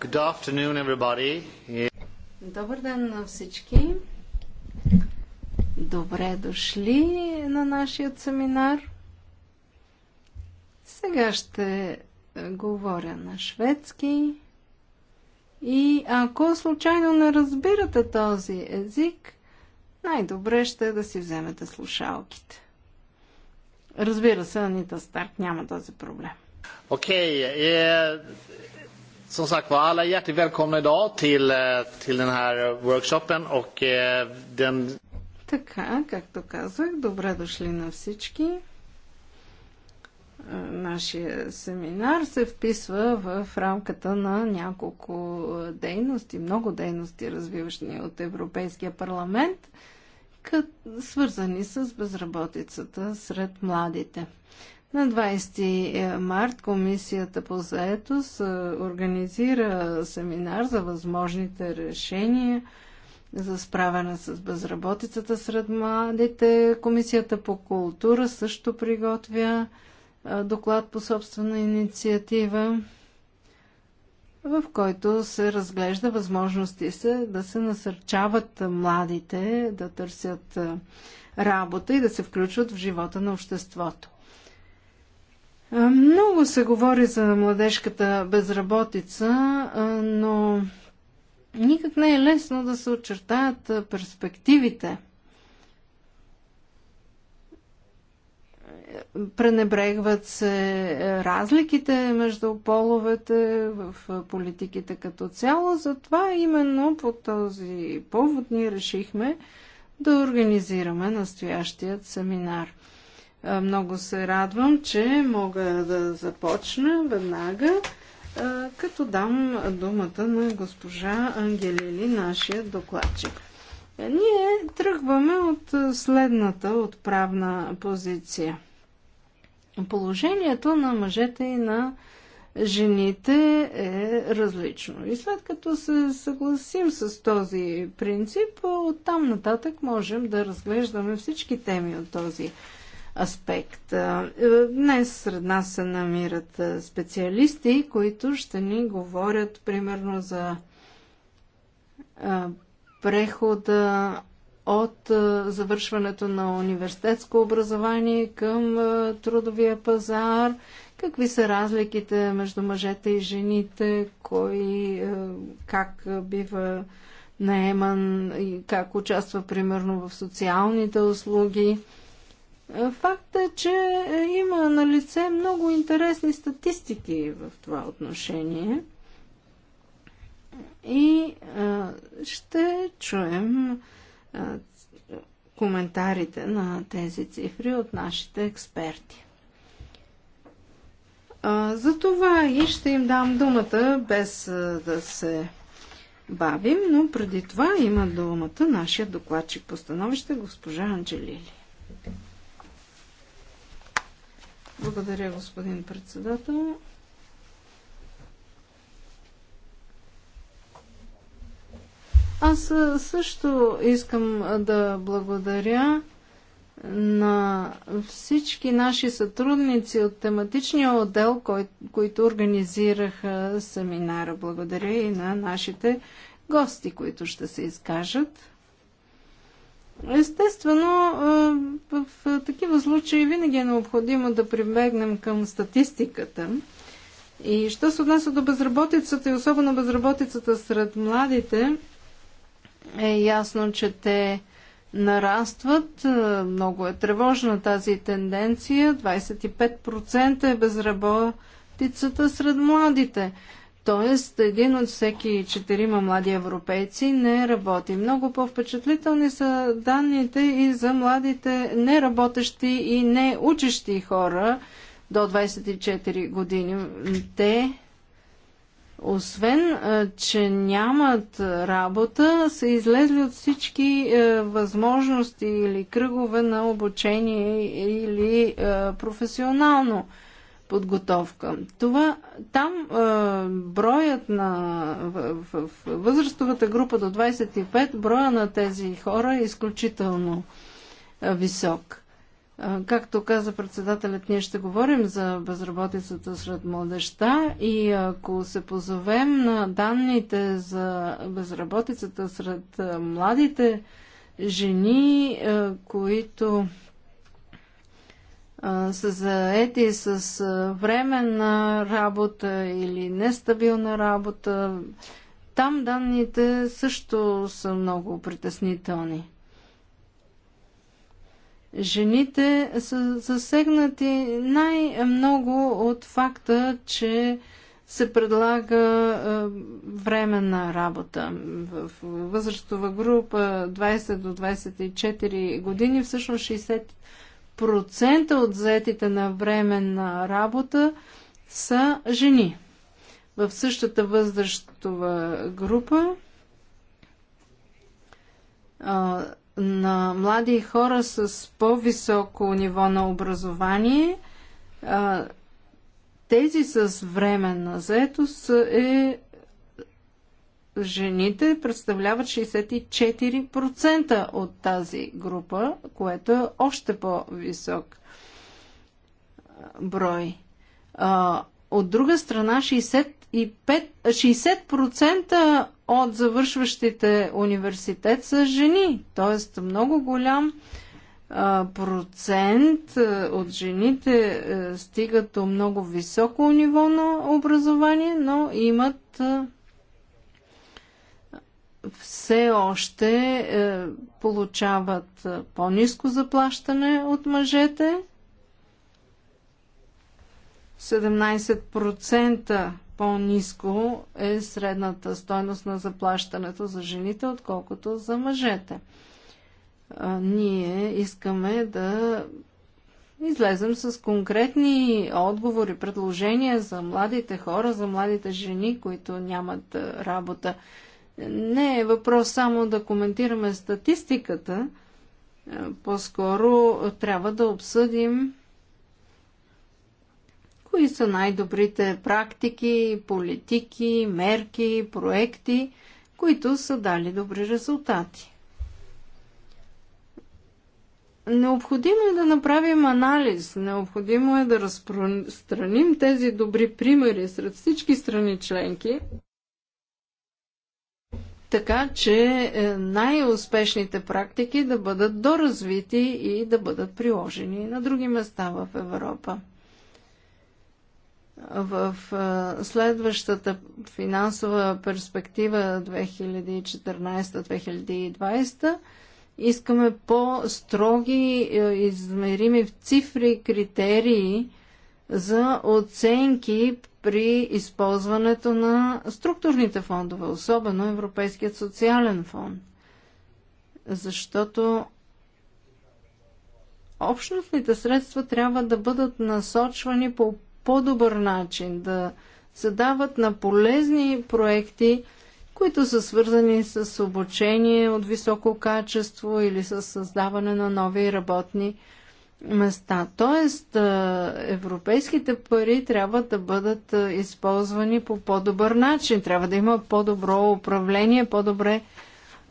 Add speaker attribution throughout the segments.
Speaker 1: Good afternoon, everybody.
Speaker 2: Добър ден на всички. Добре дошли на нашия семинар. Сега ще е, говоря на шведски. И ако случайно не разбирате този език, най-добре ще е да си вземете слушалките. Разбира се, Анита Старк няма този проблем.
Speaker 1: Окей, okay, е, Som sagt var, alla hjärtligt välkomna idag till, eh, till den här workshopen och eh, den...
Speaker 2: Така, както казах, добре дошли на всички. Е, нашия семинар се вписва в рамката на няколко дейности, много дейности, развиващи от Европейския парламент, свързани с безработицата сред младите. На 20 е, март Комисията по заетост е, организира семинар за възможните решения за справяне с безработицата сред младите. Комисията по култура също приготвя е, доклад по собствена инициатива, в който се разглежда възможности се да се насърчават младите да търсят работа и да се включват в живота на обществото. Много се говори за младежката безработица, но никак не е лесно да се очертаят перспективите. Пренебрегват се е, разликите между половете в политиките като цяло, затова именно по този повод ние решихме да организираме настоящият семинар. Много се радвам, че мога да започна веднага, като дам думата на госпожа Ангелили, нашия докладчик. Е, ние тръгваме от следната отправна позиция. Положението на мъжете и на жените е различно. И след като се съгласим с този принцип, оттам нататък можем да разглеждаме всички теми от този принцип аспект. Е, днес сред нас се намират специалисти, които ще ни говорят примерно за прехода от завършването на университетско образование към трудовия пазар, какви са разликите между мъжете и жените, кой как бива наеман и как участва примерно в социалните услуги. Факт е, че има на лице много интересни статистики в това отношение. И а, е, ще чуем а, е, коментарите на тези цифри от нашите експерти. А, за това и ще им дам думата, без а, е, да се бавим, но преди това има думата нашия докладчик по становище госпожа Анджелили. Благодаря, господин председател. Аз също искам да благодаря на всички наши сътрудници от тематичния отдел, кой, които организираха семинара. Благодаря и на нашите гости, които ще се изкажат. Естествено, в такива случаи винаги е необходимо да прибегнем към статистиката. И що се отнася до безработицата и особено безработицата сред младите, е ясно, че те нарастват. Много е тревожна тази тенденция. 25% е безработицата сред младите. Тоест, един от всеки четирима млади европейци не работи. Много по-впечатлителни са данните и за младите неработещи и неучещи хора до 24 години. Те, освен, че нямат работа, са излезли от всички възможности или кръгове на обучение или професионално подготовка. Това, там е, броят на в, в, в възрастовата група до 25, броя на тези хора е изключително е, висок. Е, както каза председателят, ние ще говорим за безработицата сред младеща и ако се позовем на данните за безработицата сред младите жени, които са заети с временна работа или нестабилна работа, там данните също са много притеснителни. Жените са засегнати най-много от факта, че се предлага временна работа. В възрастова група 20 до 24 години всъщност 60 процента от заетите на временна работа са жени. В същата възрастова група а, на млади хора с по-високо ниво на образование, а, тези с временна заетост е жените представляват 64% от тази група, което е още по-висок брой. А, от друга страна, 65, 60% от завършващите университет са жени, т.е. много голям процент от жените е, стигат до много високо ниво на образование, но имат все още е, получават е, по-низко заплащане от мъжете. 17% по-низко е средната стойност на заплащането за жените, отколкото за мъжете. Е, ние искаме да излезем с конкретни отговори, предложения за младите хора, за младите жени, които нямат е, работа. Не е въпрос само да коментираме статистиката, по-скоро трябва да обсъдим кои са най-добрите практики, политики, мерки, проекти, които са дали добри резултати. Необходимо е да направим анализ, необходимо е да разпространим тези добри примери сред всички страни членки, така че е, най-успешните практики да бъдат доразвити и да бъдат приложени на други места в Европа. В е, следващата финансова перспектива 2014-2020 искаме по-строги, е, измерими в цифри критерии за оценки при използването на структурните фондове, особено Европейският социален фонд. Защото общностните средства трябва да бъдат насочвани по по-добър начин, да се дават на полезни проекти, които са свързани с обучение от високо качество или с създаване на нови работни места. Тоест, европейските пари трябва да бъдат използвани по по-добър начин. Трябва да има по-добро управление, по-добре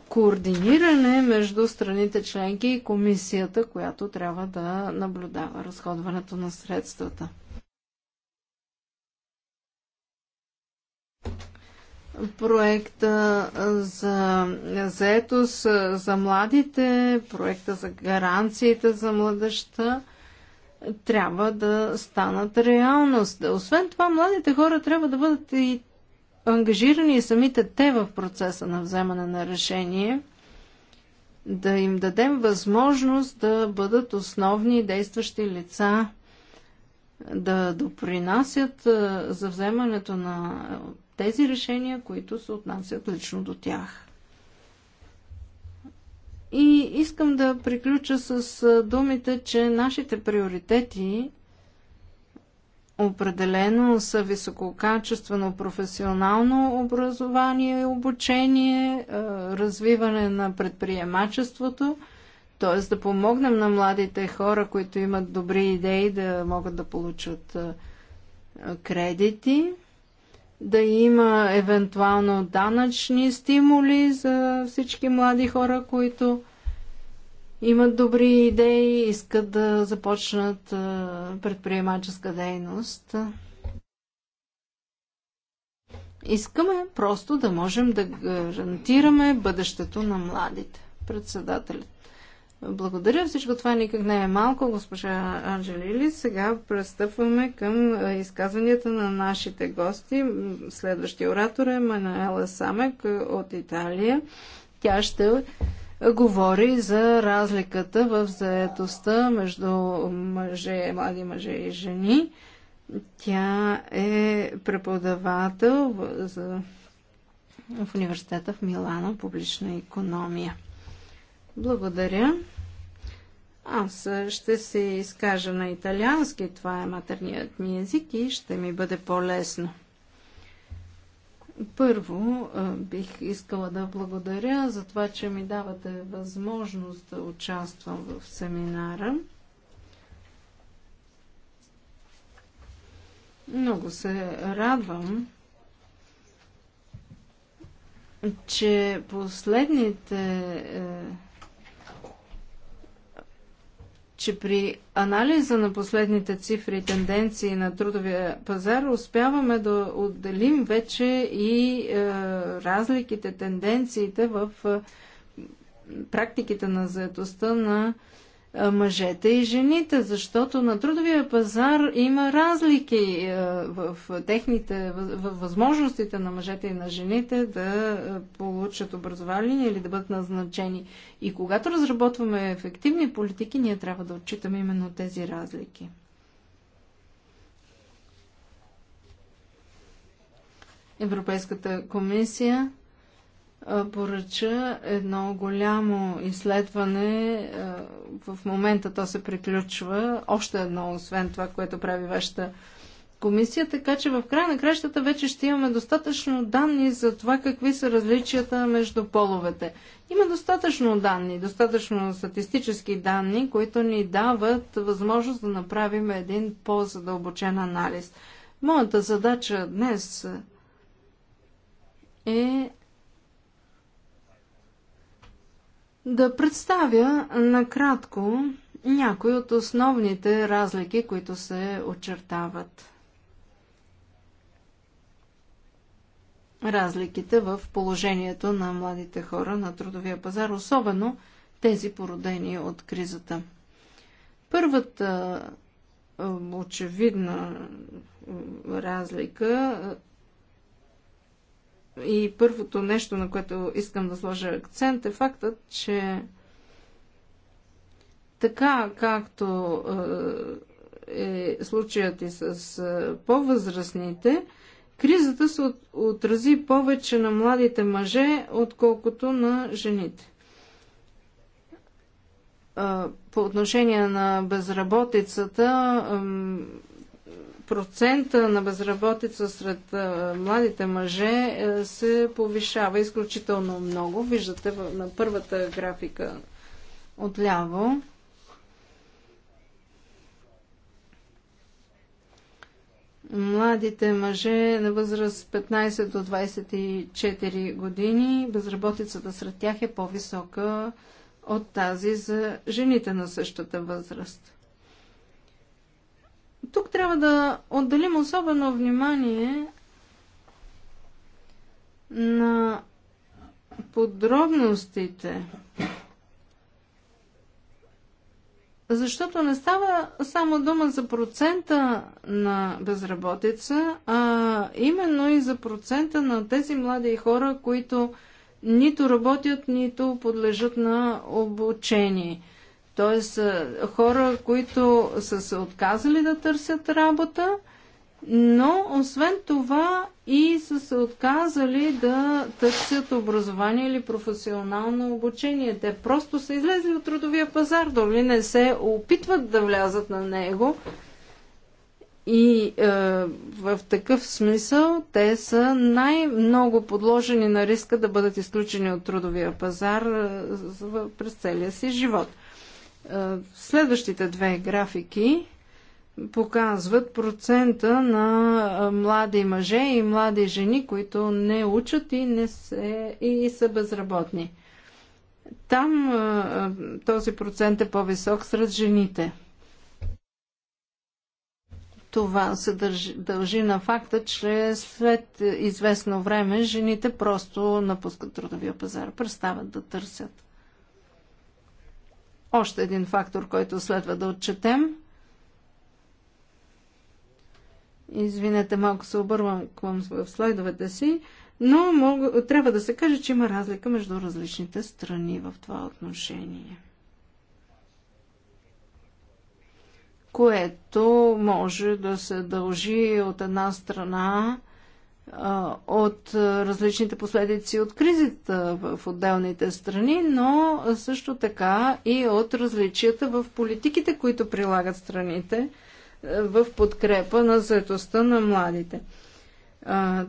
Speaker 2: координиране между страните членки и комисията, която трябва да наблюдава разходването на средствата. проекта за заетост за младите, проекта за гаранциите за младеща трябва да станат реалност. Освен това, младите хора трябва да бъдат и ангажирани и самите те в процеса на вземане на решение, да им дадем възможност да бъдат основни действащи лица, да допринасят за вземането на тези решения, които се отнасят лично до тях. И искам да приключа с думите, че нашите приоритети определено са висококачествено професионално образование и обучение, развиване на предприемачеството, т.е. да помогнем на младите хора, които имат добри идеи, да могат да получат кредити да има евентуално данъчни стимули за всички млади хора, които имат добри идеи и искат да започнат предприемаческа дейност. Искаме просто да можем да гарантираме бъдещето на младите. Председателят. Благодаря. Всичко това никак не е малко, госпожа Анджелили. Сега пристъпваме към е, изказванията на нашите гости. Следващия оратор е Мануела Самек е, от Италия. Тя ще е, говори за разликата в заетостта между мъже, млади мъже и жени. Тя е преподавател в, за, в университета в Милано, публична економия. Благодаря. Аз ще се изкажа на италиански, това е матерният ми език и ще ми бъде по-лесно. Първо бих искала да благодаря за това, че ми давате възможност да участвам в семинара. Много се радвам, че последните е, че при анализа на последните цифри и тенденции на трудовия пазар успяваме да отделим вече и е, разликите, тенденциите в е, практиките на заедостта на мъжете и жените, защото на трудовия пазар има разлики в техните, възможностите на мъжете и на жените да получат образование или да бъдат назначени. И когато разработваме ефективни политики, ние трябва да отчитаме именно тези разлики. Европейската комисия поръча едно голямо изследване. В момента то се приключва. Още едно, освен това, което прави вашата комисия, така че в края на кращата вече ще имаме достатъчно данни за това какви са различията между половете. Има достатъчно данни, достатъчно статистически данни, които ни дават възможност да направим един по-задълбочен анализ. Моята задача днес е да представя накратко някои от основните разлики, които се очертават. Разликите в положението на младите хора на трудовия пазар, особено тези породени от кризата. Първата очевидна разлика и първото нещо, на което искам да сложа акцент, е фактът, че така както е, е случаят и с е, по-възрастните, кризата се отрази повече на младите мъже, отколкото на жените. Е, по отношение на безработицата, процента на безработица сред младите мъже е, се повишава изключително много. Виждате на първата графика отляво. Младите мъже на възраст 15 до 24 години, безработицата сред тях е по-висока от тази за жените на същата възраст. Тук трябва да отделим особено внимание на подробностите, защото не става само дума за процента на безработица, а именно и за процента на тези млади хора, които нито работят, нито подлежат на обучение – Тоест, хора, които са се отказали да търсят работа, но освен това и са се отказали да търсят образование или професионално обучение. Те просто са излезли от трудовия пазар, дори не се опитват да влязат на него. И е, в такъв смисъл те са най-много подложени на риска да бъдат изключени от трудовия пазар е, през целия си живот. Е, следващите две графики показват процента на е, млади мъже и млади жени, които не учат и, не се, и са безработни. Там е, този процент е по-висок сред жените. Това се дължи, дължи на факта, че след известно време жените просто напускат трудовия пазар, престават да търсят. Още един фактор, който следва да отчетем. Извинете, малко се обървам към в слайдовете си, но мога, трябва да се каже, че има разлика между различните страни в това отношение. което може да се дължи от една страна от различните последици от кризата в отделните страни, но също така и от различията в политиките, които прилагат страните в подкрепа на заедостта на младите.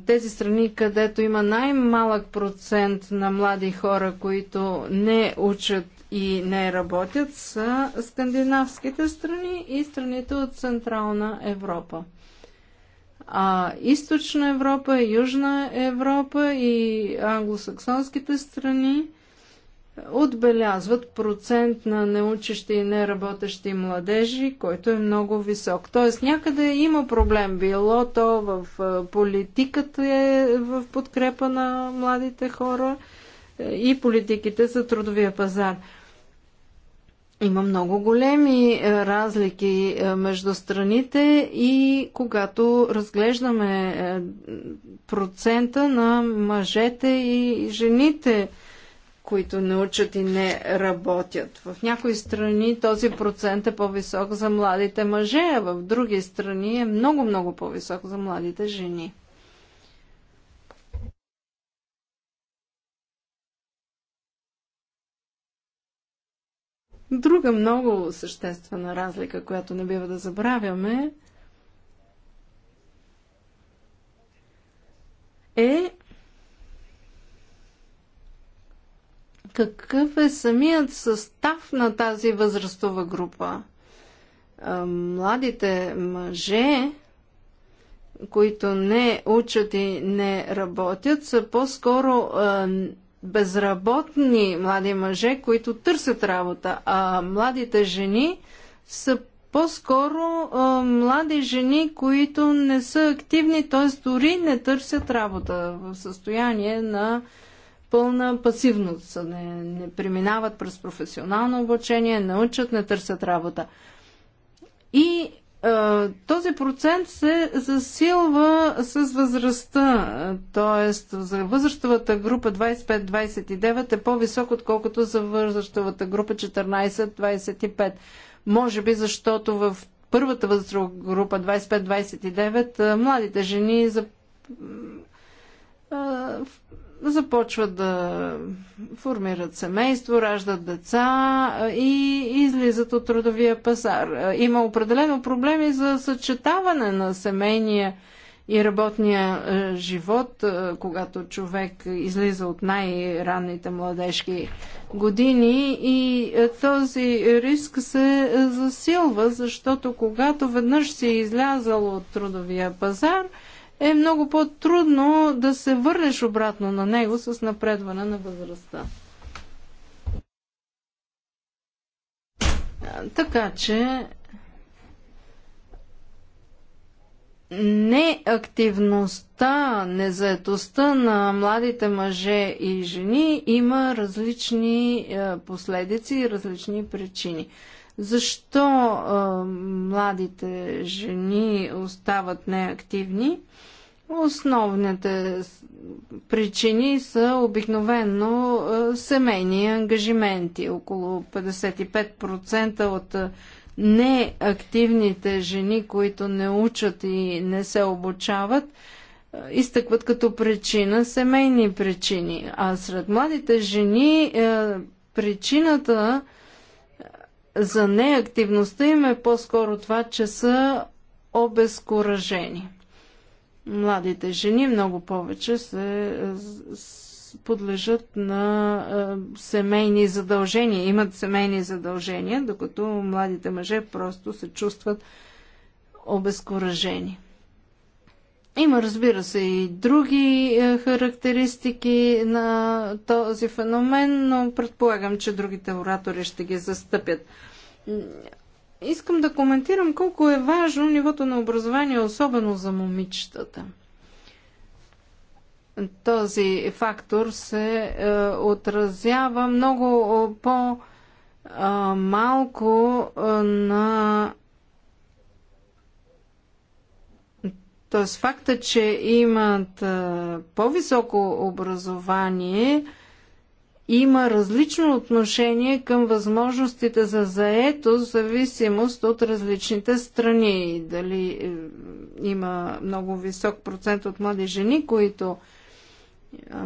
Speaker 2: Тези страни, където има най-малък процент на млади хора, които не учат и не работят, са скандинавските страни и страните от Централна Европа. А източна Европа, Южна Европа и англосаксонските страни отбелязват процент на неучещи и неработещи младежи, който е много висок. Тоест някъде има проблем, било то в политиката е в подкрепа на младите хора е, и политиките за трудовия пазар. Има много големи е, разлики е, между страните и когато разглеждаме е, процента на мъжете и жените, които не учат и не работят. В някои страни този процент е по-висок за младите мъже, а в други страни е много-много по-висок за младите жени. Друга много съществена разлика, която не бива да забравяме, е какъв е самият състав на тази възрастова група. Младите мъже, които не учат и не работят, са по-скоро безработни млади мъже, които търсят работа, а младите жени са по-скоро млади жени, които не са активни, т.е. дори не търсят работа в състояние на пълна пасивност. Не, не преминават през професионално обучение, не учат, не търсят работа. И е, този процент се засилва с възрастта, т.е. за възрастовата група 25-29 е по-висок, отколкото за възрастовата група 14-25. Може би защото в първата възрастова група 25-29 е, младите жени за е, започват да формират семейство, раждат деца и излизат от трудовия пазар. Има определено проблеми за съчетаване на семейния и работния живот, когато човек излиза от най-ранните младежки години и този риск се засилва, защото когато веднъж си излязал от трудовия пазар – е много по-трудно да се върнеш обратно на него с напредване на възрастта. Така че неактивността, незаетостта на младите мъже и жени има различни последици и различни причини. Защо а, младите жени остават неактивни? Основните причини са обикновенно семейни ангажименти. Около 55% от неактивните жени, които не учат и не се обучават, изтъкват като причина семейни причини. А сред младите жени причината за неактивността им е по-скоро това, че са обезкуражени. Младите жени много повече се подлежат на семейни задължения, имат семейни задължения, докато младите мъже просто се чувстват обезкуражени. Има, разбира се, и други е, характеристики на този феномен, но предполагам, че другите оратори ще ги застъпят. Искам да коментирам колко е важно нивото на образование, особено за момичетата. Този фактор се е, отразява много по-малко е, е, на Тоест факта, че имат по-високо образование, има различно отношение към възможностите за заето в зависимост от различните страни. Дали е, има много висок процент от млади жени, които а,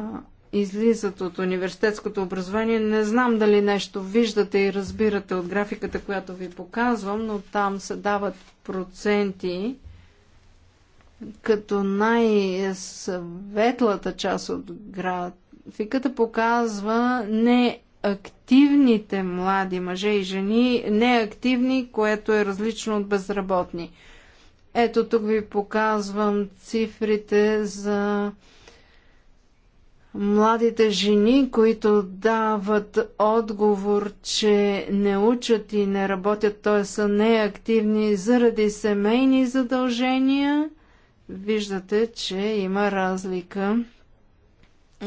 Speaker 2: излизат от университетското образование. Не знам дали нещо виждате и разбирате от графиката, която ви показвам, но там се дават проценти като най-светлата част от графиката показва неактивните млади мъже и жени, неактивни, което е различно от безработни. Ето тук ви показвам цифрите за младите жени, които дават отговор, че не учат и не работят, т.е. са неактивни заради семейни задължения – виждате, че има разлика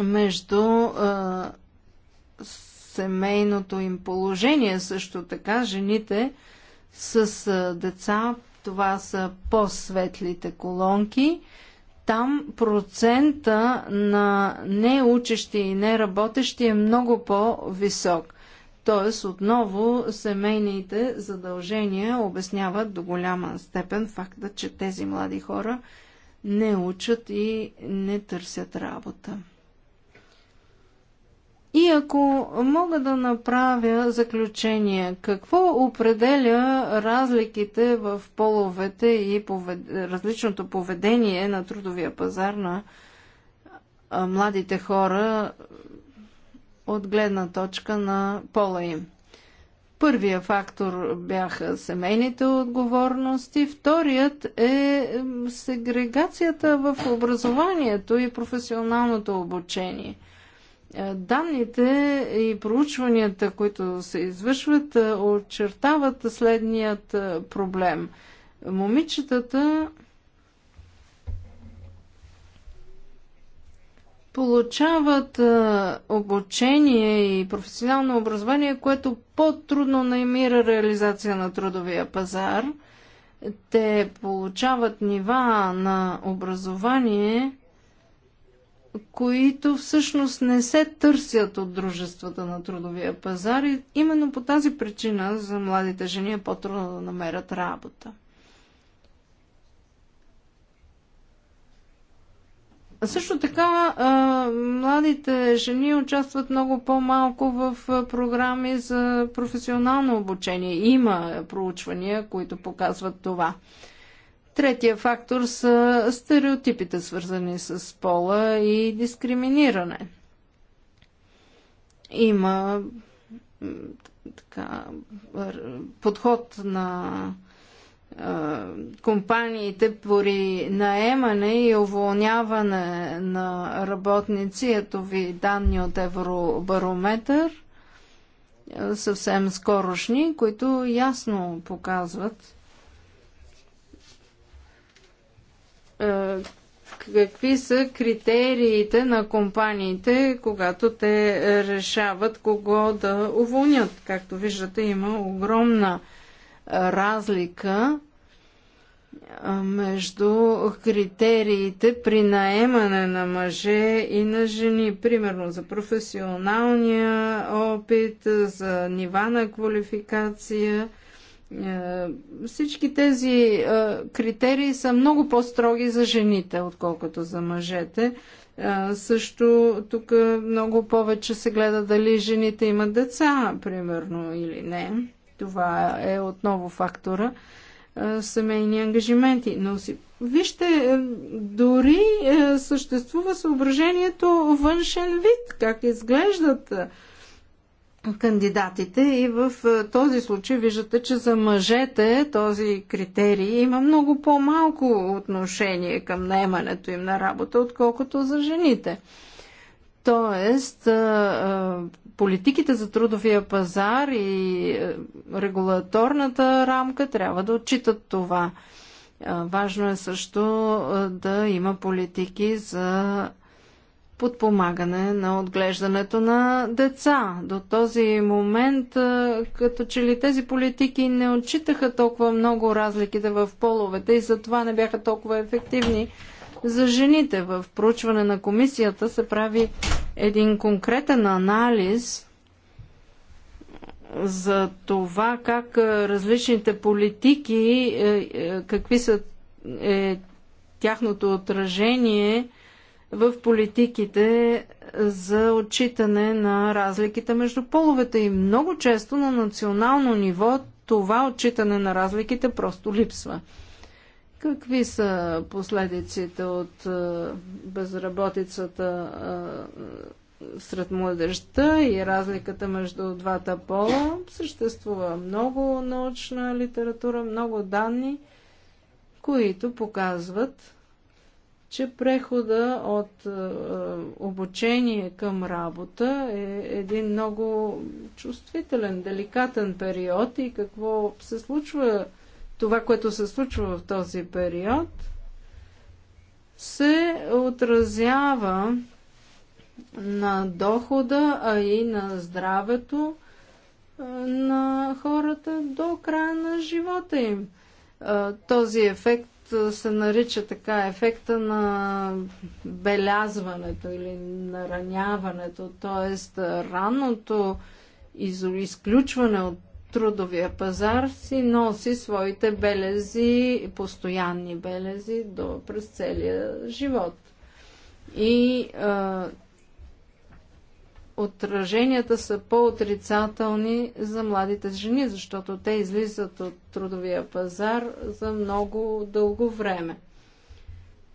Speaker 2: между а, семейното им положение. Също така, жените с а, деца, това са по-светлите колонки. Там процента на неучещи и неработещи е много по-висок. Т.е. отново семейните задължения обясняват до голяма степен факта, че тези млади хора не учат и не търсят работа. И ако мога да направя заключение, какво определя разликите в половете и повед... различното поведение на трудовия пазар на младите хора от гледна точка на пола им? Първия фактор бяха семейните отговорности, вторият е сегрегацията в образованието и професионалното обучение. Е, данните и проучванията, които се извършват, е, очертават следният е, проблем. Момичетата получават обучение и професионално образование, което по-трудно намира реализация на трудовия пазар. Те получават нива на образование, които всъщност не се търсят от дружествата на трудовия пазар и именно по тази причина за младите жени е по-трудно да намерят работа. Също така, младите жени участват много по-малко в програми за професионално обучение. Има проучвания, които показват това. Третия фактор са стереотипите, свързани с пола и дискриминиране. Има така, подход на компаниите при наемане и уволняване на работници. Ето ви данни от Евробарометър, съвсем скорошни, които ясно показват какви са критериите на компаниите, когато те решават кого да уволнят. Както виждате, има огромна разлика между критериите при наемане на мъже и на жени, примерно за професионалния опит, за нива на квалификация. Е, всички тези е, критерии са много по-строги за жените, отколкото за мъжете. Е, също тук много повече се гледа дали жените имат деца, примерно, или не това е отново фактора семейни ангажименти. Но си, вижте, е, дори е, съществува съображението външен вид, как изглеждат е, кандидатите и в този случай виждате, че за мъжете този критерий има много по-малко отношение към наемането им на работа, отколкото за жените. Тоест, политиките за трудовия пазар и регулаторната рамка трябва да отчитат това. Важно е също да има политики за подпомагане на отглеждането на деца. До този момент, като че ли тези политики не отчитаха толкова много разликите в половете и затова не бяха толкова ефективни за жените. В проучване на комисията се прави един конкретен анализ за това как е, различните политики, е, е, какви са е, тяхното отражение в политиките за отчитане на разликите между половете. И много често на национално ниво това отчитане на разликите просто липсва. Какви са последиците от е, безработицата е, сред младежта и разликата между двата пола? Съществува много научна литература, много данни, които показват, че прехода от е, обучение към работа е един много чувствителен, деликатен период и какво се случва това, което се случва в този период, се отразява на дохода, а и на здравето на хората до края на живота им. Този ефект се нарича така ефекта на белязването или нараняването, т.е. ранното изключване от трудовия пазар си носи своите белези, постоянни белези до, през целия живот. И а, отраженията са по-отрицателни за младите жени, защото те излизат от трудовия пазар за много дълго време.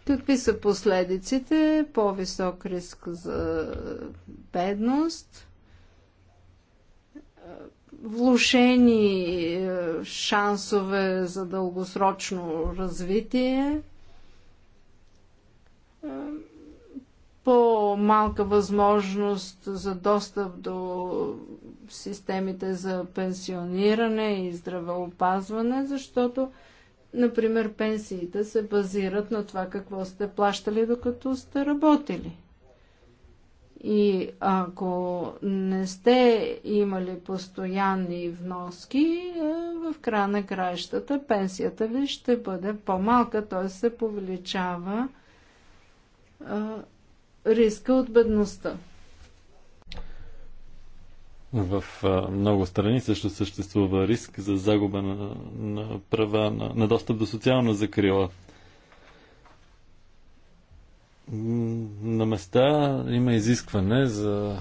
Speaker 2: Какви са последиците? По-висок риск за бедност – влушени е, шансове за дългосрочно развитие, е, по-малка възможност за достъп до системите за пенсиониране и здравеопазване, защото, например, пенсиите се базират на това какво сте плащали докато сте работили. И ако не сте имали постоянни вноски, е, в края на краищата пенсията ви ще бъде по-малка, т.е. се повеличава е, риска от бедността.
Speaker 3: В е, много страни също съществува риск за загуба на, на права, на, на достъп до социална закрила. На места има изискване за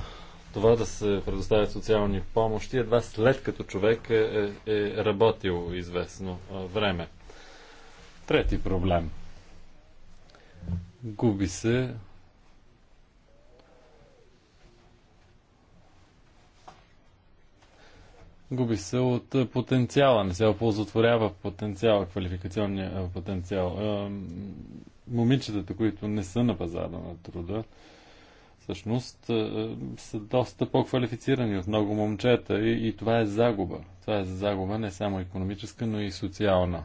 Speaker 3: това да се предоставят социални помощи едва след като човек е, е, е работил известно време. Трети проблем. Губи се губи се от потенциала, не се оползотворява потенциала, квалификационния потенциал момичетата, които не са на пазара на труда, всъщност е, е, са доста по-квалифицирани от много момчета и, и това е загуба. Това е загуба не само економическа, но и социална.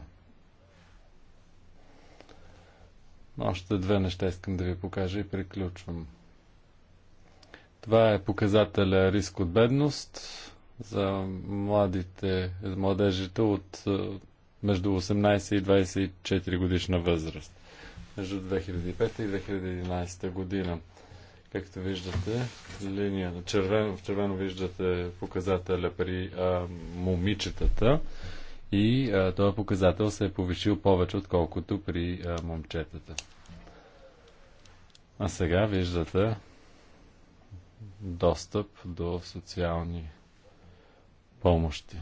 Speaker 3: Още две неща искам да ви покажа и приключвам. Това е показателя риск от бедност за младите, младежите от е, между 18 и 24 годишна възраст между 2005 и 2011 година. Както виждате, на червено, в червено виждате показателя при а, момичетата и а, този показател се е повишил повече, отколкото при а, момчетата. А сега виждате достъп до социални помощи.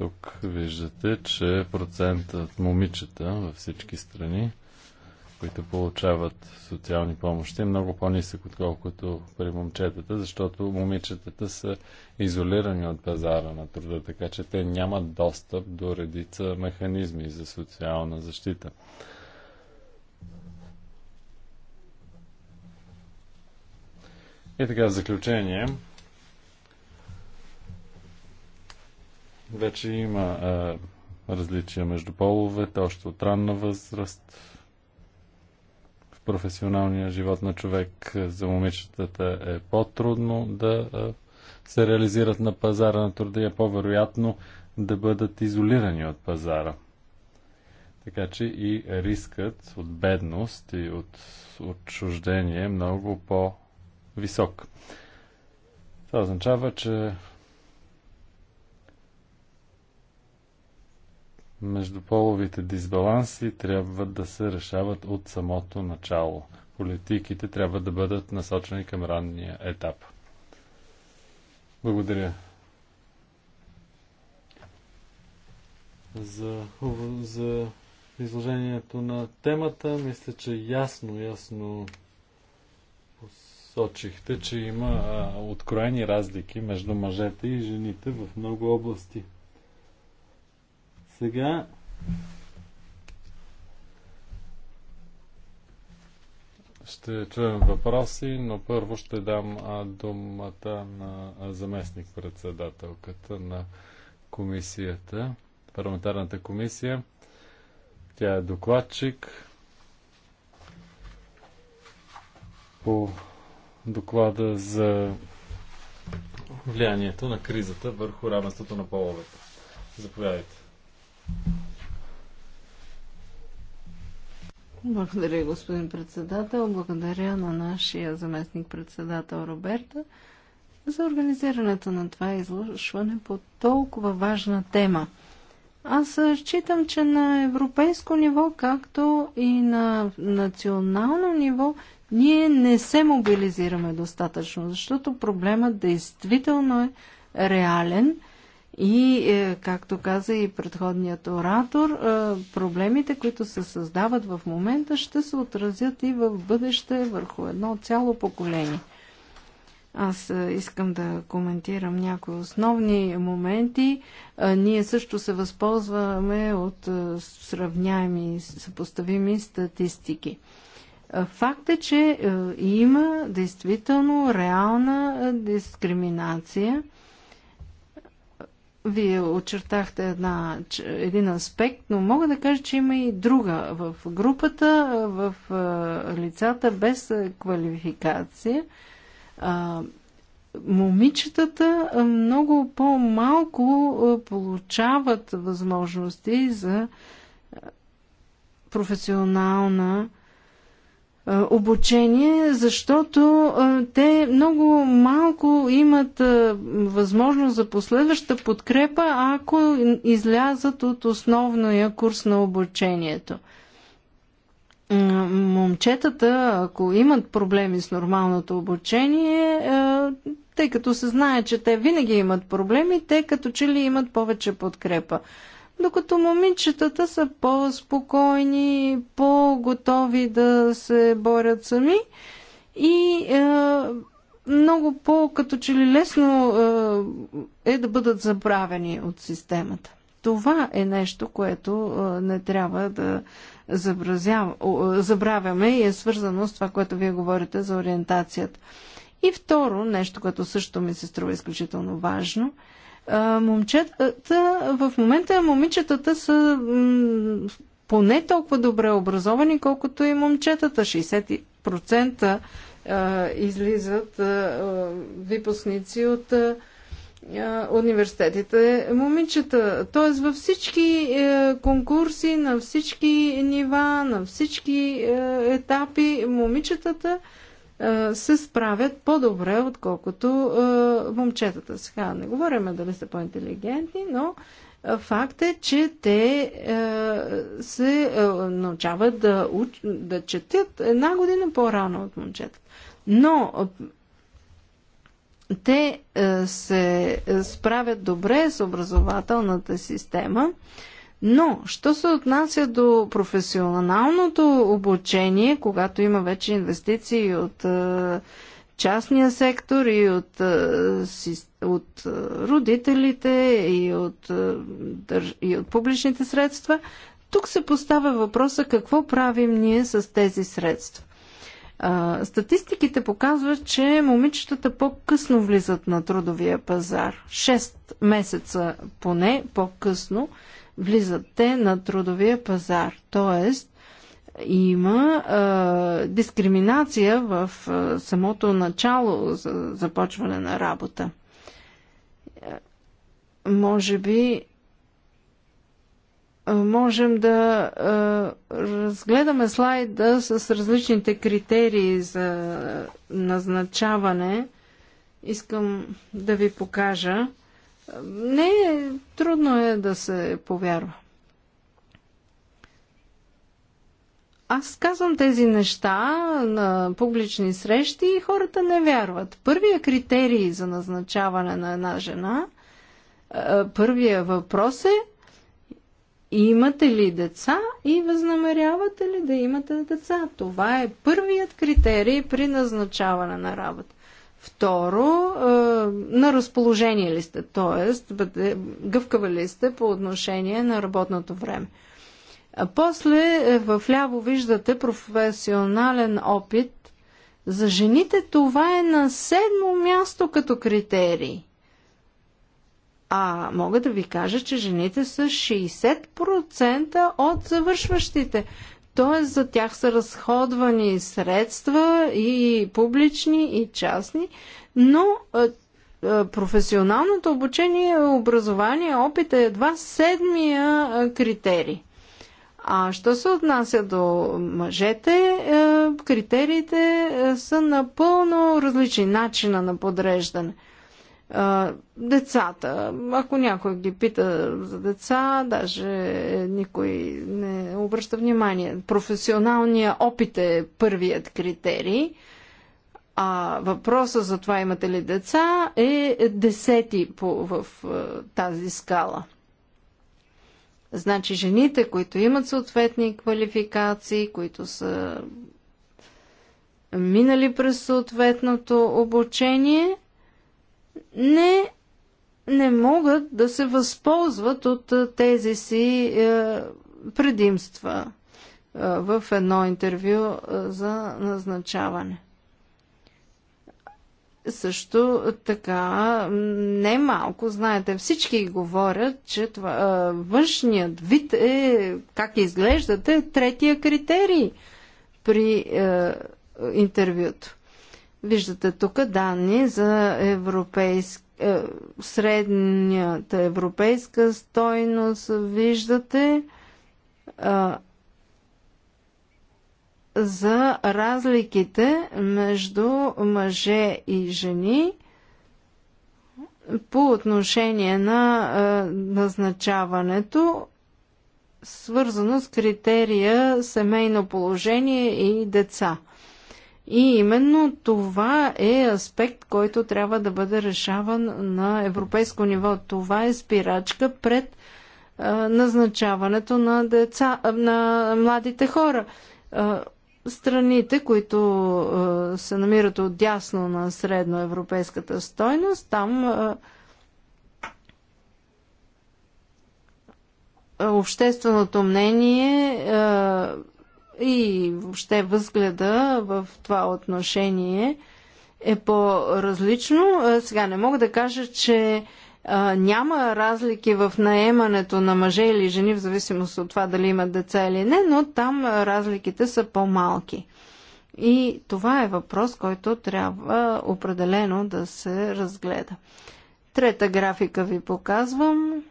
Speaker 3: Тук виждате, че процентът момичета във всички страни, които получават социални помощи, е много по-нисък, отколкото при момчетата, защото момичетата са изолирани от пазара на труда, така че те нямат достъп до редица механизми за социална защита. И така, в заключение, Вече има а, различия между половете, още от ранна възраст в професионалния живот на човек. За момичетата е по-трудно да а, се реализират на пазара на труда и е по-вероятно да бъдат изолирани от пазара. Така че и рискът от бедност и от отчуждение е много по-висок. Това означава, че Междуполовите дисбаланси трябва да се решават от самото начало. Политиките трябва да бъдат насочени към ранния етап. Благодаря. За, за изложението на темата, мисля, че ясно, ясно посочихте, че има а, откроени разлики между мъжете и жените в много области. Сега ще чуем въпроси, но първо ще дам думата на заместник-председателката на комисията, парламентарната комисия. Тя е докладчик по доклада за влиянието на кризата върху равенството на половете. Заповядайте.
Speaker 2: Благодаря, господин председател. Благодаря на нашия заместник председател Роберта за организирането на това изслушване по толкова важна тема. Аз считам, че на европейско ниво, както и на национално ниво, ние не се мобилизираме достатъчно, защото проблемът действително е реален – и, е, както каза и предходният оратор, е, проблемите, които се създават в момента, ще се отразят и в бъдеще върху едно цяло поколение. Аз е, искам да коментирам някои основни моменти. Ние също се възползваме от сравняеми, съпоставими статистики. Факт е, че има действително реална дискриминация – вие очертахте една, един аспект, но мога да кажа, че има и друга в групата, в лицата без квалификация. Момичетата много по-малко получават възможности за професионална обучение, защото те много малко имат възможност за последваща подкрепа, ако излязат от основния курс на обучението. Момчетата, ако имат проблеми с нормалното обучение, тъй като се знае, че те винаги имат проблеми, те като че ли имат повече подкрепа докато момичетата са по-спокойни, по-готови да се борят сами и е, много по-като че ли лесно е, е да бъдат забравени от системата. Това е нещо, което е, не трябва да е, забравяме и е свързано с това, което вие говорите за ориентацията. И второ, нещо, което също ми се струва изключително важно – момчетата, в момента момичетата са поне толкова добре образовани, колкото и момчетата. 60% излизат випускници от университетите момичета. Тоест във всички е, конкурси, на всички нива, на всички е, етапи, момичетата е, се справят по-добре, отколкото е, момчетата. Сега не говорим дали са по-интелигентни, но е, факт е, че те се научават да, уч... да четят една година по-рано от момчетата. Но те се справят добре с образователната система но, що се отнася до професионалното обучение, когато има вече инвестиции от е, частния сектор и от, е, от е, родителите и от, е, и от публичните средства, тук се поставя въпроса какво правим ние с тези средства. Статистиките показват, че момичетата по-късно влизат на трудовия пазар. 6 месеца поне по-късно влизат те на трудовия пазар. Тоест, има а, дискриминация в а, самото начало за започване на работа. може би можем да а, разгледаме слайда с различните критерии за назначаване. Искам да ви покажа. Не, трудно е да се повярва. Аз казвам тези неща на публични срещи и хората не вярват. Първия критерий за назначаване на една жена, е, първия въпрос е имате ли деца и възнамерявате ли да имате деца? Това е първият критерий при назначаване на работа. Второ, е, на разположение ли сте, т.е. гъвкава ли сте по отношение на работното време. А после е, в ляво виждате професионален опит. За жените това е на седмо място като критерий. А мога да ви кажа, че жените са 60% от завършващите т.е. за тях са разходвани средства и публични, и частни, но професионалното обучение, образование, опит е едва седмия критерий. А що се отнася до мъжете, критериите са напълно различни начина на подреждане – децата. Ако някой ги пита за деца, даже никой не обръща внимание. Професионалният опит е първият критерий. А въпроса за това имате ли деца е десети по, в, в тази скала. Значи жените, които имат съответни квалификации, които са минали през съответното обучение – не, не могат да се възползват от тези си е, предимства е, в едно интервю е, за назначаване. Също така, не малко, знаете, всички говорят, че това, външният вид е, как изглеждате, третия критерий при е, интервюто. Виждате тук данни за европейски е, средната европейска стойност. Виждате а, е, за разликите между мъже и жени по отношение на а, е, назначаването, свързано с критерия семейно положение и деца – и именно това е аспект, който трябва да бъде решаван на европейско ниво. Това е спирачка пред назначаването на деца, на младите хора. Страните, които се намират от дясно на средноевропейската стойност, там общественото мнение и въобще възгледа в това отношение е по-различно. Сега не мога да кажа, че няма разлики в наемането на мъже или жени, в зависимост от това дали имат деца или не, но там разликите са по-малки. И това е въпрос, който трябва определено да се разгледа. Трета графика ви показвам.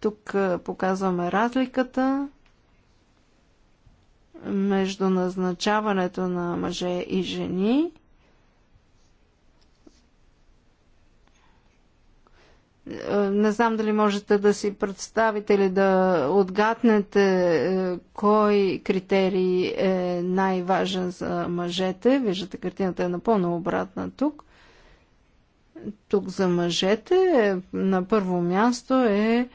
Speaker 2: Тук показваме разликата между назначаването на мъже и жени. Е, не знам дали можете да си представите или да отгаднете е, кой критерий е най-важен за мъжете. Виждате, картината е напълно обратна тук. Тук за мъжете е, на първо място е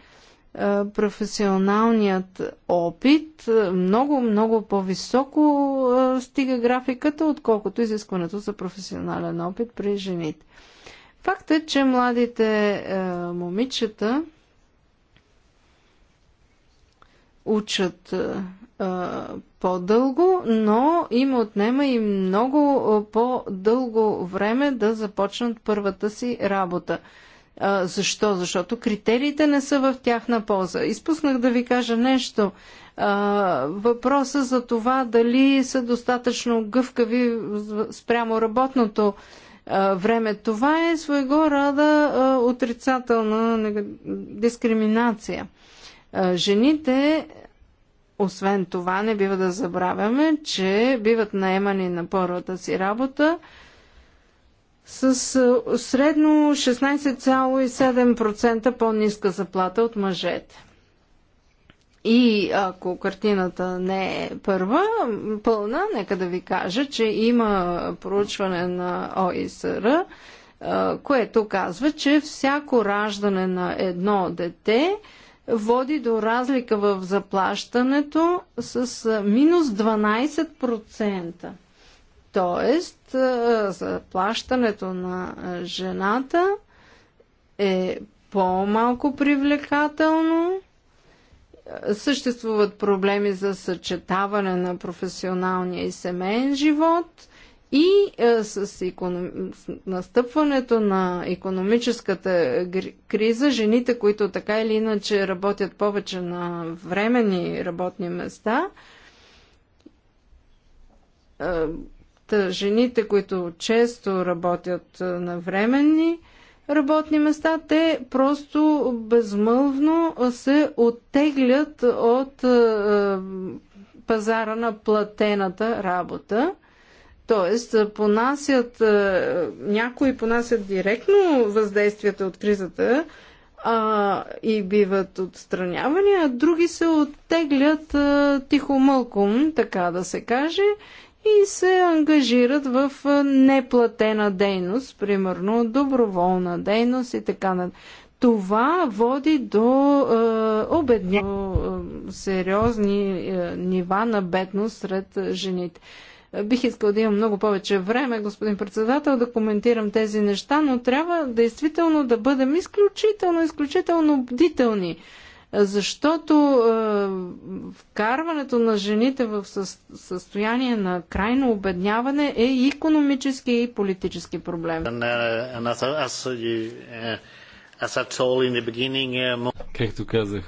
Speaker 2: професионалният опит много, много по-високо стига графиката, отколкото изискването за професионален опит при жените. Факт е, че младите момичета учат по-дълго, но им отнема и много по-дълго време да започнат първата си работа. Защо? Защото критериите не са в тяхна полза. Изпуснах да ви кажа нещо. Въпроса за това дали са достатъчно гъвкави спрямо работното време. Това е своего рода отрицателна дискриминация. Жените, освен това, не бива да забравяме, че биват наемани на първата си работа, с средно 16,7% по-ниска заплата от мъжете. И ако картината не е първа, пълна, нека да ви кажа, че има проучване на ОИСР, което казва, че всяко раждане на едно дете води до разлика в заплащането с минус 12%. Тоест, заплащането на жената е по-малко привлекателно. Съществуват проблеми за съчетаване на професионалния и семейен живот и с економ... настъпването на економическата криза, жените, които така или иначе работят повече на временни работни места, жените, които често работят на временни работни места, те просто безмълвно се оттеглят от пазара на платената работа. Тоест, понасят, някои понасят директно въздействията от кризата а, и биват отстранявани, а други се оттеглят тихо мълком така да се каже, и се ангажират в неплатена дейност, примерно доброволна дейност и така нататък. Това води до е, обедня, е, сериозни е, нива на бедност сред жените. Бих искал да имам много повече време, господин председател, да коментирам тези неща, но трябва действително да бъдем изключително, изключително бдителни. Е, защото е, вкарването на жените в състояние на крайно обедняване е и економически и политически проблем.
Speaker 1: Както казах,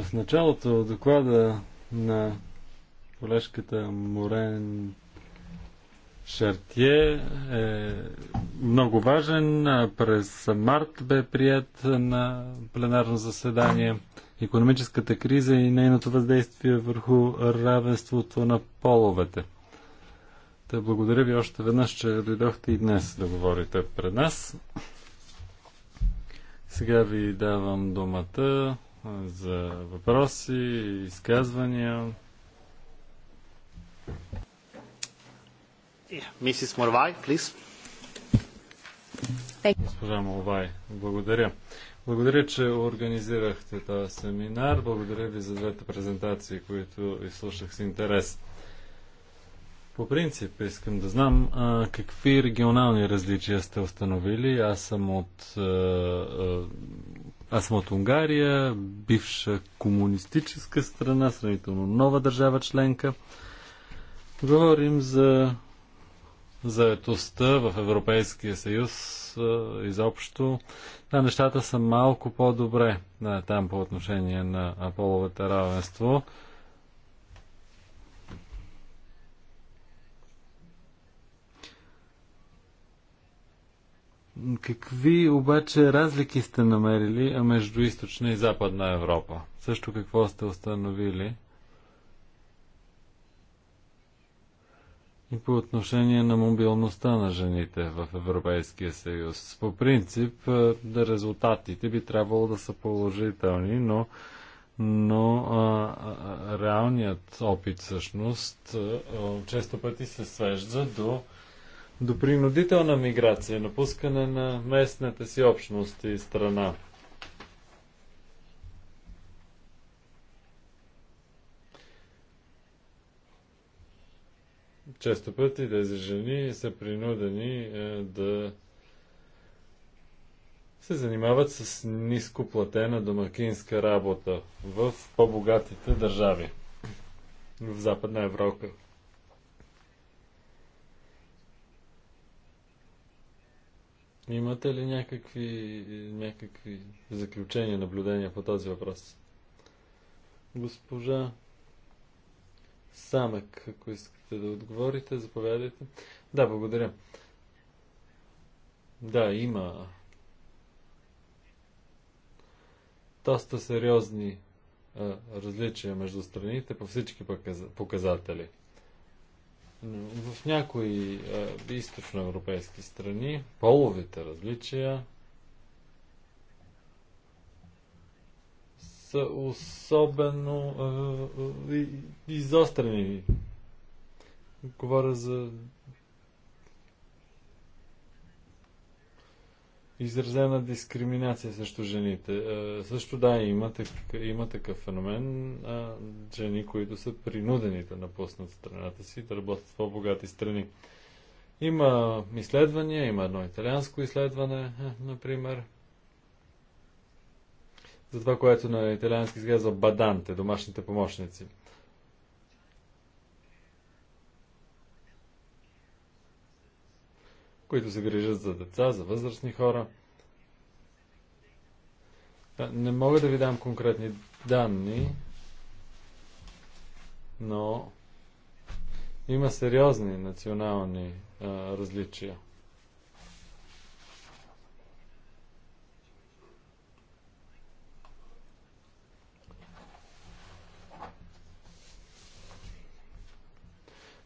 Speaker 3: в началото доклада на колежката Морен Шартие е много важен. През март бе прият на пленарно заседание. Економическата криза и нейното въздействие върху равенството на половете. Та благодаря ви още веднъж, че дойдохте и днес да говорите пред нас. Сега ви давам думата за въпроси, изказвания. Морвай, Госпожа благодаря. Благодаря, че организирахте този семинар. Благодаря ви за двете презентации, които изслушах с интерес. По принцип искам да знам а, какви регионални различия сте установили. Аз съм от, а, а, аз съм от Унгария, бивша комунистическа страна, сравнително нова държава членка. Говорим за заетостта в Европейския съюз изобщо, да, нещата са малко по-добре да, там по отношение на половете равенство. Какви обаче разлики сте намерили между източна и западна Европа? Също какво сте установили? и по отношение на мобилността на жените в Европейския съюз. По принцип, е, да резултатите би трябвало да са положителни, но, но а, реалният опит всъщност а, е, е, често пъти се свежда до, до принудителна миграция, напускане на местната си общност и страна. Често пъти тези жени са принудени е, да се занимават с нископлатена домакинска работа в по-богатите държави в Западна Европа. Имате ли някакви, някакви заключения, наблюдения по този въпрос? Госпожа Самък, ако искате да отговорите, заповядайте. Да, благодаря. Да, има доста сериозни а, различия между страните по всички показатели. в някои източноевропейски страни половите различия са особено е, изострени. Говоря за изразена дискриминация срещу жените. Е, също да, има, такъв, има такъв феномен. Е, жени, които са принудени да напуснат страната си, да работят в по-богати страни. Има изследвания, има едно италианско изследване, е, например – за това, което на италиански се казва баданте, домашните помощници. които се грижат за деца, за възрастни хора. Не мога да ви дам конкретни данни, но има сериозни национални а, различия.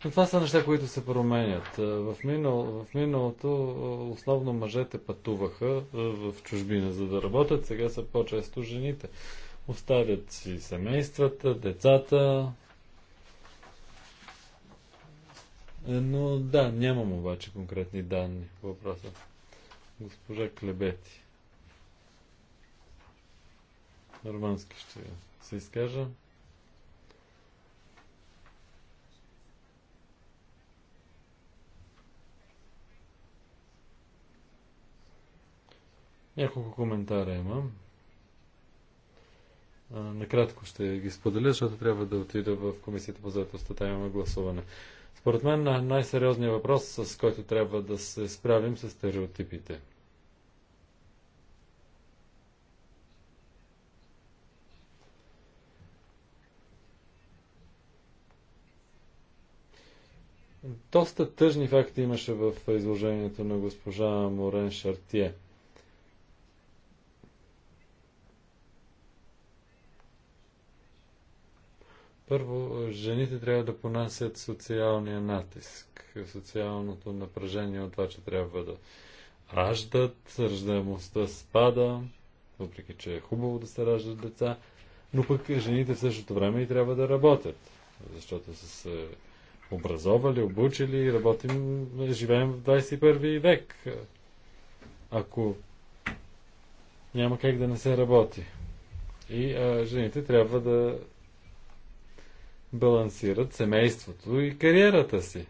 Speaker 3: Но това са неща, които се променят. Е, в, минало, в миналото е, основно мъжете пътуваха е, в чужбина за да работят, сега са по-често жените. Оставят си семействата, децата. Но да, нямам обаче конкретни данни по въпроса. Госпожа Клебети. Нормански ще се изкажа. Няколко коментара имам. Накратко ще ги споделя, защото трябва да отида в Комисията по заедостта. Там имаме гласуване. Според мен най-сериозният въпрос, с който трябва да се справим, с стереотипите. Доста тъжни факти имаше в изложението на госпожа Морен Шартие – Първо, жените трябва да понасят социалния натиск, социалното напрежение от това, че трябва да раждат, ръждаемостта спада, въпреки че е хубаво да се раждат деца, но пък жените в същото време и трябва да работят, защото са се образовали, обучили и работим, живеем в 21 век. Ако няма как да не се работи. И а, жените трябва да балансират семейството и кариерата си.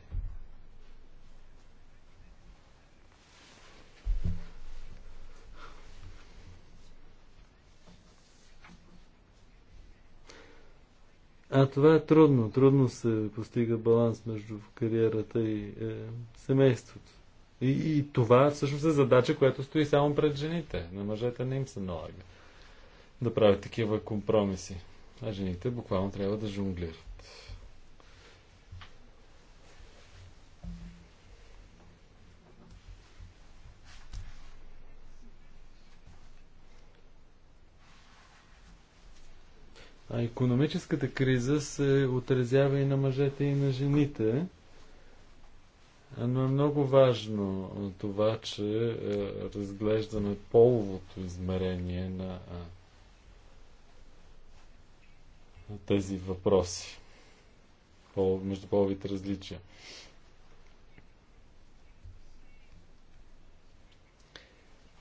Speaker 3: А това е трудно. Трудно се постига баланс между кариерата и е, семейството. И, и това всъщност е задача, която стои само пред жените. На мъжете не им се налага да правят такива компромиси. А жените буквално трябва да жонглират. А економическата криза се отразява и на мъжете, и на жените. Но е много важно това, че е, разглеждаме половото измерение на тези въпроси, между половите различия.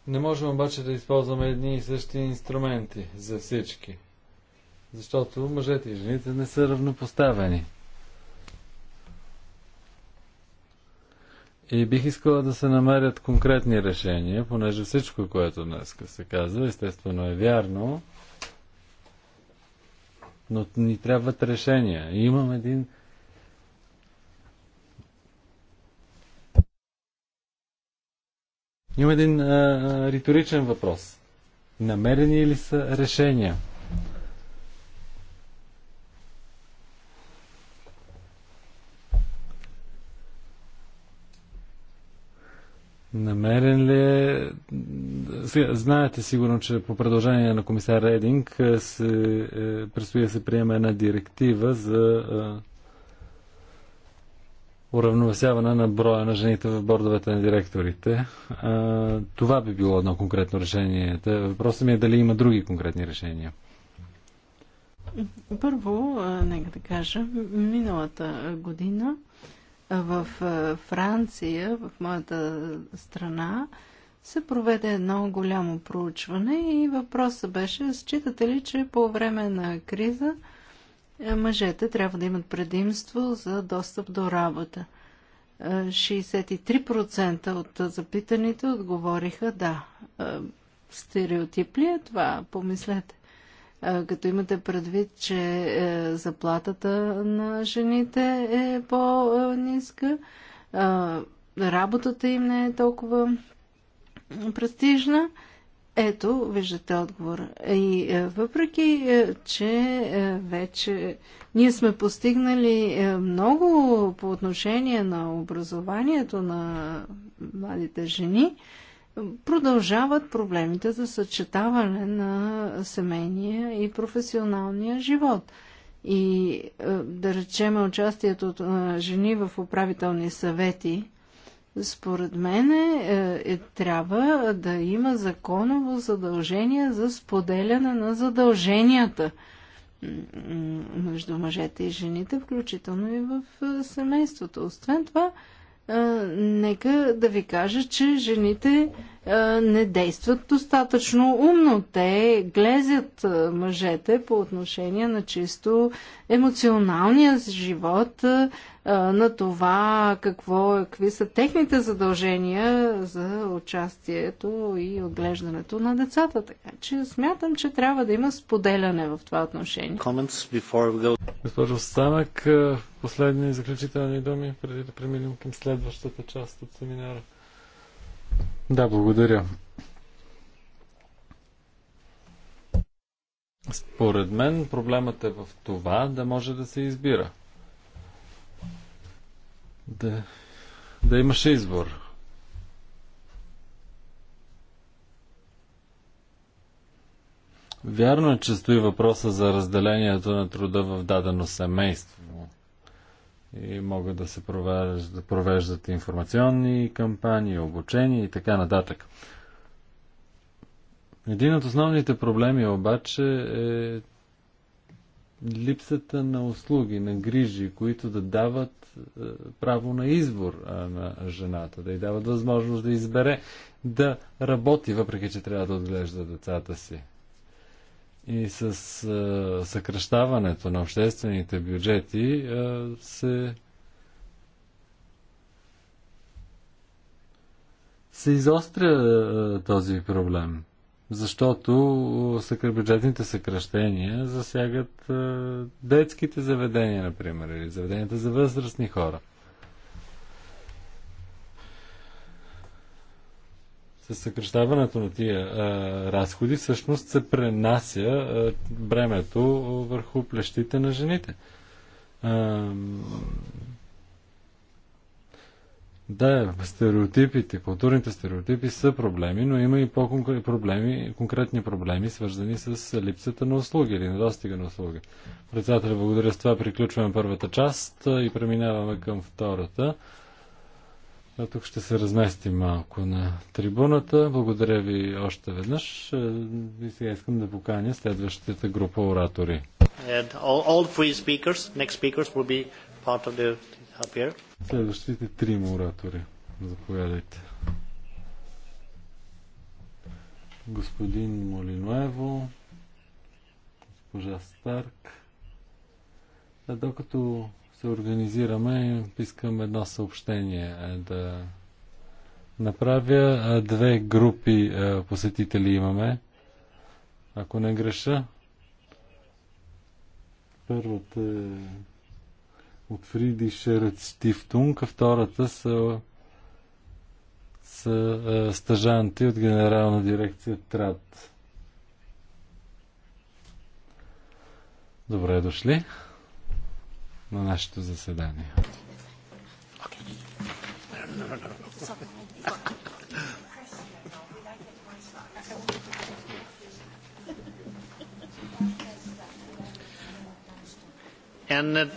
Speaker 3: Не можем обаче да използваме едни и същи инструменти за всички. Защото мъжете и жените не са равнопоставени. И бих искала да се намерят конкретни решения, понеже всичко, което днес се казва, естествено е вярно, но ни трябват решения. И имам един Има един а, риторичен въпрос. Намерени ли са решения? Намерен ли е... Знаете сигурно, че по предложение на комисар Рединг е, се, е, предстои да се приеме една директива за е, уравновесяване на броя на жените в бордовете на директорите. Е, това би било едно конкретно решение. Въпросът ми е дали има други конкретни решения.
Speaker 2: Първо, нека да кажа, миналата година в Франция, в моята страна, се проведе едно голямо проучване и въпросът беше, считате ли, че по време на криза мъжете трябва да имат предимство за достъп до работа? 63% от запитаните отговориха да. Стереотип ли е това? Помислете като имате предвид, че е, заплатата на жените е по-ниска, работата им не е толкова престижна. Ето, виждате отговор. И е, въпреки, е, че вече ние сме постигнали много по отношение на образованието на младите жени, продължават проблемите за съчетаване на семейния и професионалния живот. И е, да речем участието на е, жени в управителни съвети, според мен е, е, трябва да има законово задължение за споделяне на задълженията между мъжете и жените, включително и в е, семейството. Освен това, нека да ви кажа, че жените е, не действат достатъчно умно. Те глезят е, мъжете по отношение на чисто емоционалния живот, е, на това какво, какви са техните задължения за участието и отглеждането на децата. Така че смятам, че трябва да има споделяне в това отношение.
Speaker 3: Госпожо Станък, последни заключителни думи, преди да преминем към следващата част от семинара. Да, благодаря. Според мен проблемът е в това да може да се избира. Да, да имаш избор. Вярно е, че стои въпроса за разделението на труда в дадено семейство и могат да се провеждат, провеждат информационни кампании, обучения и така нататък. Един от основните проблеми обаче е липсата на услуги, на грижи, които да дават е, право на избор на жената, да й дават възможност да избере да работи, въпреки че трябва да отглежда децата си и с а, съкръщаването на обществените бюджети а, се се изостря а, този проблем. Защото бюджетните съкръщения засягат а, детските заведения, например, или заведенията за възрастни хора. с съкрещаването на тия а, разходи всъщност се пренася а, бремето върху плещите на жените. А, да, стереотипите, културните стереотипи са проблеми, но има и по-конкретни проблеми, конкретни проблеми, свързани с липсата на услуги или недостига на услуги. Председателя, благодаря с това приключваме първата част и преминаваме към втората. А тук ще се разместим малко на трибуната. Благодаря ви още веднъж. Е, и сега искам да поканя следващата група оратори. Следващите три оратори. Заповядайте. Господин Молиноево, госпожа Старк. А докато се организираме, искам едно съобщение е, да направя. Е, две групи е, посетители имаме. Ако не греша, първата е от Фридишер Стифтунг, а втората са, са стъжанти от Генерална дирекция ТРАД. Добре дошли на нашето заседание.
Speaker 1: And uh,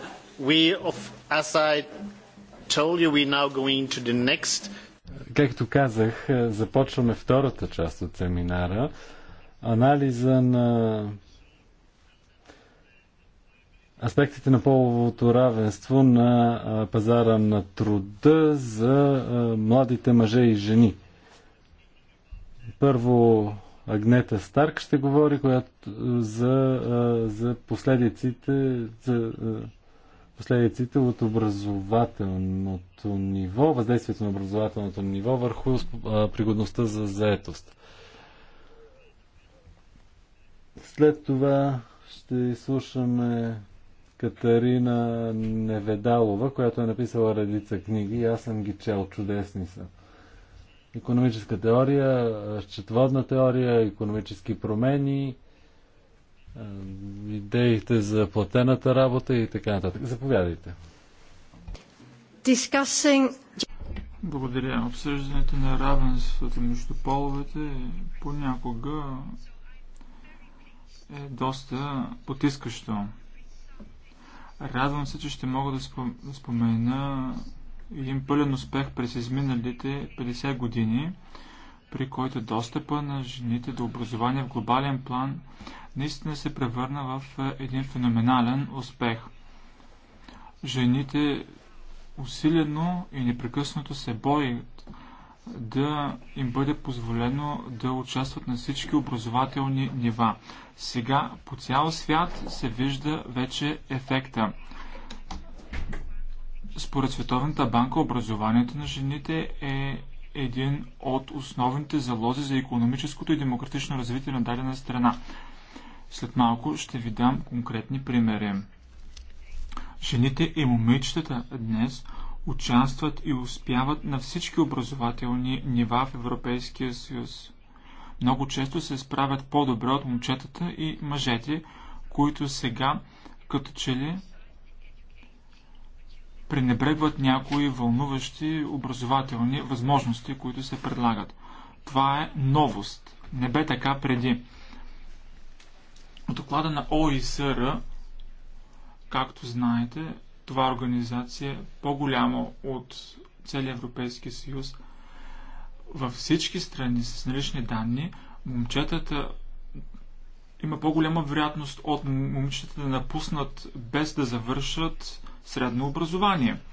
Speaker 1: we, of, as I told you, we now going to the next
Speaker 3: както казах, е, започваме втората част от семинара. Анализа на аспектите на половото равенство на пазара на труда за младите мъже и жени. Първо Агнета Старк ще говори която, за, за последиците за последиците от образователното ниво, въздействието на образователното ниво върху пригодността за заетост. След това ще слушаме Катарина Неведалова, която е написала редица книги и аз съм ги чел, чудесни са. Економическа теория, счетоводна теория, економически промени, идеите за платената работа и така нататък. Заповядайте.
Speaker 2: Discussing... Благодаря.
Speaker 4: Обсъждането на равенството между половете понякога е доста потискащо. Радвам се, че ще мога да, спомена един пълен успех през изминалите 50 години, при който достъпа на жените до образование в глобален план наистина се превърна в е, един феноменален успех. Жените усилено и непрекъснато се боят да им бъде позволено да участват на всички образователни нива. Сега по цял свят се вижда вече ефекта. Според Световната банка образованието на жените е един от основните залози за економическото и демократично развитие на дадена страна. След малко ще ви дам конкретни примери. Жените и момичетата днес – участват и успяват на всички образователни нива в Европейския съюз. Много често се справят по-добре от момчетата и мъжете, които сега, като че ли, пренебрегват някои вълнуващи образователни възможности, които се предлагат. Това е новост. Не бе така преди. От доклада на ОИСР, както знаете, това организация, по-голяма от целия Европейски съюз, във всички страни с налични данни, момчетата има по-голяма вероятност от момичетата да напуснат без да завършат средно образование –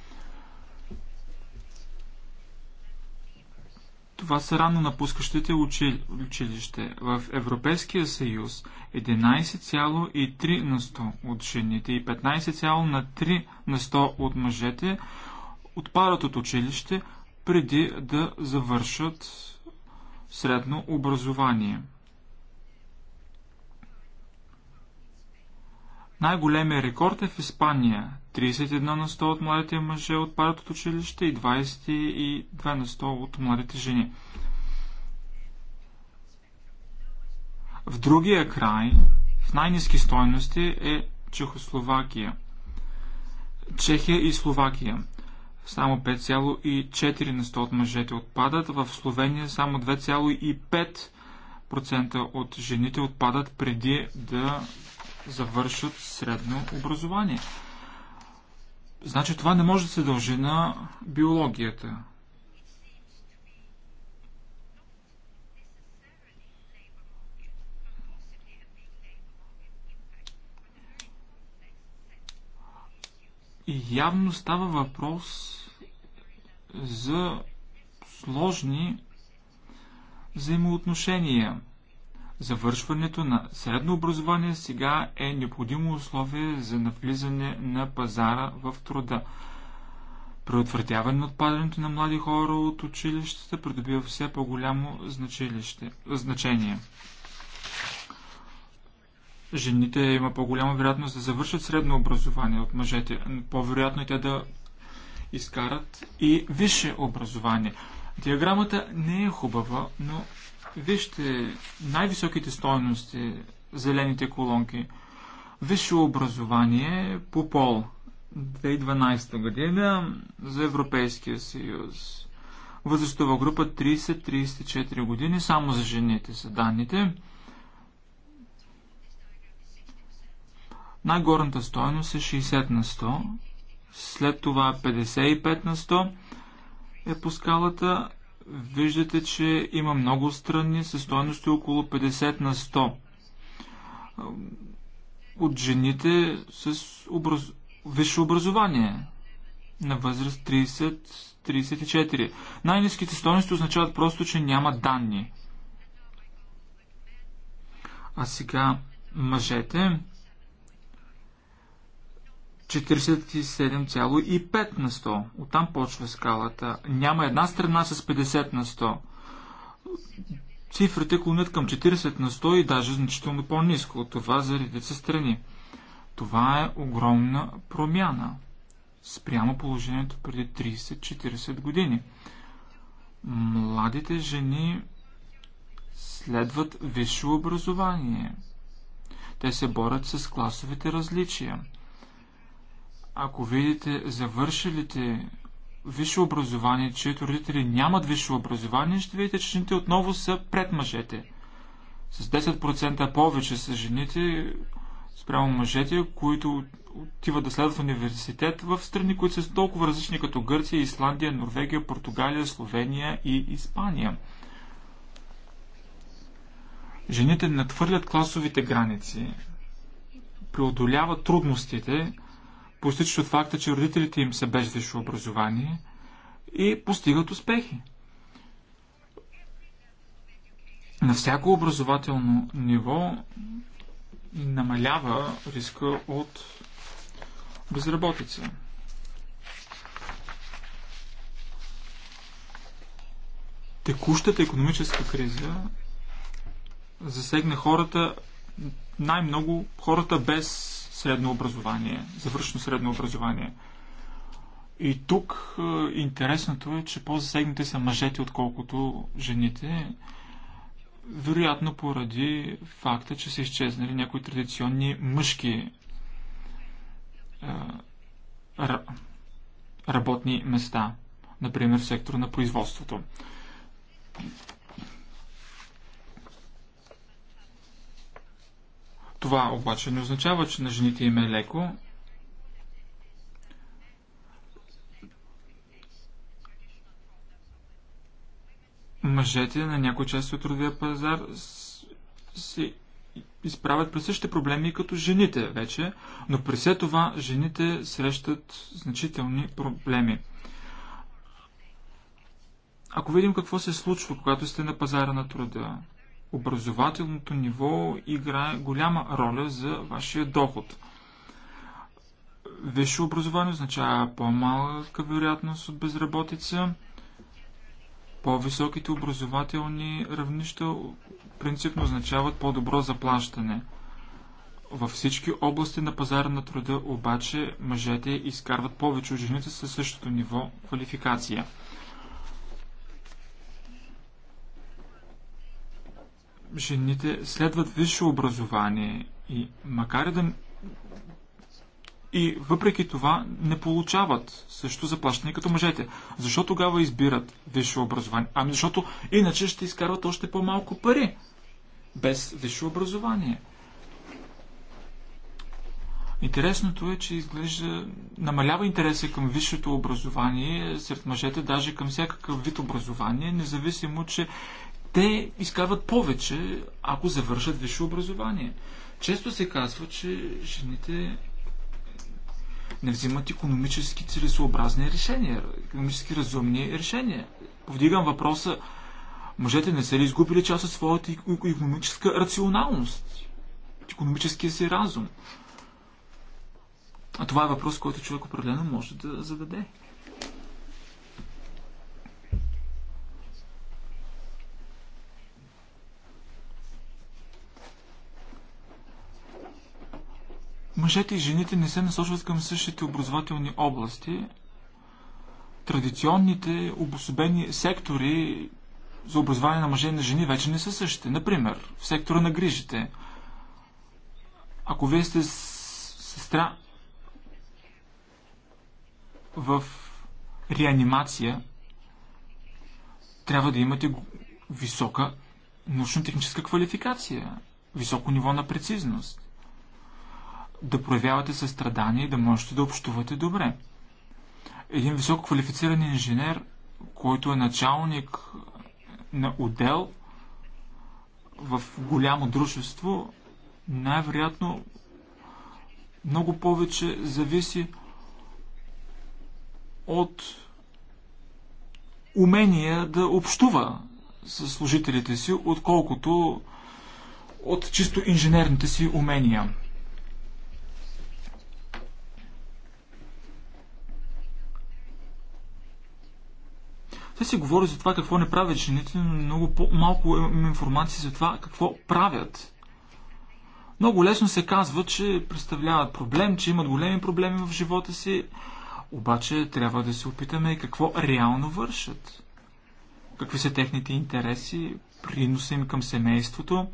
Speaker 4: Това са рано напускащите учили... училище. В Европейския съюз 11,3 на 100 от жените и 15,3 на 3 на 100 от мъжете отпадат от училище преди да завършат средно образование. Най-големият рекорд е в Испания. 31 на 100 от младите мъже отпадат от училище и 22 на 100 от младите жени. В другия край, в най-низки стойности е Чехословакия. Чехия и Словакия. Само 5,4 на 100 от мъжете отпадат. В Словения само 2,5% от жените отпадат преди да завършат средно образование. Значи това не може да се дължи на биологията. И явно става въпрос за сложни взаимоотношения. Завършването на средно образование сега е необходимо условие за навлизане на пазара в труда. Преотвратяване на отпадането на млади хора от училищата придобива все по-голямо значение. Жените има по-голяма вероятност да завършат средно образование от мъжете. По-вероятно е те да изкарат и висше образование. Диаграмата не е хубава, но Вижте най-високите стойности, зелените колонки. Висше образование по пол. 2012 година за Европейския съюз. Възрастова група 30-34 години, само за жените са данните. Най-горната стоеност е 60 на 100, след това 55 на 100 е по скалата Виждате, че има много страни със стоености около 50 на 100. От жените с образ... висше образование на възраст 30-34. Най-низките стоености означават просто, че няма данни. А сега мъжете 47,5 на 100. Оттам почва скалата. Няма една страна с 50 на 100. Цифрите клонят към 40 на 100 и даже значително по-низко от това за редица страни. Това е огромна промяна спрямо положението преди 30-40 години. Младите жени следват висше образование. Те се борят с класовите различия – ако видите завършилите висше образование, чието родители нямат висше образование, ще видите, че жените отново са пред мъжете. С 10% повече са жените спрямо мъжете, които отиват да следват университет в страни, които са толкова различни като Гърция, Исландия, Норвегия, Португалия, Словения и Испания. Жените надхвърлят класовите граници, преодоляват трудностите, постичат от факта, че родителите им са без висше образование и постигат успехи. На всяко образователно ниво намалява риска от безработица. Текущата економическа криза засегна хората, най-много хората без средно образование, завършено средно образование. И тук е, интересното е, че по-засегнати са мъжете, отколкото жените, вероятно поради факта, че са изчезнали някои традиционни мъжки е, работни места, например в сектора на производството. Това обаче не означава, че на жените им е леко. Мъжете на някои части от трудовия пазар се изправят при същите проблеми като жените вече, но при все това жените срещат значителни проблеми. Ако видим какво се случва, когато сте на пазара на труда, образователното ниво играе голяма роля за вашия доход. Висше образование означава по-малка вероятност от безработица, по-високите образователни равнища принципно означават по-добро заплащане. Във всички области на пазара на труда обаче мъжете изкарват повече от жените със същото ниво квалификация. жените следват висше образование и макар и да и въпреки това не получават също заплащане като мъжете. Защо тогава избират висше образование? Ами защото иначе ще изкарват още по-малко пари без висше образование. Интересното е, че изглежда намалява интереса към висшето образование сред мъжете, даже към всякакъв вид образование, независимо, че те изкарват повече, ако завършат висше образование. Често се казва, че жените не взимат економически целесообразни решения, економически разумни решения. Повдигам въпроса, мъжете не са ли изгубили част от своята економическа рационалност, економическия си разум? А това е въпрос, който човек определено може да зададе. мъжете и жените не се насочват към същите образователни области. Традиционните обособени сектори за образование на мъже и на жени вече не са същите. Например, в сектора на грижите. Ако вие сте сестра в реанимация, трябва да имате висока научно-техническа квалификация, високо ниво на прецизност да проявявате състрадание и да можете да общувате добре. Един високо квалифициран инженер, който е началник на отдел в голямо дружество, най-вероятно много повече зависи от умения да общува с служителите си, отколкото от чисто инженерните си умения. Те си говори за това какво не правят жените, но много по-малко има информация за това какво правят. Много лесно се казва, че представляват проблем, че имат големи проблеми в живота си, обаче трябва да се опитаме и какво реално вършат. Какви са техните интереси, приноса им към семейството,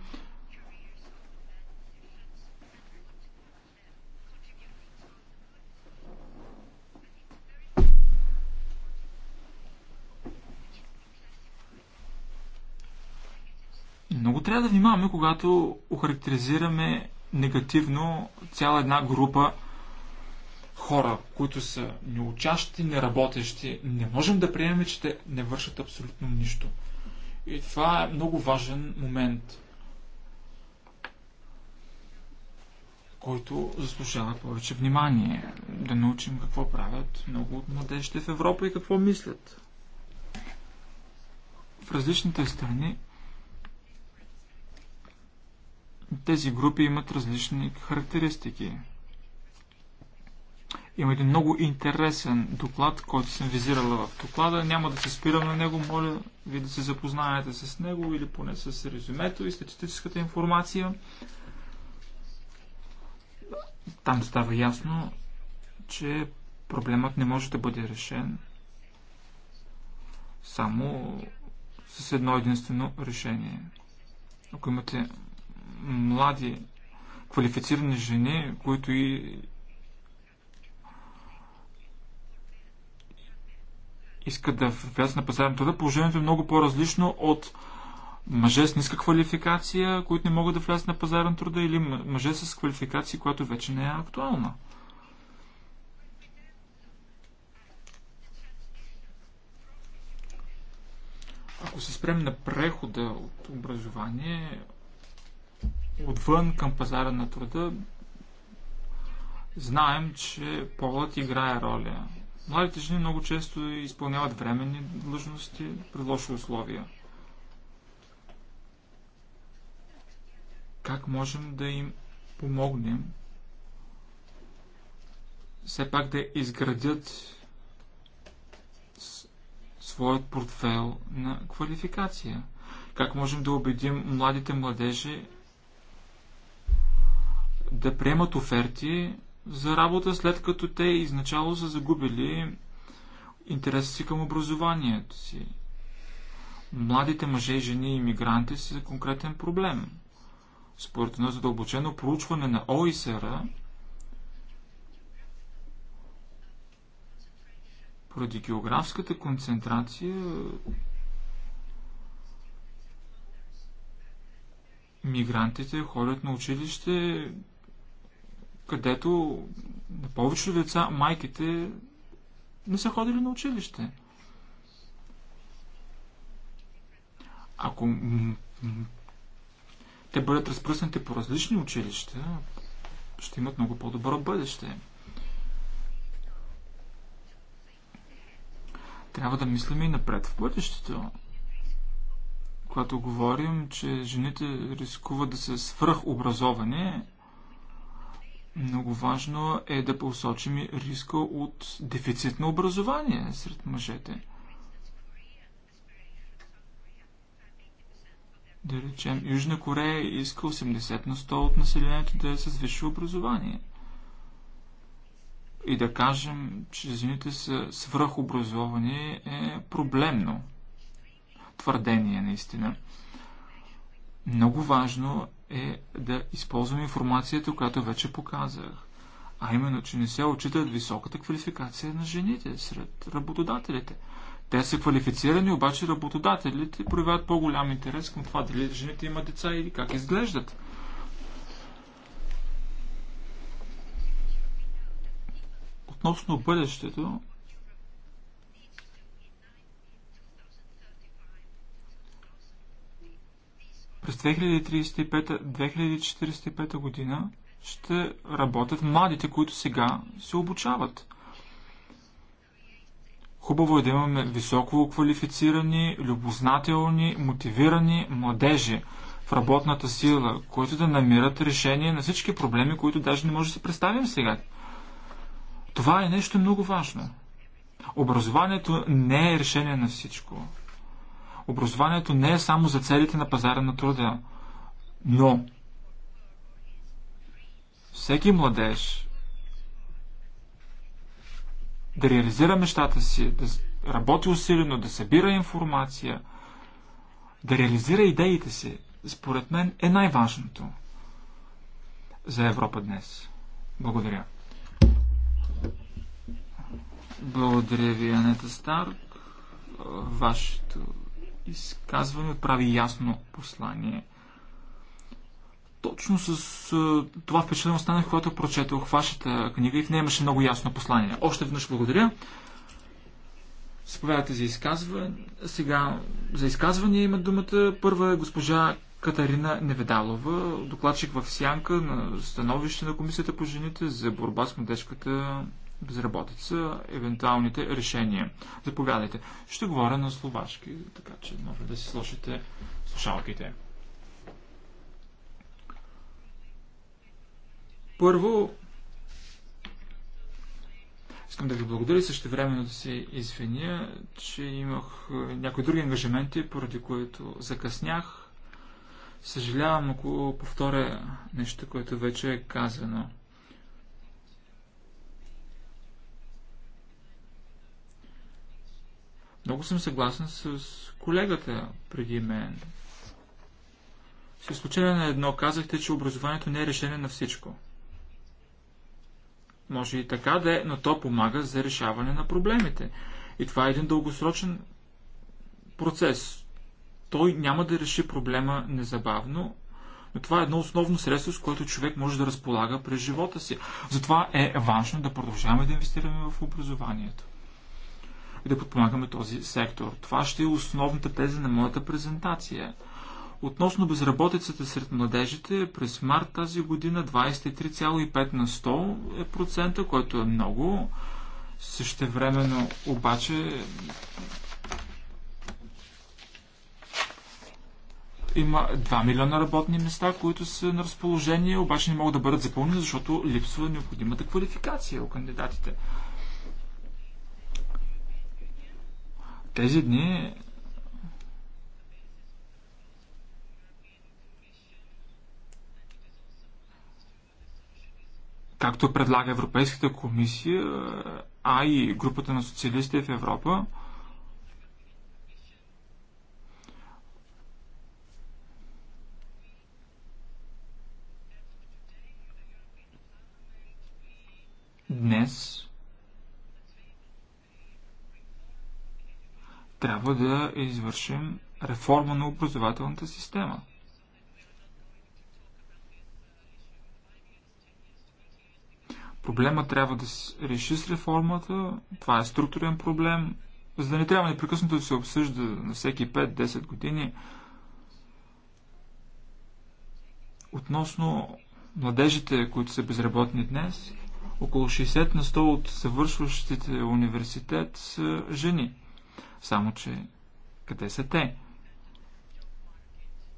Speaker 4: Много трябва да внимаваме, когато охарактеризираме негативно цяла една група хора, които са неучащи, неработещи. Не можем да приемем, че те не вършат абсолютно нищо. И това е много важен момент, който заслужава повече внимание. Да научим какво правят много от младежите в Европа и какво мислят. В различните страни тези групи имат различни характеристики. Има един много интересен доклад, който съм визирала в доклада. Няма да се спирам на него. Моля ви да се запознаете с него или поне с резюмето и статистическата информация. Там става ясно, че проблемът не може да бъде решен само с едно единствено решение. Ако имате млади квалифицирани жени, които и искат да влязат на пазара на труда, положението е много по-различно от мъже с ниска квалификация, които не могат да влязат на пазара на труда, или мъже с квалификация, която вече не е актуална. Ако се спрем на прехода от образование, отвън към пазара на труда, знаем, че полът играе роля. Младите жени много често изпълняват временни длъжности при лоши условия. Как можем да им помогнем все пак да изградят своят портфел на квалификация? Как можем да убедим младите младежи да приемат оферти за работа, след като те изначало са загубили интереса си към образованието си. Младите мъже и жени мигранти са конкретен проблем. Според едно задълбочено проучване на ОИСР, поради географската концентрация мигрантите ходят на училище където на повечето деца майките не са ходили на училище. Ако те бъдат разпръснати по различни училища, ще имат много по-добро бъдеще. Трябва да мислим и напред в бъдещето. Когато говорим, че жените рискуват да се свръхобразовани, много важно е да посочим риска от дефицит на образование сред мъжете. Да речем, Южна Корея иска 80 на 100 от населението да е с висше образование. И да кажем, че жените са свръхобразовани е проблемно твърдение наистина. Много важно е да използваме информацията, която вече показах. А именно, че не се отчитат високата квалификация на жените сред работодателите. Те са квалифицирани, обаче работодателите проявяват по-голям интерес към това дали жените имат деца или как изглеждат. Относно бъдещето, През 2035-2045 година ще работят младите, които сега се обучават. Хубаво е да имаме високо квалифицирани, любознателни, мотивирани младежи в работната сила, които да намират решение на всички проблеми, които даже не може да се представим сега. Това е нещо много важно. Образованието не е решение на всичко. Образованието не е само за целите на пазара на труда, но всеки младеж да реализира мечтата си, да работи усилено, да събира информация, да реализира идеите си, според мен е най-важното за Европа днес. Благодаря. Благодаря ви, Анета Старк. Вашето изказване отправи ясно послание. Точно с това впечатление останах, когато прочетох вашата книга и в нея имаше много ясно послание. Още веднъж благодаря. Съповядате за изказване. Сега за изказване има думата. Първа е госпожа Катарина Неведалова, докладчик в Сянка на становище на Комисията по жените за борба с младежката безработица, евентуалните решения. Заповядайте. Ще говоря на словашки, така че може да си слушате слушалките. Първо, искам да ви благодаря и също времено да се извиня, че имах някои други ангажименти, поради които закъснях. Съжалявам, ако повторя нещо, което вече е казано. Много съм съгласен с колегата преди мен. С изключение на едно казахте, че образованието не е решение на всичко. Може и така да е, но то помага за решаване на проблемите. И това е един дългосрочен процес. Той няма да реши проблема незабавно, но това е едно основно средство, с което човек може да разполага през живота си. Затова е важно да продължаваме да инвестираме в образованието и да подпомагаме този сектор. Това ще е основната теза на моята презентация. Относно безработицата сред младежите, през март тази година 23,5 на 100 е процента, което е много. Същевременно обаче има 2 милиона работни места, които са на разположение, обаче не могат да бъдат запълнени, защото липсва необходимата квалификация у кандидатите. Тези дни както предлага Европейската комисия, а и групата на социалистите в Европа, Днес Трябва да извършим реформа на образователната система. Проблема трябва да се реши с реформата. Това е структурен проблем. За да не трябва непрекъснато да се обсъжда на всеки 5-10 години относно младежите, които са безработни днес, около 60 на 100 от завършващите университет са жени – само, че къде са те?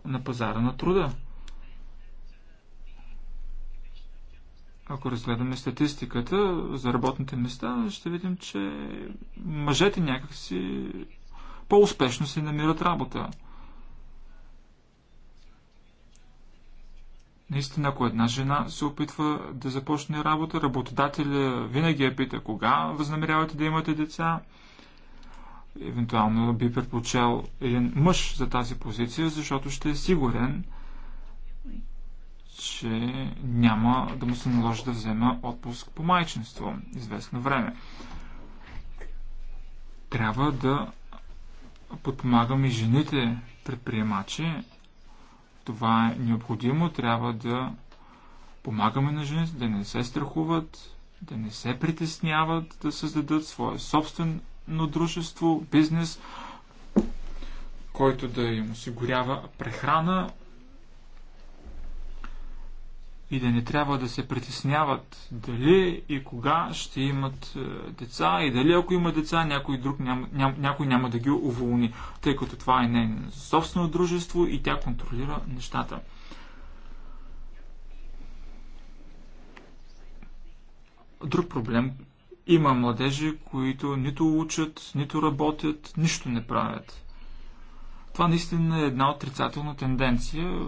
Speaker 4: На пазара на труда. Ако разгледаме статистиката за работните места, ще видим, че мъжете някакси по-успешно си намират работа. Наистина, ако една жена се опитва да започне работа, работодателя винаги я пита кога възнамерявате да имате деца. Евентуално би предпочел един мъж за тази позиция, защото ще е сигурен, че няма да му се наложи да взема отпуск по майчинство известно време. Трябва да подпомагаме жените предприемачи. Това е необходимо. Трябва да помагаме на жените да не се страхуват, да не се притесняват да създадат своя собствен дружество, бизнес, който да им осигурява прехрана и да не трябва да се притесняват дали и кога ще имат е, деца и дали ако има деца някой друг няма, ням, някой няма да ги уволни, тъй като това е нейно собствено дружество и тя контролира нещата. Друг проблем има младежи, които нито учат, нито работят, нищо не правят. Това наистина е една отрицателна тенденция.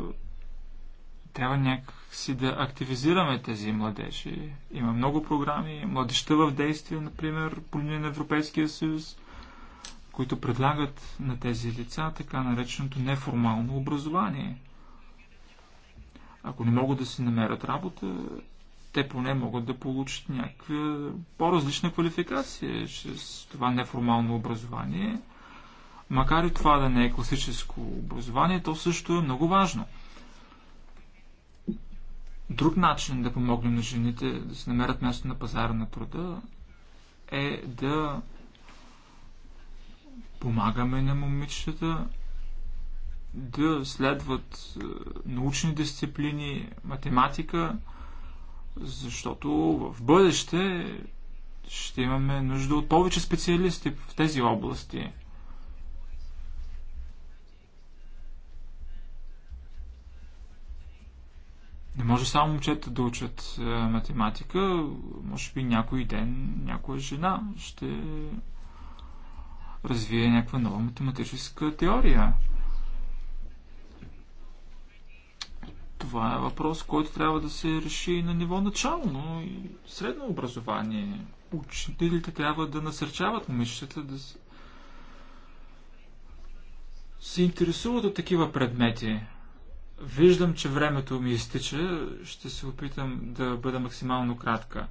Speaker 4: Трябва някакси да активизираме тези младежи. Има много програми, младеща в действие, например, по линия на Европейския съюз, които предлагат на тези лица така нареченото неформално образование. Ако не могат да си намерят работа, те поне могат да получат някаква по-различна квалификация чрез това неформално образование. Макар и това да не е класическо образование, то също е много важно. Друг начин да помогнем на жените да се намерят място на пазара на труда е да помагаме на момичетата да следват е, научни дисциплини, математика, защото в бъдеще ще имаме нужда от повече специалисти в тези области. Не може само момчета да учат е, математика, може би някой ден някоя жена ще развие някаква нова математическа теория. Това е въпрос, който трябва да се реши на ниво начално и средно образование. Учителите трябва да насърчават момичетата да се интересуват от такива предмети. Виждам, че времето ми изтича. Ще се опитам да бъда максимално кратка.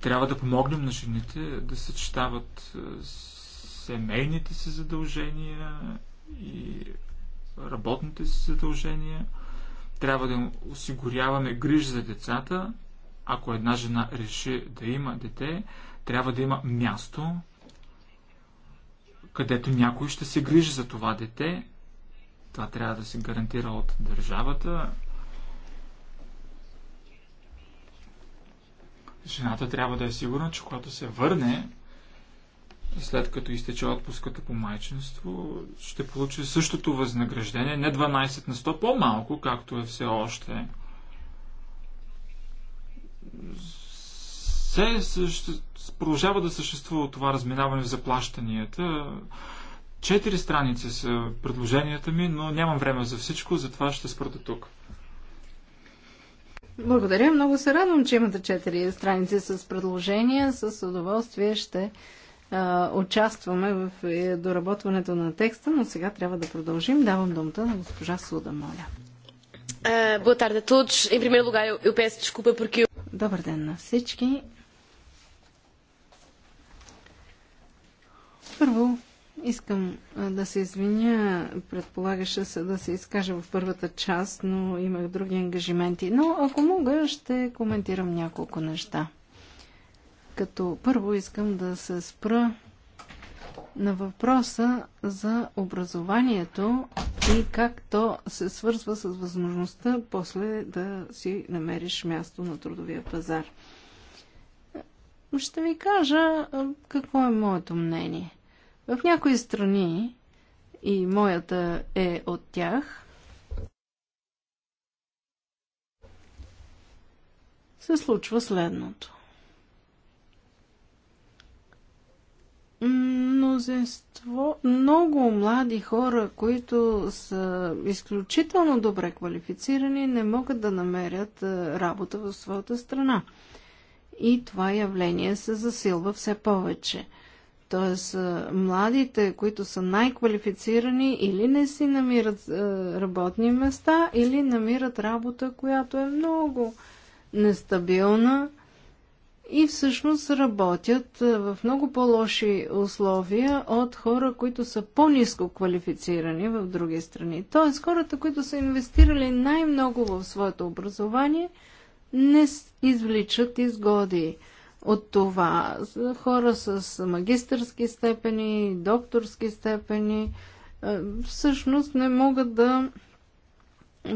Speaker 4: Трябва да помогнем на жените да съчетават е, семейните си задължения и работните си задължения – трябва да осигуряваме грижа за децата. Ако една жена реши да има дете, трябва да има място, където някой ще се грижи за това дете. Това трябва да се гарантира от държавата. Жената трябва да е сигурна, че когато се върне след като изтече отпуската по майчинство, ще получи същото възнаграждение, не 12 на 100, по-малко, както е все още. Се съще... продължава да съществува това разминаване в заплащанията. Четири страници са предложенията ми, но нямам време за всичко, затова ще спрата тук.
Speaker 2: Благодаря, много се радвам, че имате четири страници с предложения. С удоволствие ще а, участваме в е, доработването на текста, но сега трябва да продължим. Давам думата на госпожа Суда, моля. Добър ден на всички. Първо, искам да се извиня. Предполагаше се да се изкажа в първата част, но имах други ангажименти. Но ако мога, ще коментирам няколко неща като първо искам да се спра на въпроса за образованието и как то се свързва с възможността после да си намериш място на трудовия пазар. Ще ви кажа какво е моето мнение. В някои страни, и моята е от тях, се случва следното. мнозинство, много млади хора, които са изключително добре квалифицирани, не могат да намерят е, работа в своята страна. И това явление се засилва все повече. Тоест, е, младите, които са най-квалифицирани, или не си намират е, работни места, или намират работа, която е много нестабилна, и всъщност работят е, в много по-лоши условия от хора, които са по-низко квалифицирани в други страни. Тоест, хората, които са инвестирали най-много в своето образование, не извличат изгоди от това. Хора с магистърски степени, докторски степени, е, всъщност не могат да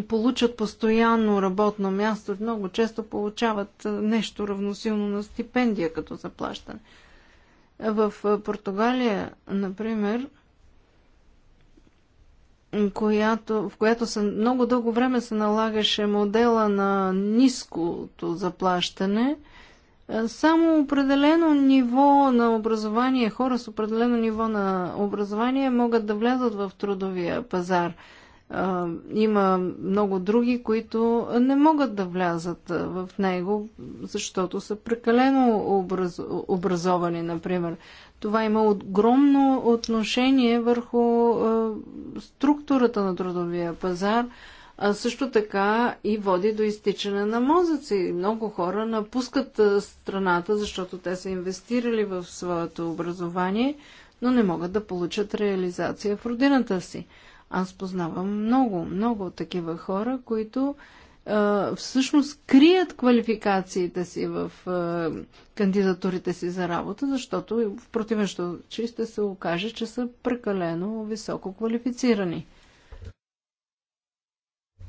Speaker 2: получат постоянно работно място, много често получават нещо равносилно на стипендия като заплащане. В Португалия, например, която, в която се, много дълго време се налагаше модела на ниското заплащане, само определено ниво на образование, хора с определено ниво на образование могат да влязат в трудовия пазар – има много други, които не могат да влязат в него, защото са прекалено образ... образовани, например. Това има огромно отношение върху структурата на трудовия пазар, а също така и води до изтичане на мозъци. Много хора напускат страната, защото те са инвестирали в своето образование, но не могат да получат реализация в родината си. Аз познавам много, много такива хора, които а, всъщност крият квалификациите си в а, кандидатурите си за работа, защото в противен случай ще се окаже, че са прекалено високо квалифицирани.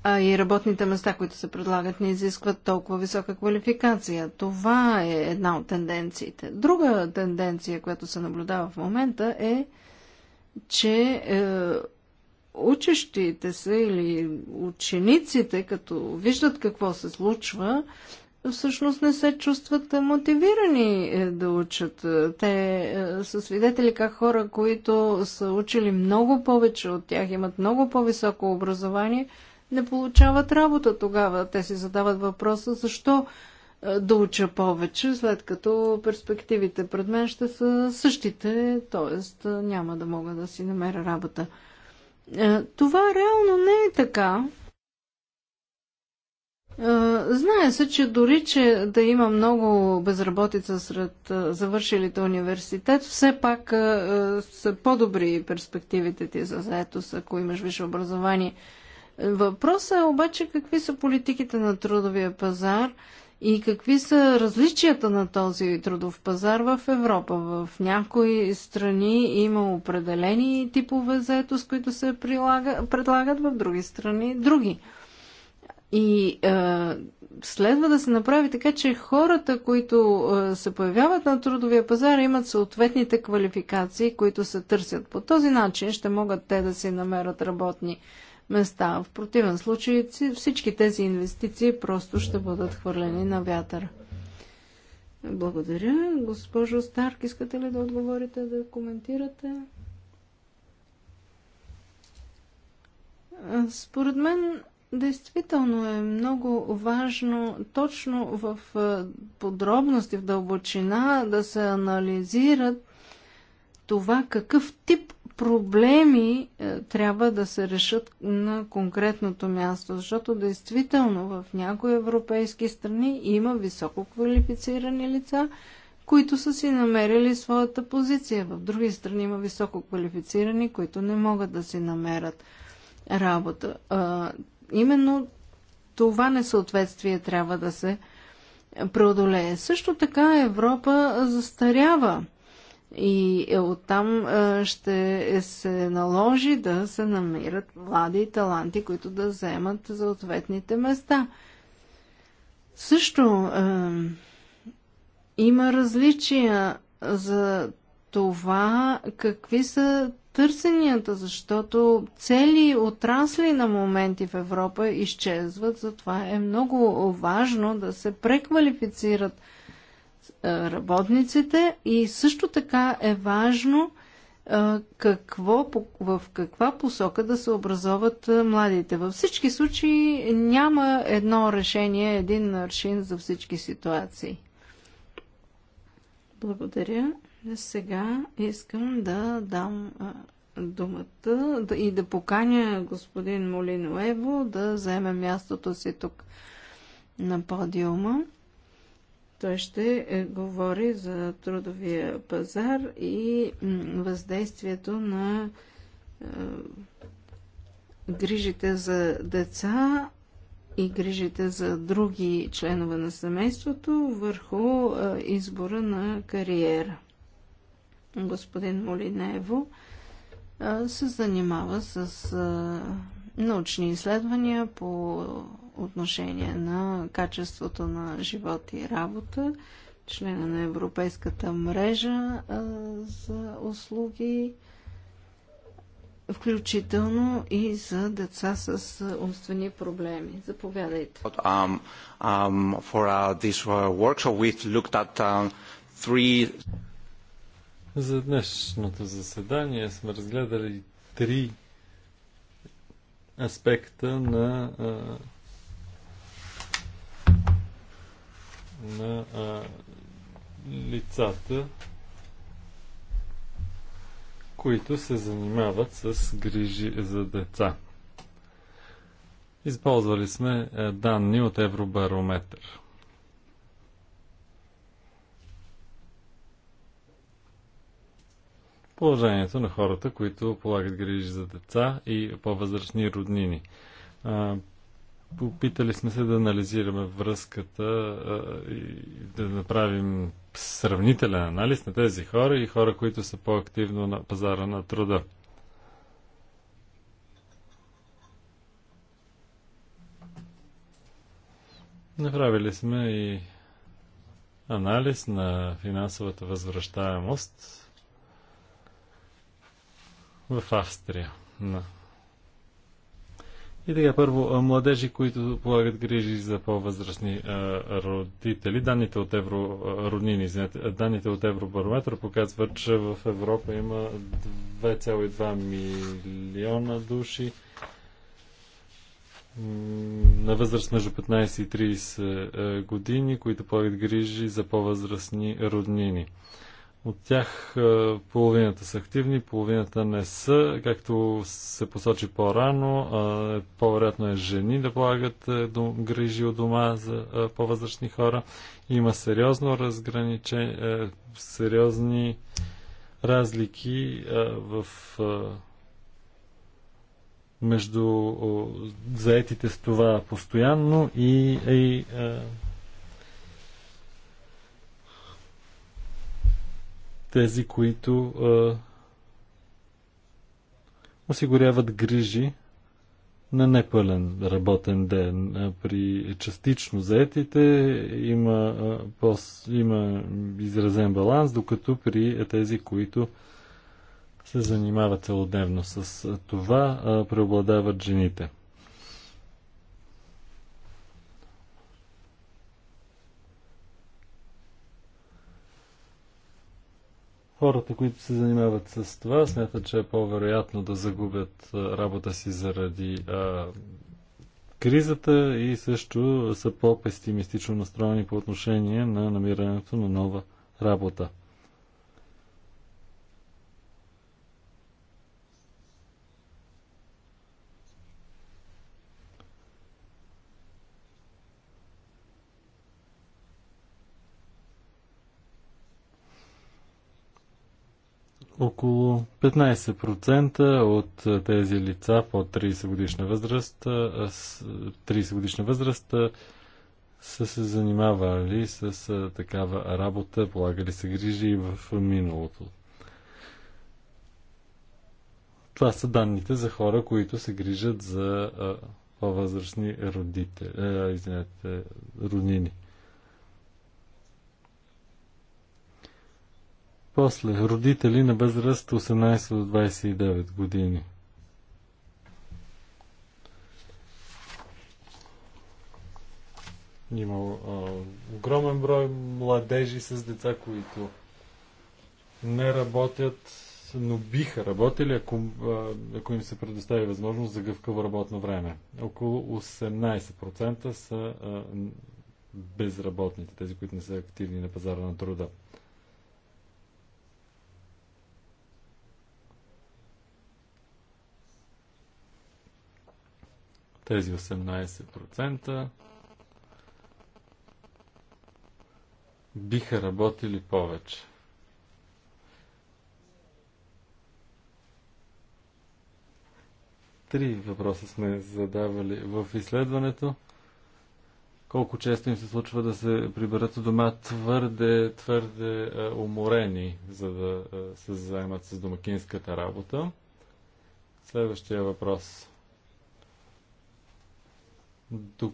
Speaker 2: А и работните места, които се предлагат, не изискват толкова висока квалификация. Това е една от тенденциите. Друга тенденция, която се наблюдава в момента е, че е, учещите се или учениците, като виждат какво се случва, всъщност не се чувстват мотивирани е, да учат. Е, те е, са свидетели как хора, които са учили много повече от тях, имат много по-високо образование, не получават работа тогава. Те си задават въпроса защо да уча повече, след като перспективите пред мен ще са същите, т.е. няма да мога да си намеря работа. Е, това реално не е така. Е, знае се, че дори, че да има много безработица сред е, завършилите университет, все пак са по-добри перспективите ти за заетост, ако имаш висше образование. Въпросът е обаче какви са политиките на трудовия пазар и какви са различията на този трудов пазар в Европа? В някои страни има определени типове заетост, които се прилага, предлагат, в други страни други. И е, следва да се направи така, че хората, които е, се появяват на трудовия пазар, имат съответните квалификации, които се търсят. По този начин ще могат те да си намерят работни места. В противен случай всички тези инвестиции просто ще бъдат хвърлени на вятъра. Благодаря. Госпожо Старк, искате ли да отговорите, да коментирате? Според мен, действително е много важно точно в подробности, в дълбочина да се анализират това какъв тип проблеми е, трябва да се решат на конкретното място, защото действително в някои европейски страни има високо квалифицирани лица, които са си намерили своята позиция. В други страни има високо квалифицирани, които не могат да си намерят работа. А, именно това несъответствие трябва да се преодолее. Също така Европа застарява. И е, оттам е, ще се наложи да се намират млади таланти, които да вземат за ответните места. Също е, има различия за това какви са търсенията, защото цели отрасли на моменти в Европа изчезват, затова е много важно да се преквалифицират е, работниците и също така е важно е, какво, в каква посока да се образоват е, младите. Във всички случаи няма едно решение, един аршин за всички ситуации. Благодаря. Сега искам да дам думата и да поканя господин Молиноево да заеме мястото си тук на подиума. Той ще е, говори за трудовия пазар и въздействието на е, грижите за деца и грижите за други членове на семейството върху е, избора на кариера. Господин Молинево се занимава с научни изследвания по отношение на качеството на живот и работа, члена на Европейската мрежа за услуги, включително и за деца с умствени проблеми. Заповядайте.
Speaker 4: Um, um, for uh, this uh, workshop
Speaker 3: we've looked at uh, three... За днешното заседание сме разгледали три аспекта на на а, лицата, които се занимават с грижи за деца. Използвали сме данни от Евробарометър. Положението на хората, които полагат грижи за деца и по-възрастни роднини. Попитали сме се да анализираме връзката и да направим сравнителен анализ на тези хора и хора, които са по-активно на пазара на труда. Направили сме и анализ на финансовата възвръщаемост в Австрия на и така, първо, младежи, които полагат грижи за по-възрастни родители. Данните от Евро, роднини, извинете, данните от Евробарометър показват, че в Европа има 2,2 милиона души на възраст между 15 и 30 години, които полагат грижи за по-възрастни роднини. От тях е, половината са активни, половината не са. Както се посочи по-рано, е, по-вероятно е жени да полагат е, грижи от дома за по-възрастни хора. Има сериозно разграничение, сериозни разлики в между заетите с това постоянно и, и тези, които а, осигуряват грижи на непълен работен ден. При частично заетите има, пос, има изразен баланс, докато при тези, които се занимават целодневно с това, преобладават жените. Хората, които се занимават с това, смятат, че е по-вероятно да загубят работа си заради а, кризата и също са по-пестимистично настроени по отношение на намирането на нова работа. Около 15% от тези лица под 30 годишна възраст, 30 годишна възраст са се занимавали с такава работа, полагали се грижи и в миналото. Това са данните за хора, които се грижат за по-възрастни родите, роднини. После, родители на възраст 18 до 29 години. Има а, огромен брой младежи с деца, които не работят, но биха работили, ако, а, ако им се предостави възможност за гъвкаво работно време. Около 18% са а, безработните, тези, които не са активни на пазара на труда. Тези 18% биха работили повече. Три въпроса сме задавали в изследването. Колко често им се случва да се приберат у дома твърде, твърде е, уморени, за да е, се заемат с домакинската работа? Следващия въпрос – до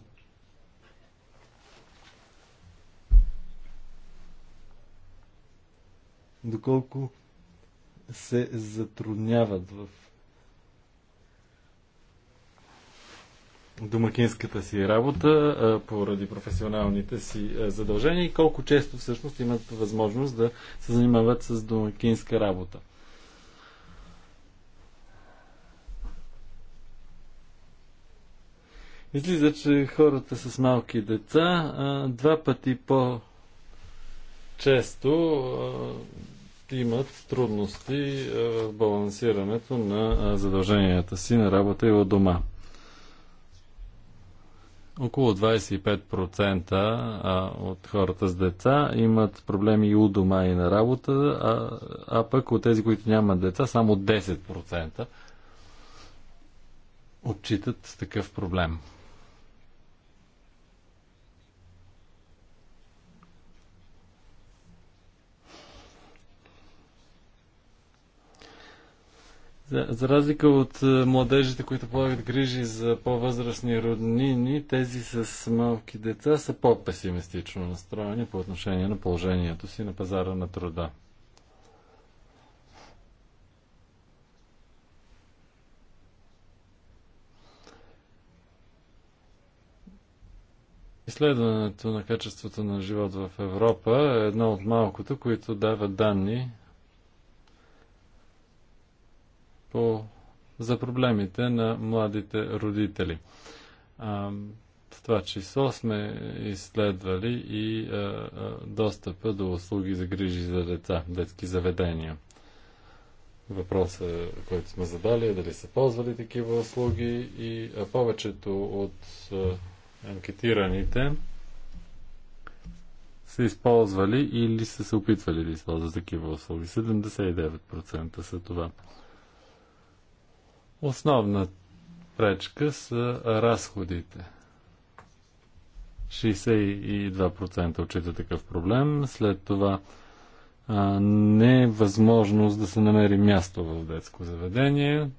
Speaker 3: доколко се затрудняват в домакинската си работа поради професионалните си задължения и колко често всъщност имат възможност да се занимават с домакинска работа. Излиза, че хората с малки деца а, два пъти по-често а, имат трудности в балансирането на а, задълженията си на работа и от дома. Около 25% от хората с деца имат проблеми и у дома и на работа, а, а пък от тези, които нямат деца, само 10% отчитат такъв проблем. За, за разлика от е, младежите, които полагат грижи за по-възрастни роднини, тези с малки деца са по-песимистично настроени по отношение на положението си на пазара на труда. Изследването на качеството на живот в Европа е едно от малкото, които дава данни по, за проблемите на младите родители. А, в това число сме изследвали и а, а, достъпа до услуги за грижи за деца, детски заведения. Въпросът, който сме задали е дали са ползвали такива услуги и а, повечето от анкетираните са използвали или са се опитвали да използват такива услуги. 79% са това. Основна пречка са разходите. 62% отчита такъв проблем. След това а, не е възможност да се намери място в детско заведение.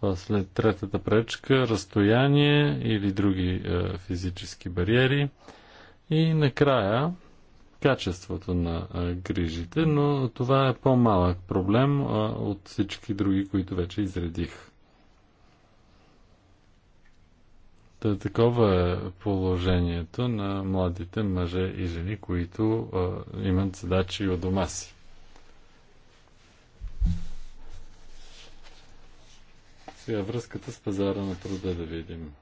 Speaker 3: После третата пречка разстояние или други а, физически бариери. И накрая качеството на грижите, но това е по-малък проблем от всички други, които вече изредих. Та, такова е положението на младите мъже и жени, които имат задачи от дома си. Сега връзката с пазара на труда да видим.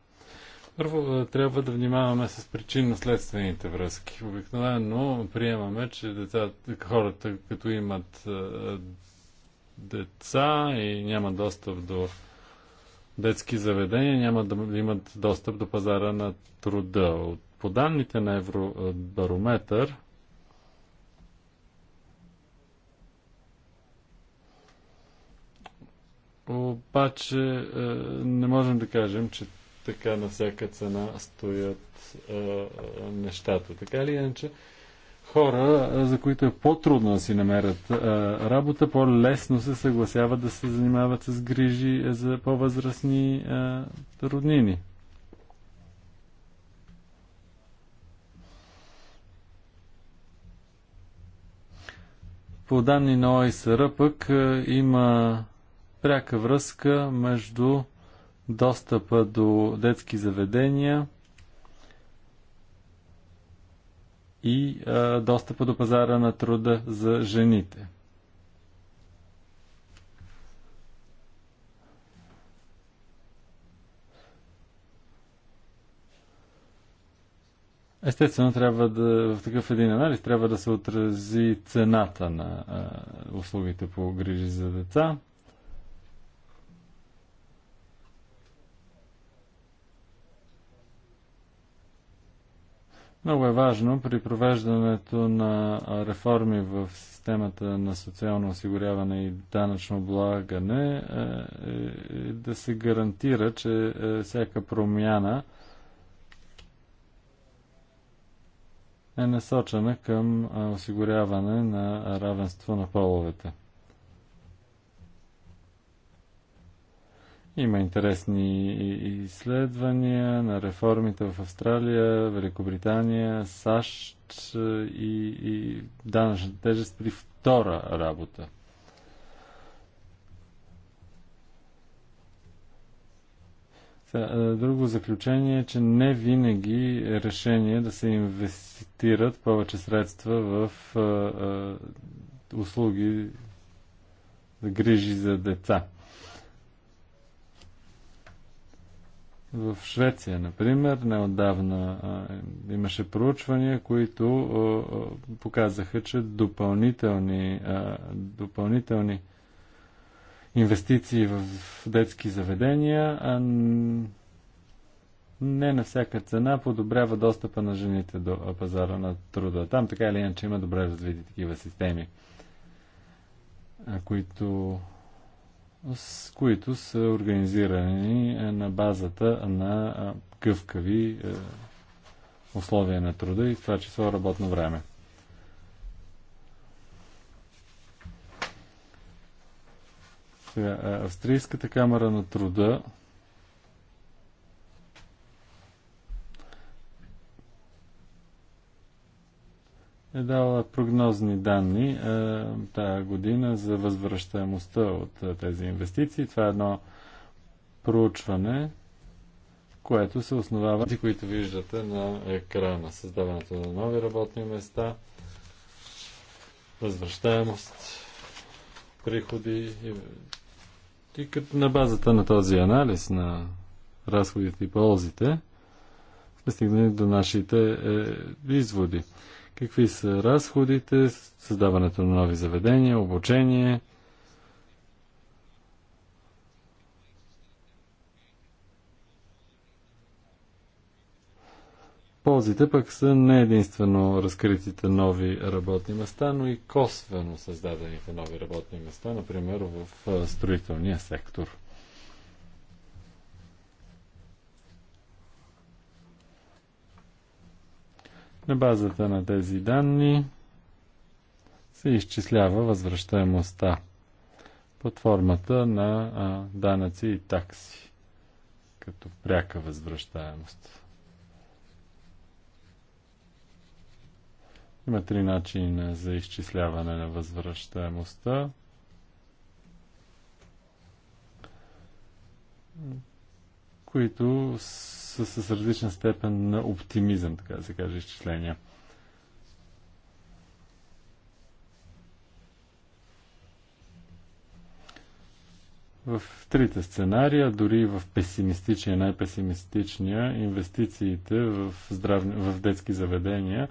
Speaker 3: Първо е, трябва да внимаваме с причинно-следствените връзки. Обикновено приемаме, че децата, хората, като имат е, деца и няма достъп до детски заведения, няма да имат достъп до пазара на труда. По данните на Евробарометър, обаче е, не можем да кажем, че така на всяка цена стоят а, нещата. Така ли иначе, хора, за които е по-трудно да си намерят а, работа, по-лесно се съгласяват да се занимават с грижи за по-възрастни роднини. По данни на ОИСР пък има пряка връзка между достъпа до детски заведения и а, достъпа до пазара на труда за жените. Естествено, трябва да, в такъв един анализ трябва да се отрази цената на а, услугите по грижи за деца. Много е важно при провеждането на реформи в системата на социално осигуряване и данъчно облагане е, е, е, да се гарантира, че всяка промяна е насочена към осигуряване на равенство на половете. Има интересни изследвания на реформите в Австралия, Великобритания, САЩ е, и, и данъчната тежест при втора работа. Е, друго заключение е, че не винаги е решение да се инвестират повече средства в а, е, а, услуги за грижи за деца. В Швеция, например, неодавна а, имаше проучвания, които а, показаха, че допълнителни, а, допълнителни инвестиции в, в детски заведения а, не на всяка цена подобрява достъпа на жените до пазара на труда. Там така или иначе има добре развити такива системи, които с които са организирани е, на базата на гъвкави е, условия на труда и в това число работно време. Е, Австрийската камера на труда е дала прогнозни данни а, е, тая година за възвръщаемостта от а, е, тези инвестиции. Това е едно проучване, което се основава, които виждате на екрана. Създаването на нови работни места, възвръщаемост, приходи и, и като на базата на този анализ на разходите и ползите сме стигнали до нашите е, изводи какви са разходите, създаването на нови заведения, обучение. Ползите пък са не единствено разкритите нови работни места, но и косвено създадените нови работни места, например в строителния сектор. На базата на тези данни се изчислява възвръщаемостта под формата на а, данъци и такси, като пряка възвръщаемост. Има три начина за изчисляване на възвръщаемостта които са с различна степен на оптимизъм, така да се каже, изчисления. в трите сценария, дори в песимистичния, най-песимистичния, инвестициите в, здравни, в детски заведения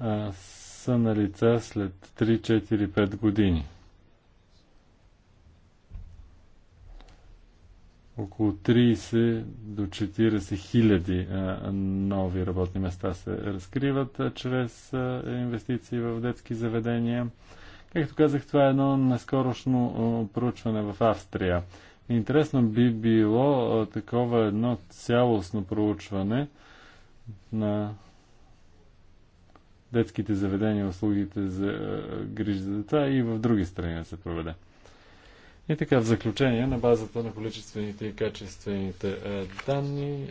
Speaker 3: а, са на лица след 3, 4, 5 години. около 30 до 40 хиляди нови работни места се разкриват чрез инвестиции в детски заведения. Както казах, това е едно наскорошно проучване в Австрия. Интересно би било такова едно цялостно проучване на детските заведения, услугите за грижи за деца и в други страни да се проведе. И така, в заключение, на базата на количествените и качествените е, данни, е,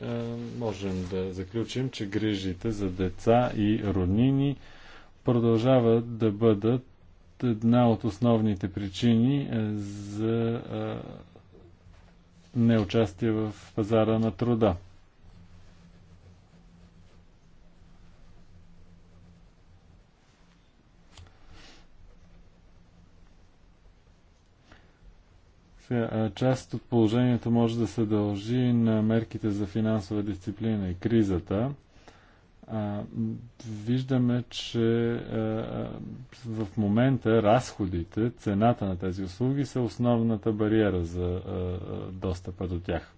Speaker 3: можем да заключим, че грижите за деца и роднини продължават да бъдат една от основните причини е, за неучастие в пазара на труда. сметка част от положението може да се дължи на мерките за финансова дисциплина и кризата. Виждаме, че в момента разходите, цената на тези услуги са основната бариера за достъпа до тях.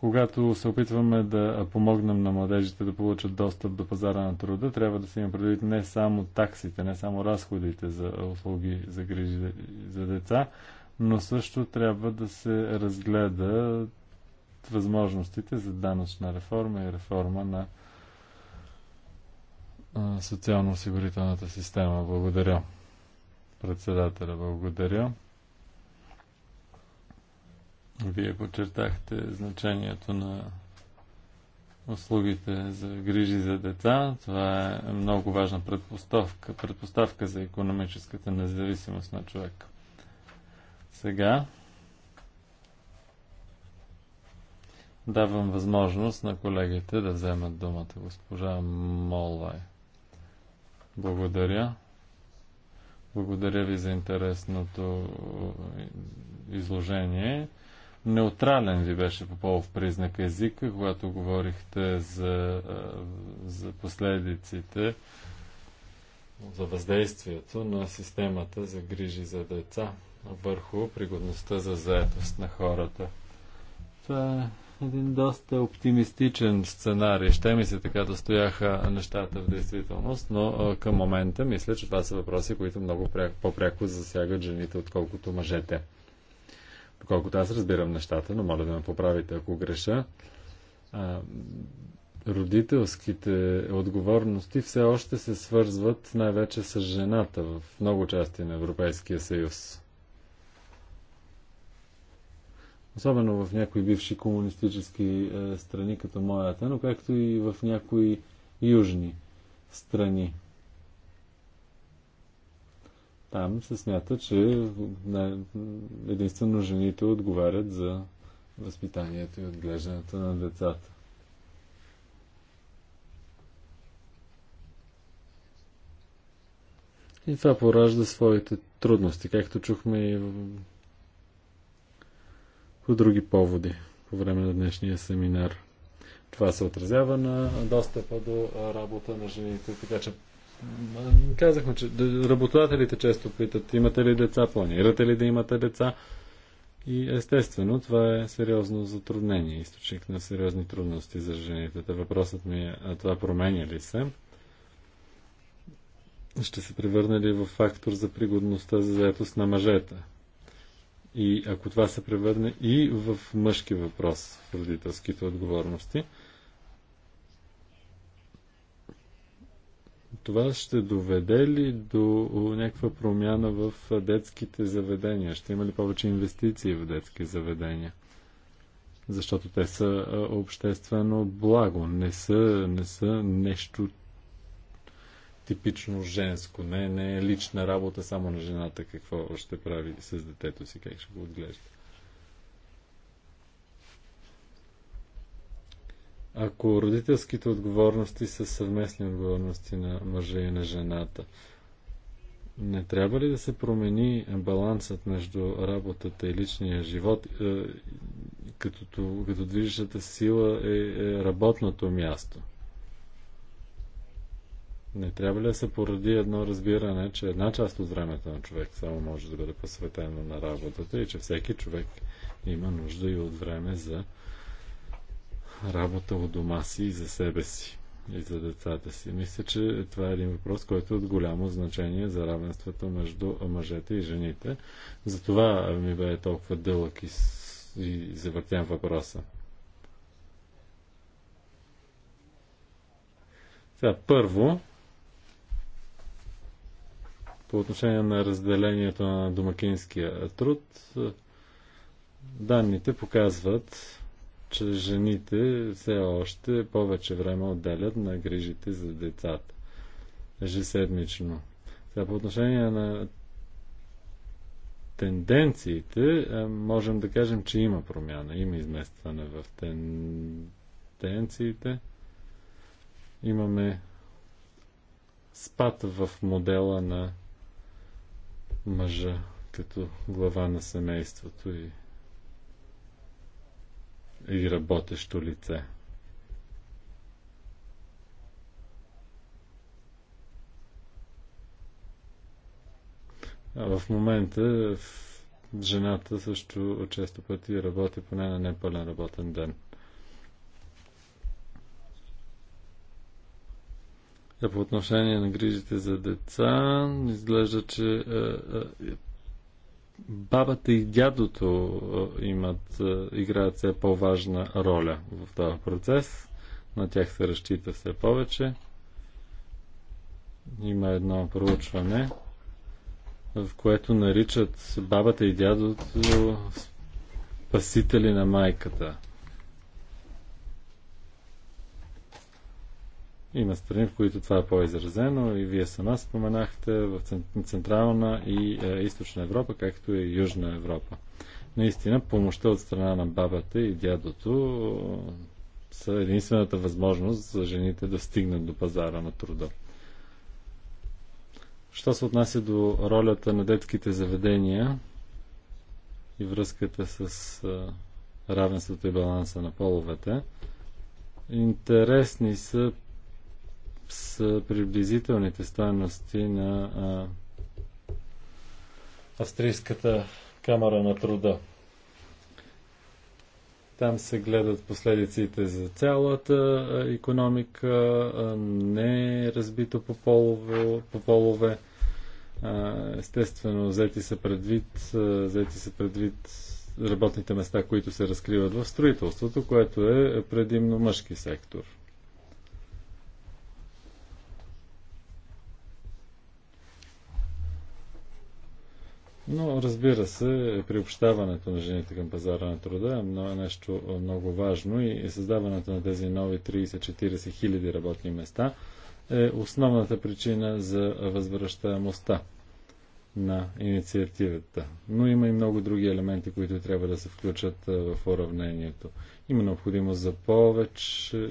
Speaker 3: Когато се опитваме да помогнем на младежите да получат достъп до пазара на труда, трябва да се има предвид не само таксите, не само разходите за услуги за грижи за деца, но също трябва да се разгледа възможностите за данъчна реформа и реформа на социално-осигурителната система. Благодаря. Председателя, благодаря. Вие подчертахте значението на услугите за грижи за деца. Това е много важна предпоставка, предпоставка за економическата независимост на човек. Сега давам възможност на колегите да вземат думата. Госпожа Молвай. Благодаря. Благодаря ви за интересното изложение. Неутрален ви беше по полов признак езика, когато говорихте за, за последиците, за въздействието на системата за грижи за деца върху пригодността за заетост на хората. Това е един доста оптимистичен сценарий. Ще ми се така достояха нещата в действителност, но към момента мисля, че това са въпроси, които много по-пряко засягат жените, отколкото мъжете доколкото аз разбирам нещата, но моля да ме поправите, ако греша. А, родителските отговорности все още се свързват най-вече с жената в много части на Европейския съюз. Особено в някои бивши комунистически е, страни, като моята, но както и в някои южни страни. Там се смята, че единствено жените отговарят за възпитанието и отглеждането на децата. И това поражда своите трудности, както чухме и по други поводи по време на днешния семинар. Това се отразява на достъпа до работа на жените, така че Казахме, че работодателите често питат, имате ли деца, планирате ли да имате деца. И естествено, това е сериозно затруднение, източник на сериозни трудности за жените. Та въпросът ми е, а това променя ли се? Ще се превърне ли в фактор за пригодността за заетост на мъжете? И ако това се превърне и в мъжки въпрос в родителските отговорности, това ще доведе ли до някаква промяна в детските заведения? Ще има ли повече инвестиции в детски заведения? Защото те са обществено благо, не са, не са нещо типично женско. Не, не е лична работа само на жената какво ще прави с детето си, как ще го отглежда. ако родителските отговорности са съвместни отговорности на мъжа и на жената. Не трябва ли да се промени балансът между работата и личния живот, е, като, като движещата сила е, е работното място? Не трябва ли да се поради едно разбиране, че една част от времето на човек само може да бъде посветено на работата и че всеки човек има нужда и от време за работа от дома си и за себе си и за децата си. Мисля, че това е един въпрос, който е от голямо значение за равенството между мъжете и жените. Затова ми бе толкова дълъг и, и завъртям въпроса. Сега, първо, по отношение на разделението на домакинския труд, данните показват, че жените все още повече време отделят на грижите за децата. Ежеседмично. Сега по отношение на тенденциите, можем да кажем, че има промяна, има изместване в тенденциите. Имаме спад в модела на мъжа като глава на семейството и и работещо лице. А в момента жената също често пъти работи поне на непълен работен ден. А е, по отношение на грижите за деца, изглежда, че е, е, бабата и дядото имат, играят все по-важна роля в този процес. На тях се разчита все повече. Има едно проучване, в което наричат бабата и дядото спасители на майката. Има страни, в които това е по-изразено и вие сама споменахте в Централна и е, Източна Европа, както и Южна Европа. Наистина, помощта от страна на бабата и дядото е, са единствената възможност за жените да стигнат до пазара на труда. Що се отнася до ролята на детските заведения и връзката с е, равенството и баланса на половете, интересни са с приблизителните стоености на а, Австрийската камера на труда. Там се гледат последиците за цялата економика, не разбито по, полове, по полове. Естествено, взети са предвид, взети са предвид работните места, които се разкриват в строителството, което е предимно мъжки сектор – Но разбира се, приобщаването на жените към пазара на труда е нещо е, много важно и създаването на тези нови 30-40 хиляди работни места е основната причина за възвръщаемостта на инициативата. Но има и много други елементи, които трябва да се включат е, в уравнението. Има необходимост за повече,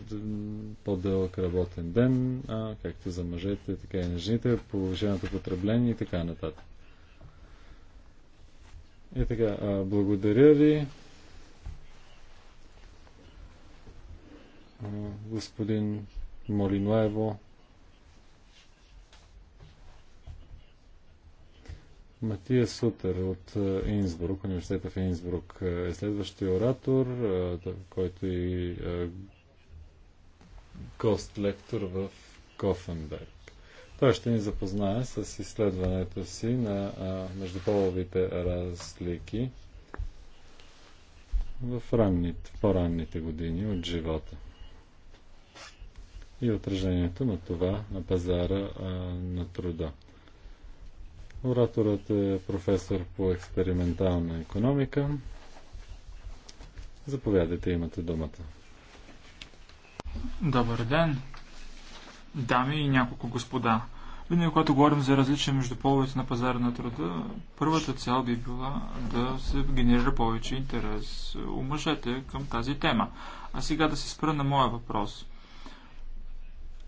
Speaker 3: по-дълъг работен ден, а, както за мъжете, така и на жените, повишеното потребление и така нататък. И така, благодаря ви. господин Молинуево. Матия Сутер от Инсбрук, университета в Инсбрук е следващия оратор, който и гост лектор в Кофенберг. Той ще ни запознае с изследването си на междуполовите разлики в ранните, по-ранните години от живота и отражението на това на пазара а, на труда. Ораторът е професор по експериментална економика. Заповядайте, имате думата.
Speaker 4: Добър ден! дами и няколко господа. Винаги, когато говорим за различия между половете на пазара на труда, първата цел би била да се генерира повече интерес у мъжете към тази тема. А сега да се спра на моя въпрос.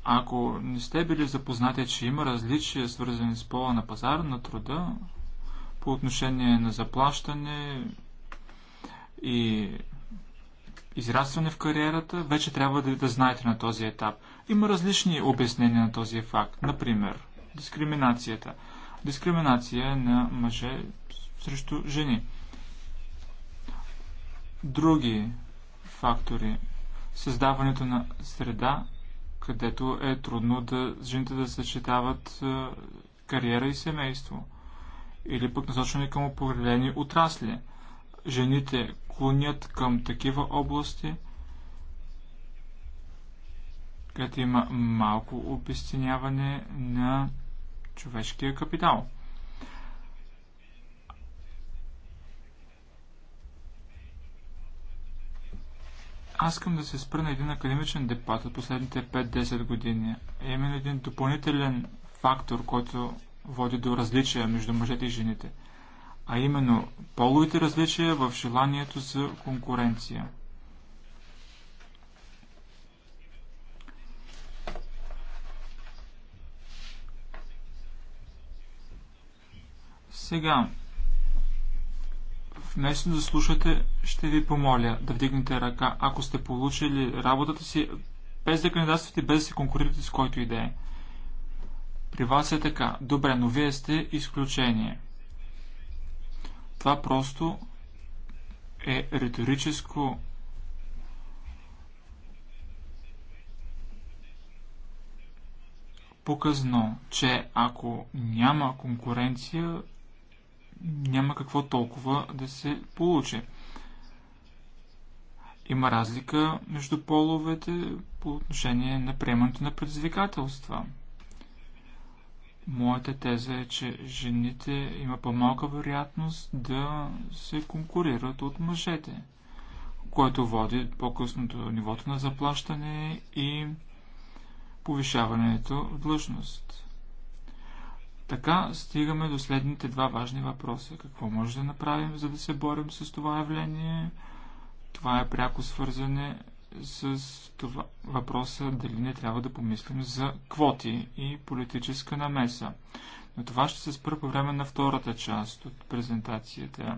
Speaker 4: Ако не сте били запознати, че има различия, свързани с пола на пазара на труда, по отношение на заплащане и израстване в кариерата, вече трябва да, да знаете на този етап. Има различни обяснения на този факт. Например, дискриминацията. Дискриминация на мъже срещу жени. Други фактори. Създаването на среда, където е трудно да жените да съчетават кариера и семейство. Или пък насочване към определени отрасли – жените клонят към такива области, където има малко обесценяване на човешкия капитал. Аз искам да се спра на един академичен дебат от последните 5-10 години. Е именно един допълнителен фактор, който води до различия между мъжете и жените – а именно половите различия в желанието за конкуренция. Сега, вместо да слушате, ще ви помоля да вдигнете ръка, ако сте получили работата си, без да кандидатствате, без да се конкурирате с който и да е. При вас е така. Добре, но вие сте изключение. Това просто е риторическо показано, че ако няма конкуренция, няма какво толкова да се получи. Има разлика между половете по отношение на приемането на предизвикателства. Моята теза е, че жените има по-малка вероятност да се конкурират от мъжете, което води по-късно до нивото на заплащане и повишаването в длъжност. Така стигаме до следните два важни въпроса. Какво може да направим, за да се борим с това явление? Това е пряко свързане с това въпроса дали не трябва да помислим за квоти и политическа намеса. Но това ще се спра по време на втората част от презентацията.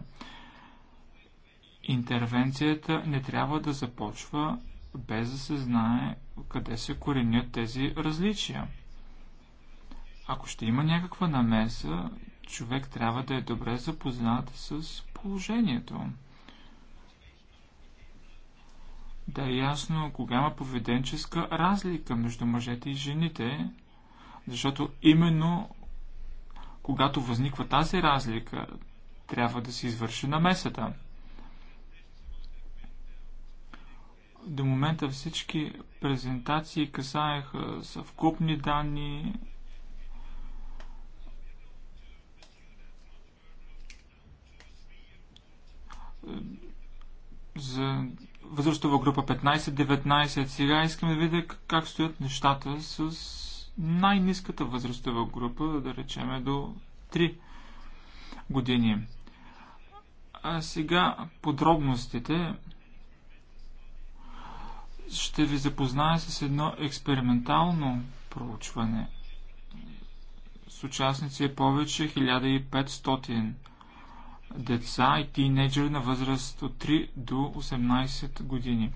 Speaker 4: Интервенцията не трябва да започва без да се знае къде се коренят тези различия. Ако ще има някаква намеса, човек трябва да е добре запознат с положението да е ясно кога има поведенческа разлика между мъжете и жените, защото именно когато възниква тази разлика, трябва да се извърши намесата. До момента всички презентации касаеха съвкупни данни, за възрастова група 15-19. Сега искам да видя как стоят нещата с най-низката възрастова група, да речем до 3 години. А сега подробностите. Ще ви запозная с едно експериментално проучване. С участници е повече 1500 деца и тинейджери на възраст от 3 до 18 години.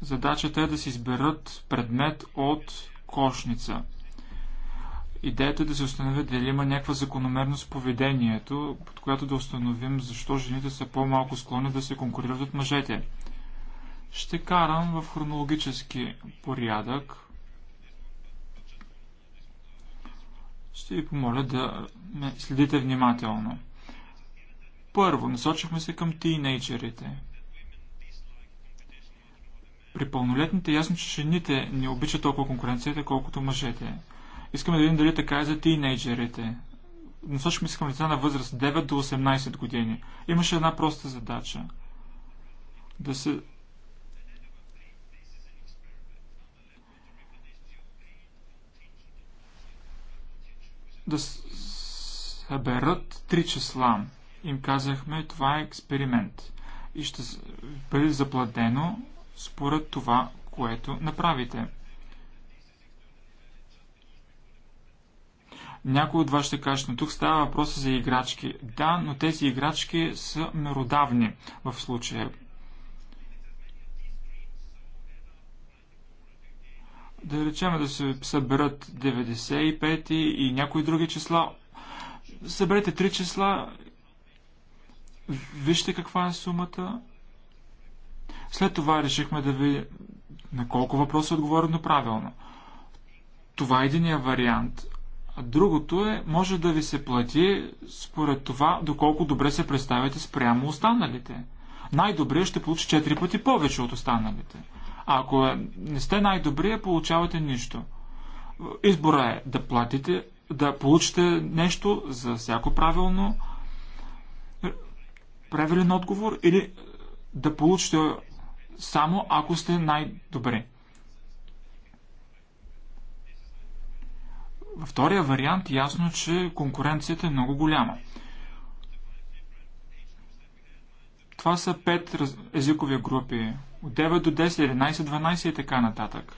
Speaker 4: Задачата е да се изберат предмет от кошница. Идеята е да се установи дали има някаква закономерност в поведението, под която да установим защо жените са по-малко склонни да се конкурират от мъжете. Ще карам в хронологически порядък – ще ви помоля да ме следите внимателно. Първо, насочихме се към тинейджерите. При пълнолетните е ясно, че жените не обичат толкова конкуренцията, колкото мъжете. Искаме да видим дали така е за тинейджерите. Насочихме се към лица на възраст 9 до 18 години. Имаше една проста задача. Да се да съберат три числа. Им казахме, това е експеримент и ще бъде заплатено според това, което направите. Някой от вас ще каже, но тук става въпрос за играчки. Да, но тези играчки са меродавни в случая. да речем да се съберат 95 и някои други числа. Съберете три числа, вижте каква е сумата. След това решихме да ви на колко въпроса е отговорено правилно. Това е единия вариант. А другото е, може да ви се плати според това, доколко добре се представяте спрямо останалите. Най-добре ще получи 4 пъти повече от останалите. Ако не сте най-добрия, получавате нищо. Избора е да платите, да получите нещо за всяко правилно правилен отговор или да получите само ако сте най-добри. Във втория вариант е ясно, че конкуренцията е много голяма. Това са пет езикови групи, от 9 до 10, 11, 12 и така нататък.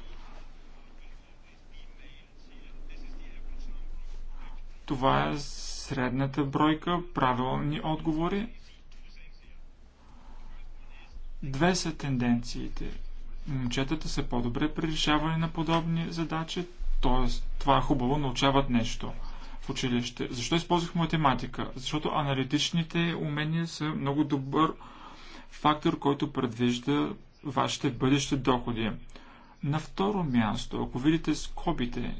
Speaker 4: Това е средната бройка правилни отговори. Две са тенденциите. Момчетата са по-добре при решаване на подобни задачи, т.е. това е хубаво, научават нещо в училище. Защо използвах математика? Защото аналитичните умения са много добър фактор, който предвижда вашите бъдещи доходи. На второ място, ако видите скобите,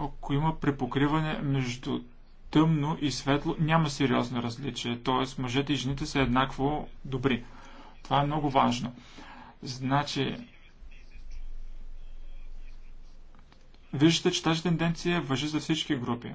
Speaker 4: ако има препокриване между тъмно и светло, няма сериозно различие. Т.е. мъжете и жените са еднакво добри. Това е много важно. Значи, виждате, че тази тенденция въжи за всички групи.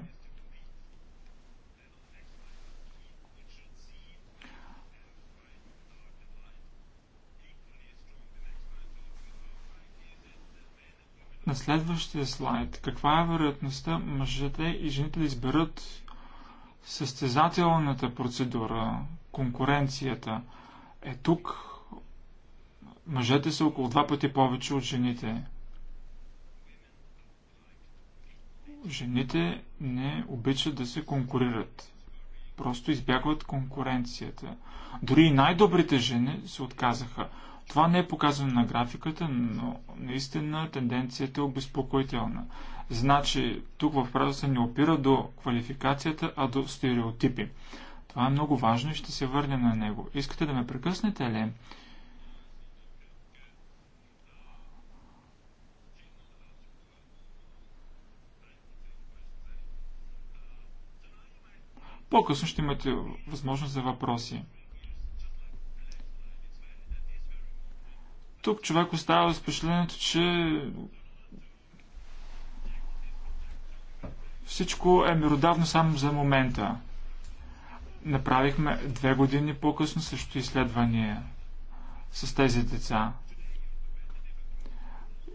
Speaker 4: следващия слайд каква е вероятността мъжете и жените да изберат състезателната процедура, конкуренцията. Е тук мъжете са около два пъти повече от жените. Жените не обичат да се конкурират. Просто избягват конкуренцията. Дори и най-добрите жени се отказаха. Това не е показано на графиката, но наистина тенденцията е обезпокоителна. Значи, тук въпросът се не опира до квалификацията, а до стереотипи. Това е много важно и ще се върне на него. Искате да ме прекъснете ли? По-късно ще имате възможност за въпроси. Тук човек остава с впечатлението, че всичко е меродавно само за момента. Направихме две години по-късно също изследвания с тези деца.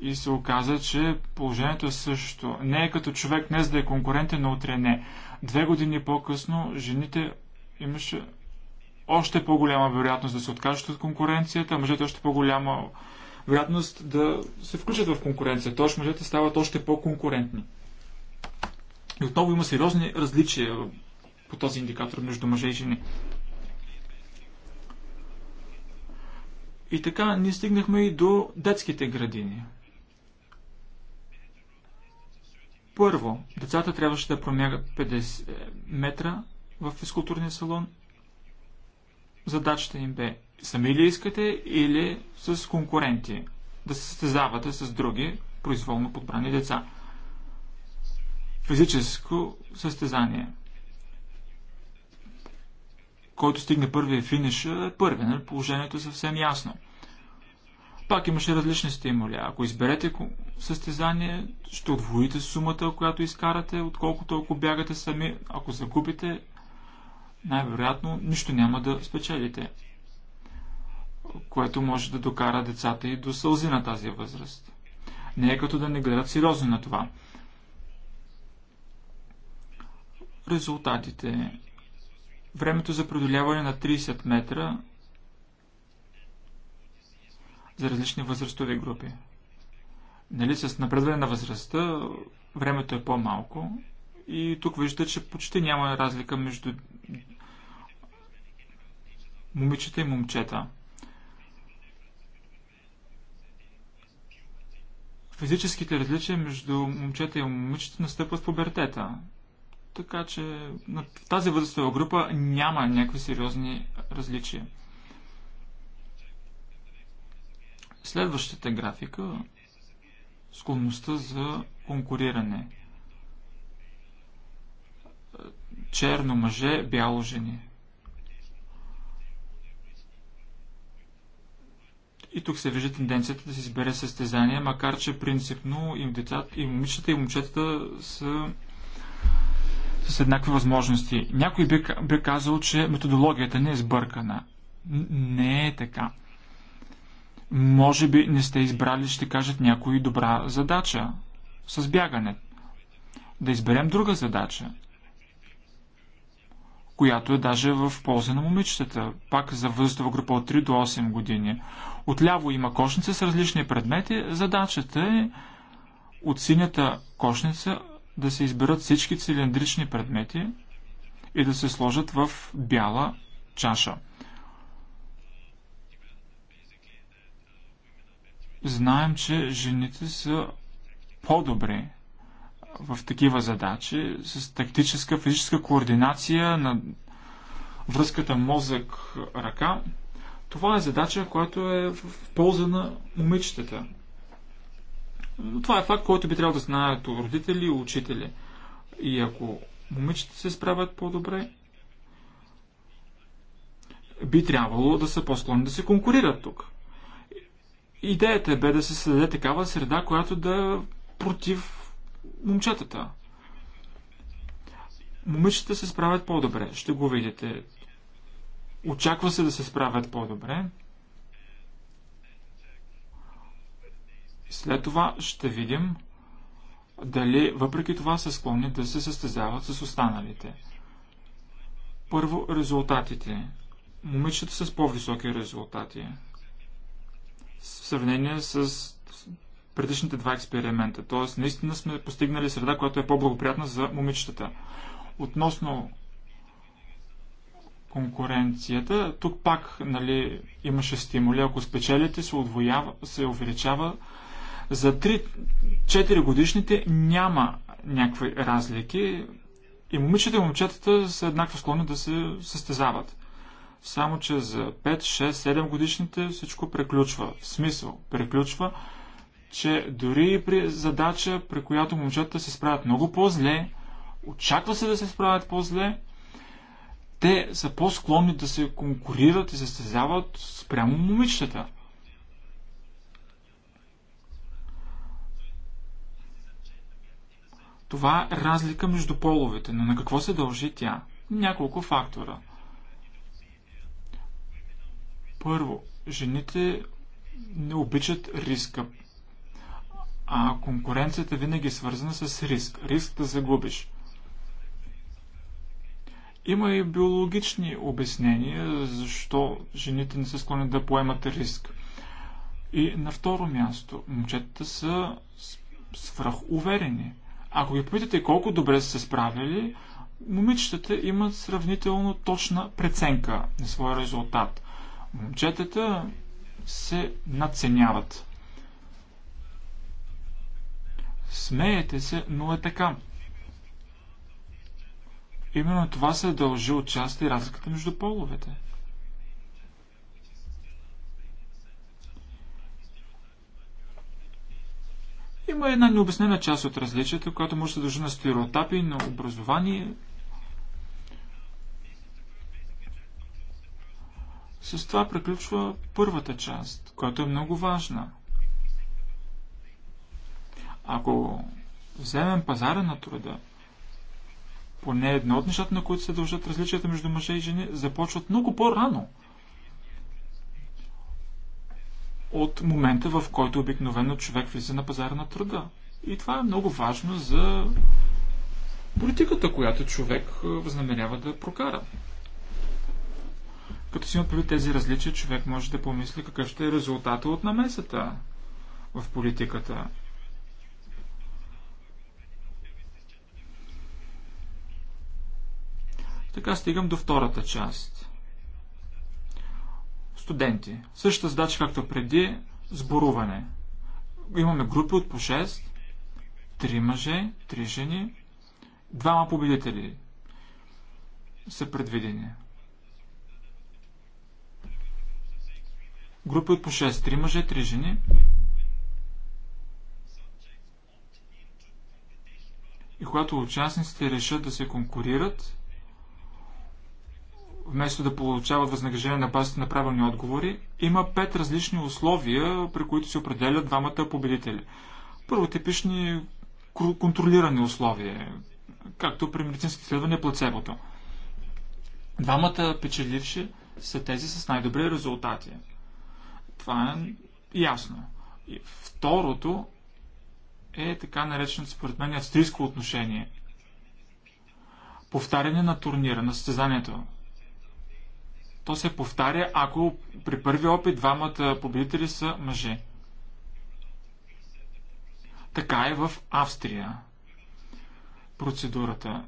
Speaker 4: И се оказа, че положението е също. Не е като човек днес да е конкурентен, но утре не. Две години по-късно жените имаше още по-голяма вероятност да се откажат от конкуренцията, а мъжете още по-голяма вероятност да се включат в конкуренция. Тоест мъжете стават още по-конкурентни. И отново има сериозни различия по този индикатор между мъже и жени. И така ние стигнахме и до детските градини. Първо, децата трябваше да промягат 50 е, метра в физкултурния салон – задачата им бе сами ли искате или с конкуренти да се състезавате с други произволно подбрани деца. Физическо състезание. Който стигне първи финиша е първи, нали? положението е съвсем ясно. Пак имаше различни стимули. Ако изберете състезание, ще отвоите сумата, която изкарате, отколкото ако бягате сами. Ако загубите, най-вероятно нищо няма да спечелите, което може да докара децата и до сълзи на тази възраст. Не е като да не гледат сериозно на това. Резултатите. Времето за преодоляване на 30 метра за различни възрастови групи. Нали, с напредване на възрастта времето е по-малко, и тук виждате, че почти няма разлика между момичета и момчета. Физическите различия между момчета и момичета настъпват в пубертета. Така че в тази възрастова група няма някакви сериозни различия. Следващата графика склонността за конкуриране – черно мъже, бяло жени. И тук се вижда тенденцията да се избере състезание, макар че принципно и, децата, и момичета и момчетата са с еднакви възможности. Някой би, би казал, че методологията не е сбъркана. Не е така. Може би не сте избрали, ще кажат някои добра задача с бягане. Да изберем друга задача която е даже в полза на момичетата, пак за възрастова група от 3 до 8 години. Отляво има кошница с различни предмети. Задачата е от синята кошница да се изберат всички цилиндрични предмети и да се сложат в бяла чаша. Знаем, че жените са по-добре в такива задачи с тактическа физическа координация на връзката мозък-ръка. Това е задача, която е в полза на момичетата. Но това е факт, който би трябвало да знаят родители и учители. И ако момичета се справят по-добре, би трябвало да са по-склонни да се конкурират тук. Идеята е бе да се създаде такава среда, която да е против момчетата. Момичетата се справят по-добре, ще го видите. Очаква се да се справят по-добре. След това ще видим дали въпреки това са склонни да се състезават с останалите. Първо резултатите. Момичетата с по-високи резултати. В сравнение с предишните два експеримента. Тоест, наистина сме постигнали среда, която е по-благоприятна за момичетата. Относно конкуренцията, тук пак нали, имаше стимули. Ако спечелите, се, отвоява, се увеличава. За 3-4 годишните няма някакви разлики. И момичета и момчетата са еднакво склонни да се състезават. Само, че за 5, 6, 7 годишните всичко преключва. В смисъл, преключва че дори и при задача, при която момчетата се справят много по-зле, очаква се да се справят по-зле, те са по-склонни да се конкурират и състезават спрямо момичетата. Това е разлика между половете, но на какво се дължи тя? Няколко фактора. Първо, жените не обичат риска. А конкуренцията винаги е свързана с риск. Риск да загубиш. Има и биологични обяснения, защо жените не са склонни да поемат риск. И на второ място, момчетата са свръхуверени. Ако ги попитате колко добре са се справили, момичетата имат сравнително точна преценка на своя резултат. Момчетата се надценяват. Смеете се, но е така. Именно това се дължи от част и разликата между половете. Има една необяснена част от различията, която може да се дължи на стереотапи, на образование. С това приключва първата част, която е много важна – ако вземем пазара на труда, поне едно от нещата, на които се дължат различията между мъже и жени, започват много по-рано от момента, в който обикновено човек влиза на пазара на труда. И това е много важно за политиката, която човек възнамерява да прокара. Като си отправи тези различия, човек може да помисли какъв ще е резултата от намесата в политиката. Така стигам до втората част. Студенти. Същата задача, както преди, сборуване. Имаме групи от по 6, 3 мъже, 3 жени, двама победители са предвидени. Групи от по 6, 3 мъже, 3 жени. И когато участниците решат да се конкурират, вместо да получават възнаграждение на базата на правилни отговори, има пет различни условия, при които се определят двамата победители. Първо, типични контролирани условия, както при медицински изследвания плацебото. Двамата печеливши са тези с най-добри резултати. Това е ясно. И второто е така наречено, според мен австрийско отношение. Повтаряне на турнира, на състезанието, то се повтаря, ако при първи опит двамата победители са мъже. Така е в Австрия процедурата.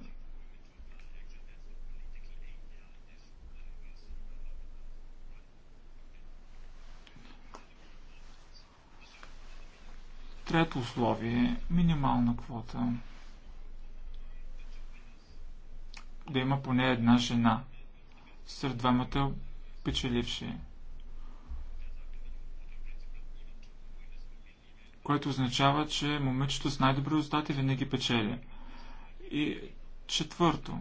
Speaker 4: Трето условие – минимална квота. Да има поне една жена – сред двамата печеливши. Което означава, че момичето с най-добри резултати винаги печели. И четвърто.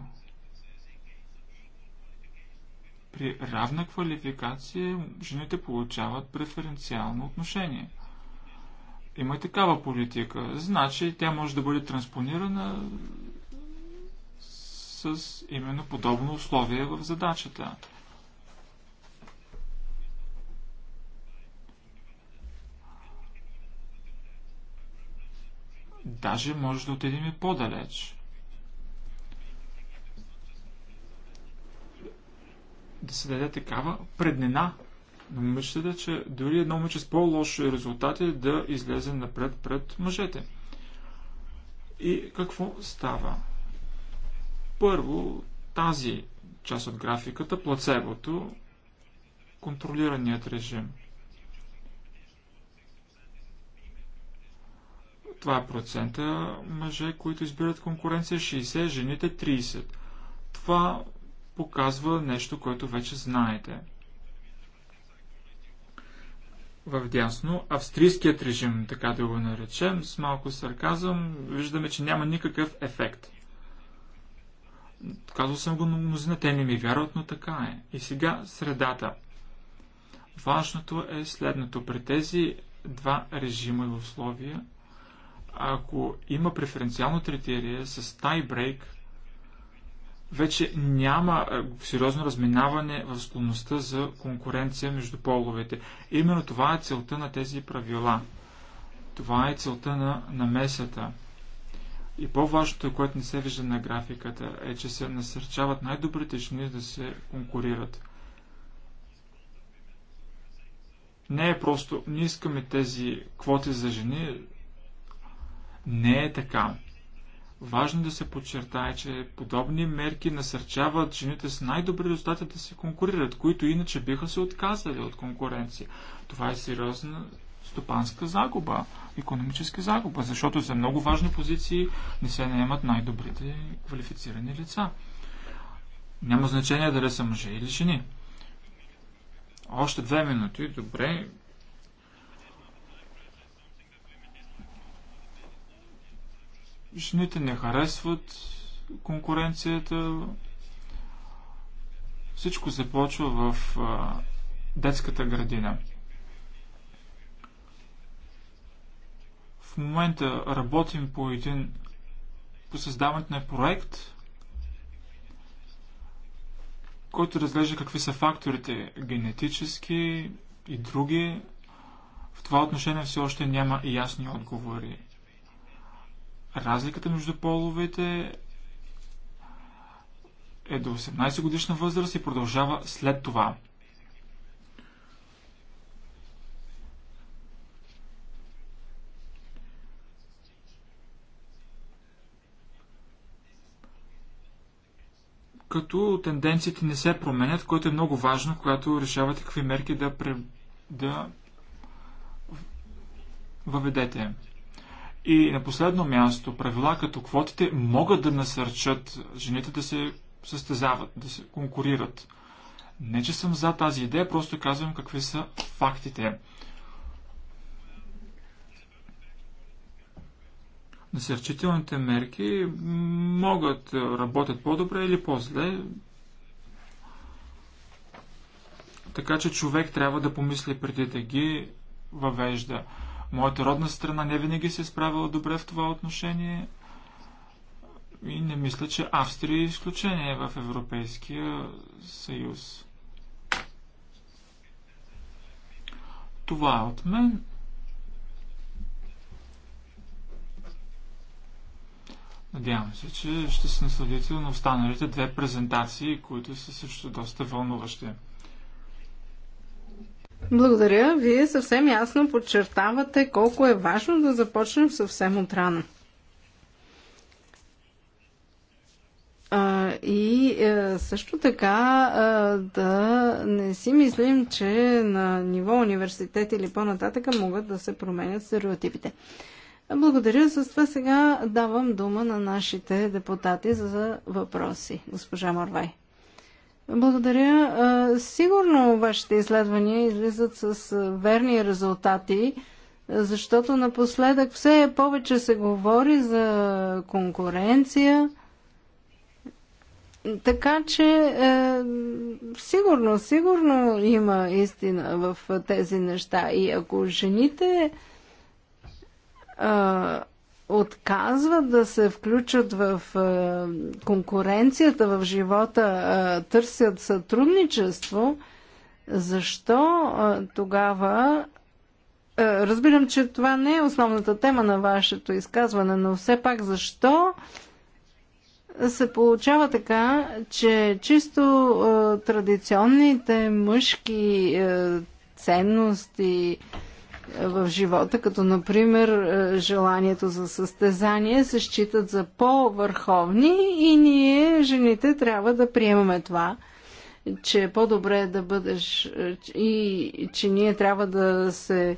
Speaker 4: При равна квалификация жените получават преференциално отношение. Има и такава политика. Значи тя може да бъде транспонирана с именно подобно условие в задачата. Даже може да отидем и по-далеч. Да се даде такава преднена. на момичетата, че дори едно момиче с по-лоши резултати да излезе напред пред мъжете. И какво става? Първо, тази част от графиката, плацебото, контролираният режим. Това е процента мъже, които избират конкуренция 60, жените 30. Това показва нещо, което вече знаете. В дясно, австрийският режим, така да го наречем, с малко сарказъм, виждаме, че няма никакъв ефект – Казвал съм го на мнозина, те не ми вярват, но така е. И сега средата. Важното е следното. При тези два режима и условия, ако има преференциално третирие с тайбрейк, вече няма сериозно разминаване в склонността за конкуренция между половете. Именно това е целта на тези правила. Това е целта на намесата. И по-важното, което не се вижда на графиката, е, че се насърчават най-добрите жени да се конкурират. Не е просто, не искаме тези квоти за жени. Не е така. Важно е да се подчертае, че подобни мерки насърчават жените с най-добри резултати да се конкурират, които иначе биха се отказали от конкуренция. Това е сериозна стопанска загуба, економическа загуба, защото за много важни позиции не се наемат най-добрите квалифицирани лица. Няма значение дали са мъже или жени. Още две минути, добре. Жените не харесват конкуренцията. Всичко започва в детската градина. В момента работим по един по създаването на проект, който разглежда какви са факторите генетически и други. В това отношение все още няма ясни отговори. Разликата между половете е до 18 годишна възраст и продължава след това. като тенденциите не се променят, което е много важно, когато решавате какви мерки да, пре... да въведете. И на последно място, правила като квотите могат да насърчат жените да се състезават, да се конкурират. Не, че съм за тази идея, просто казвам какви са фактите. Насърчителните мерки могат работят по-добре или по-зле. Така че човек трябва да помисли преди да ги въвежда. Моята родна страна не винаги се е справила добре в това отношение и не мисля, че Австрия е изключение в Европейския съюз. Това е от мен. Надявам се, че ще се насладите на останалите две презентации, които са също доста вълнуващи.
Speaker 2: Благодаря. Вие съвсем ясно подчертавате колко е важно да започнем съвсем отрано. и е, също така е, да не си мислим, че на ниво университет или по-нататъка могат да се променят стереотипите. Благодаря. С това сега давам дума на нашите депутати за въпроси. Госпожа Марвай. Благодаря. Сигурно вашите изследвания излизат с верни резултати, защото напоследък все повече се говори за конкуренция. Така че е, сигурно, сигурно има истина в тези неща. И ако жените отказват да се включат в конкуренцията в живота, търсят сътрудничество, защо тогава Разбирам, че това не е основната тема на вашето изказване, но все пак защо се получава така, че чисто традиционните мъжки ценности, в живота, като например е, желанието за състезание, се считат за по-върховни и ние, жените, трябва да приемаме това, че е по-добре да бъдеш е, и че ние трябва да се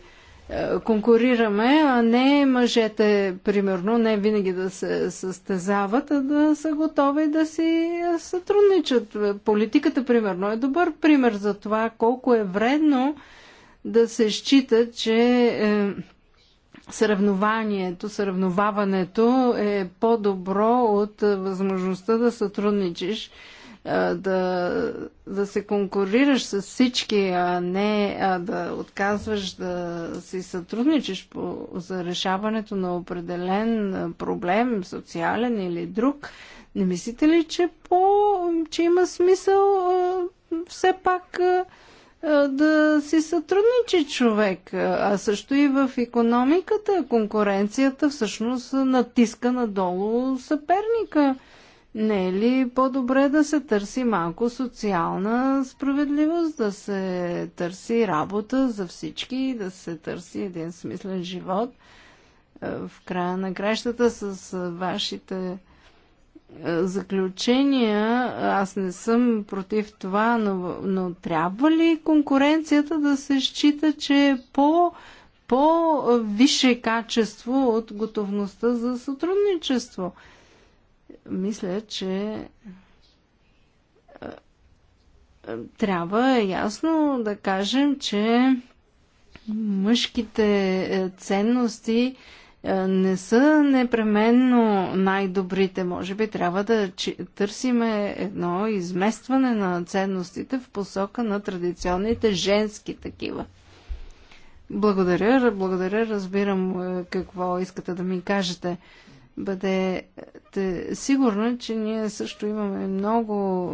Speaker 2: е, конкурираме, а не мъжете, примерно, не винаги да се състезават, а да са готови да си сътрудничат. Политиката, примерно, е добър пример за това колко е вредно да се счита, че е, съревнованието, съревноваването е по-добро от е, възможността да сътрудничиш, е, да, да се конкурираш с всички, а не а да отказваш да си сътрудничиш по, за решаването на определен проблем, социален или друг. Не мислите ли, че, по, че има смисъл все пак да си сътрудничи човек, а също и в економиката конкуренцията всъщност натиска надолу съперника. Не е ли по-добре да се търси малко социална справедливост, да се търси работа за всички, да се търси един смислен живот? В края на кращата с вашите е, заключения, аз не съм против това, но, но трябва ли конкуренцията да се счита, че е по, по-висше качество от готовността за сътрудничество? Мисля, че е, е, трябва ясно да кажем, че мъжките ценности е, не са непременно най-добрите. Може би трябва да търсиме едно изместване на ценностите в посока на традиционните женски такива. Благодаря, благодаря, разбирам е, какво искате да ми кажете. Бъдете сигурна, че ние също имаме много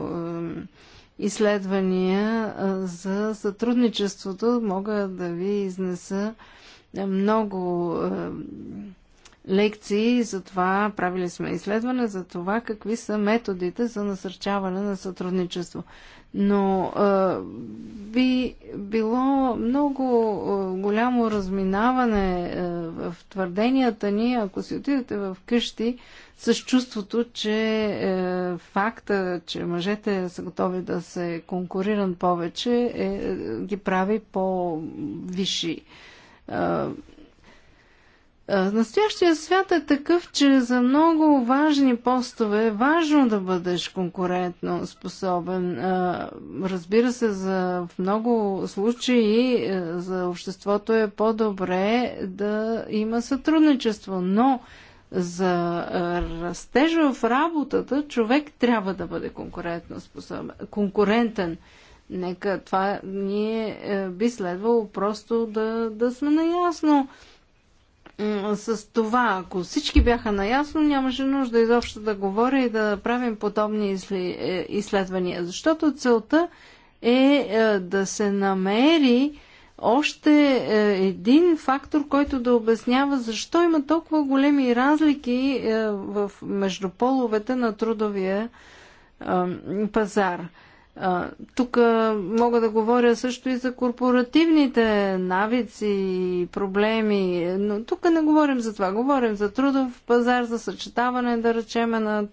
Speaker 2: изследвания е, за сътрудничеството. Мога да ви изнеса много е, лекции за това, правили сме изследване за това какви са методите за насърчаване на сътрудничество. Но е, би било много е, голямо разминаване е, в твърденията ни, ако си отидете в къщи с чувството, че е, факта, че мъжете са готови да се конкурират повече, е, ги прави по-висши. Настоящия свят е такъв, че за много важни постове е важно да бъдеш конкурентно способен. Разбира се, за в много случаи е, за обществото е по-добре да има сътрудничество, но за растежа в работата човек трябва да бъде конкурентно способен, конкурентен. Нека това ние е, би следвало просто да, да сме наясно с това. Ако всички бяха наясно, нямаше нужда изобщо да говоря и да правим подобни е, изследвания. Защото целта е, е да се намери още един фактор, който да обяснява защо има толкова големи разлики в между половете на трудовия пазар. Тук мога да говоря също и за корпоративните навици и проблеми, но тук не говорим за това. Говорим за трудов пазар, за съчетаване, да речеме, на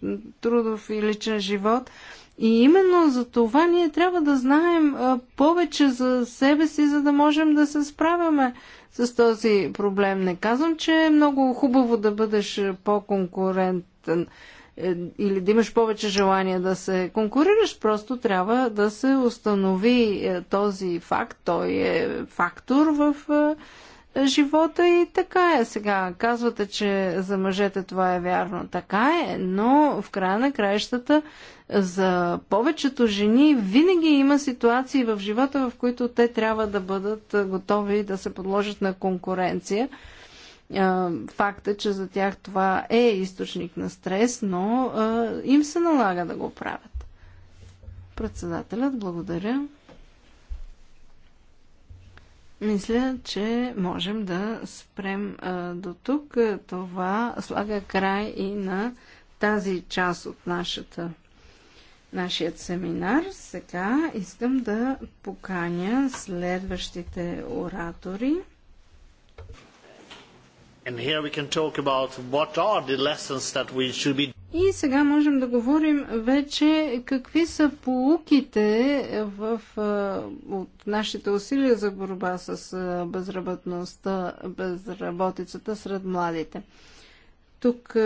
Speaker 2: трудов и личен живот. И именно за това ние трябва да знаем повече за себе си, за да можем да се справяме с този проблем. Не казвам, че е много хубаво да бъдеш по-конкурентен е, или да имаш повече желание да се конкурираш, просто трябва да се установи е, този факт. Той е фактор в е, живота и така е сега. Казвате, че за мъжете това е вярно. Така е, но в края на краищата за повечето жени винаги има ситуации в живота, в които те трябва да бъдат готови да се подложат на конкуренция факта, че за тях това е източник на стрес, но им се налага да го правят. Председателят, благодаря. Мисля, че можем да спрем а, до тук. Това слага край и на тази част от нашата, нашият семинар. Сега искам да поканя следващите оратори. И сега можем да говорим вече какви са полуките в, от нашите усилия за борба с безработността, безработицата сред младите. Тук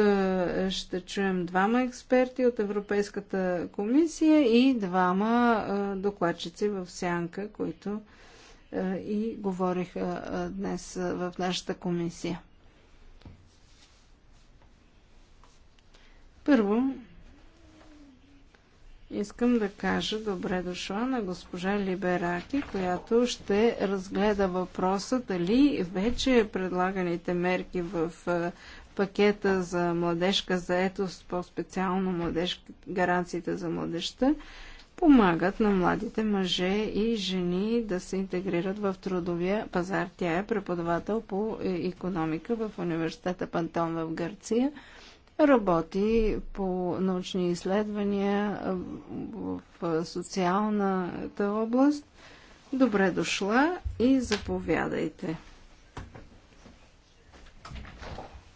Speaker 2: ще чуем двама експерти от Европейската комисия и двама докладчици в Сянка, които и говориха днес в нашата комисия. Първо, искам да кажа добре дошла на госпожа Либераки, която ще разгледа въпроса дали вече предлаганите мерки в пакета за младежка заетост, по-специално гаранциите за младежта, помагат на младите мъже и жени да се интегрират в трудовия пазар. Тя е преподавател по економика в университета Пантон в Гърция работи по научни изследвания в социалната област. Добре дошла и заповядайте.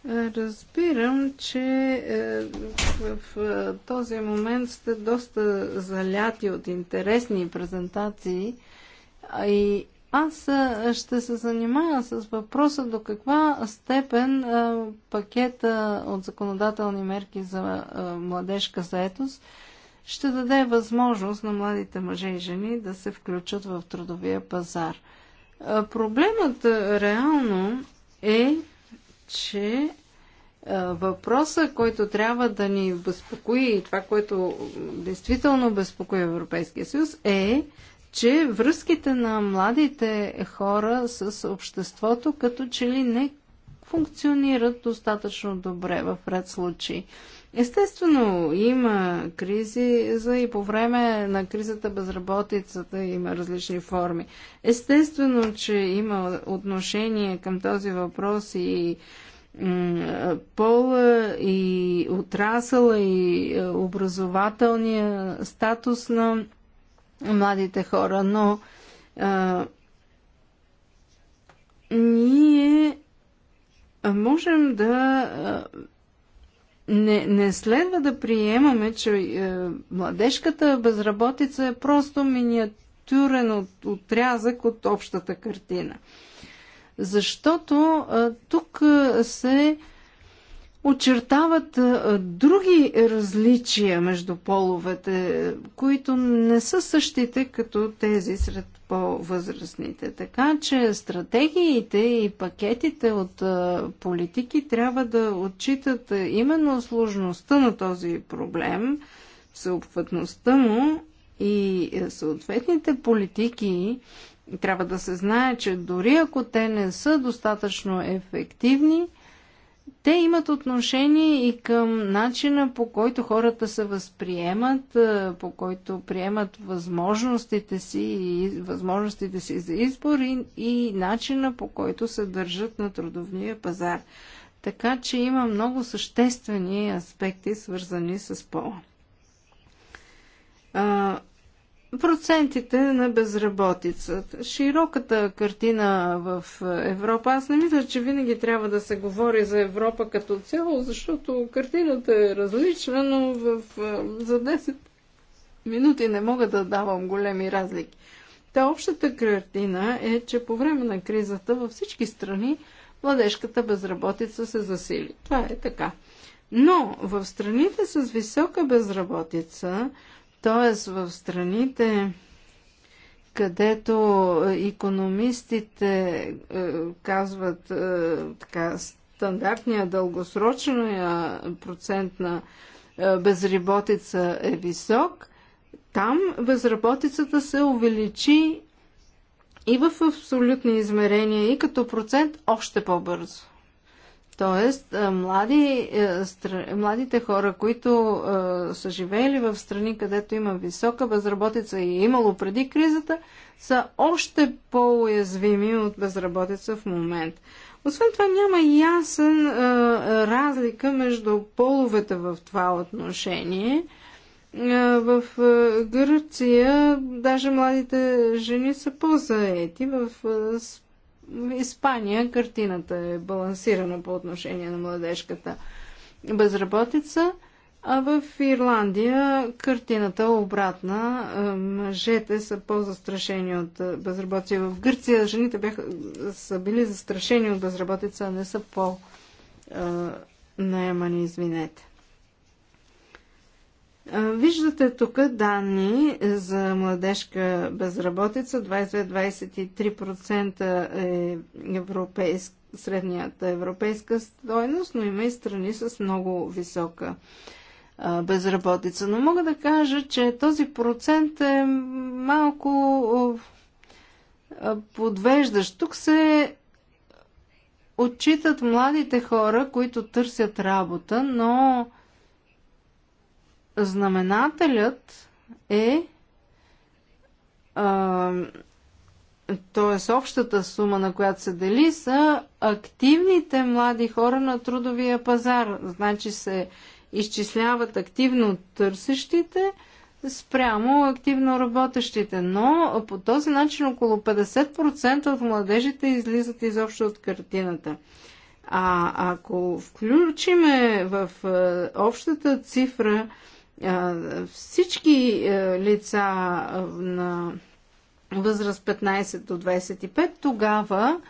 Speaker 2: Разбирам, че е, в е, този момент сте доста заляти от интересни презентации и аз ще се занимая с въпроса до каква степен пакета от законодателни мерки за младежка заетост ще даде възможност на младите мъже и жени да се включат в трудовия пазар. Проблемът реално е, че въпроса, който трябва да ни безпокои и това, което действително безпокои Европейския съюз е че връзките на младите хора с обществото като че ли не функционират достатъчно добре в ред случаи. Естествено, има кризи, за и по време на кризата безработицата има различни форми. Естествено, че има отношение към този въпрос и пола и отрасъла и е, образователния статус на младите хора, но а, ние можем да не, не следва да приемаме, че а, младежката безработица е просто миниатюрен от, отрязък от общата картина. Защото а, тук се а, очертават други различия между половете, които не са същите като тези сред по-възрастните. Така че стратегиите и пакетите от политики трябва да отчитат именно сложността на този проблем, всеобхватността му и съответните политики трябва да се знае, че дори ако те не са достатъчно ефективни, те имат отношение и към начина по който хората се възприемат, е, по който приемат възможностите си и възможностите си за избор и, и начина по който се държат на трудовния пазар. Така че има много съществени аспекти, свързани с пола процентите на безработицата. Широката картина в Европа. Аз не мисля, че винаги трябва да се говори за Европа като цяло, защото картината е различна, но в, за 10 минути не мога да давам големи разлики. Та общата картина е, че по време на кризата във всички страни младежката безработица се засили. Това е така. Но в страните с висока безработица, Тоест в страните, където економистите е, казват е, така стандартния дългосрочен процент на е, безработица е висок, там безработицата се увеличи и в абсолютни измерения, и като процент още по-бързо. Тоест, млади, младите хора, които са живеели в страни, където има висока безработица и е имало преди кризата, са още по-уязвими от безработица в момент. Освен това няма ясен разлика между половете в това отношение. в Гърция даже младите жени са по-заети. В Испания картината е балансирана по отношение на младежката безработица, а в Ирландия картината е обратна. Е, мъжете са по-застрашени от е, безработица. В Гърция жените бяха, са били застрашени от безработица, а не са по-наемани, е, извинете. Виждате тук данни за младежка безработица. 22-23% е европейск, среднията европейска стойност, но има и страни с много висока безработица. Но мога да кажа, че този процент е малко подвеждащ. Тук се отчитат младите хора, които търсят работа, но Знаменателят е т.е. общата сума, на която се дели, са активните млади хора на трудовия пазар. Значи се изчисляват активно търсещите спрямо активно работещите. Но по този начин около 50% от младежите излизат изобщо от картината. А ако включиме в общата цифра всички е, лица е, на възраст 15 до 25, тогава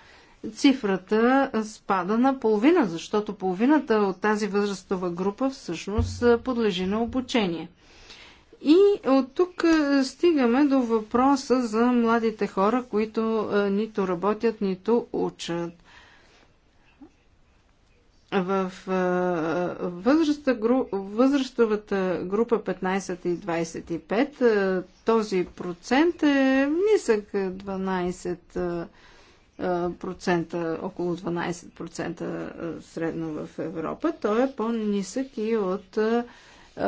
Speaker 2: цифрата спада на половина, защото половината от тази възрастова група всъщност е, подлежи на обучение. И от тук стигаме до въпроса за младите хора, които нито работят, нито учат в възрастовата група 15 и 25 този процент е нисък 12 процента, около 12% средно в Европа. Той е по-нисък и от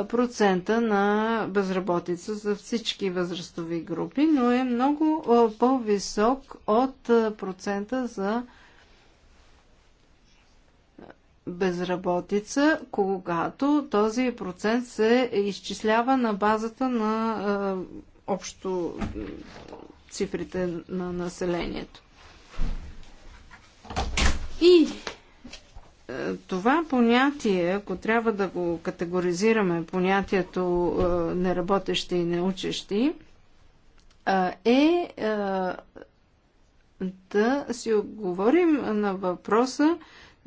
Speaker 2: процента на безработица за всички възрастови групи, но е много по-висок от процента за безработица, когато този процент се изчислява на базата на а, общо цифрите на населението. И това понятие, ако трябва да го категоризираме, понятието а, неработещи и неучещи, е да си отговорим на въпроса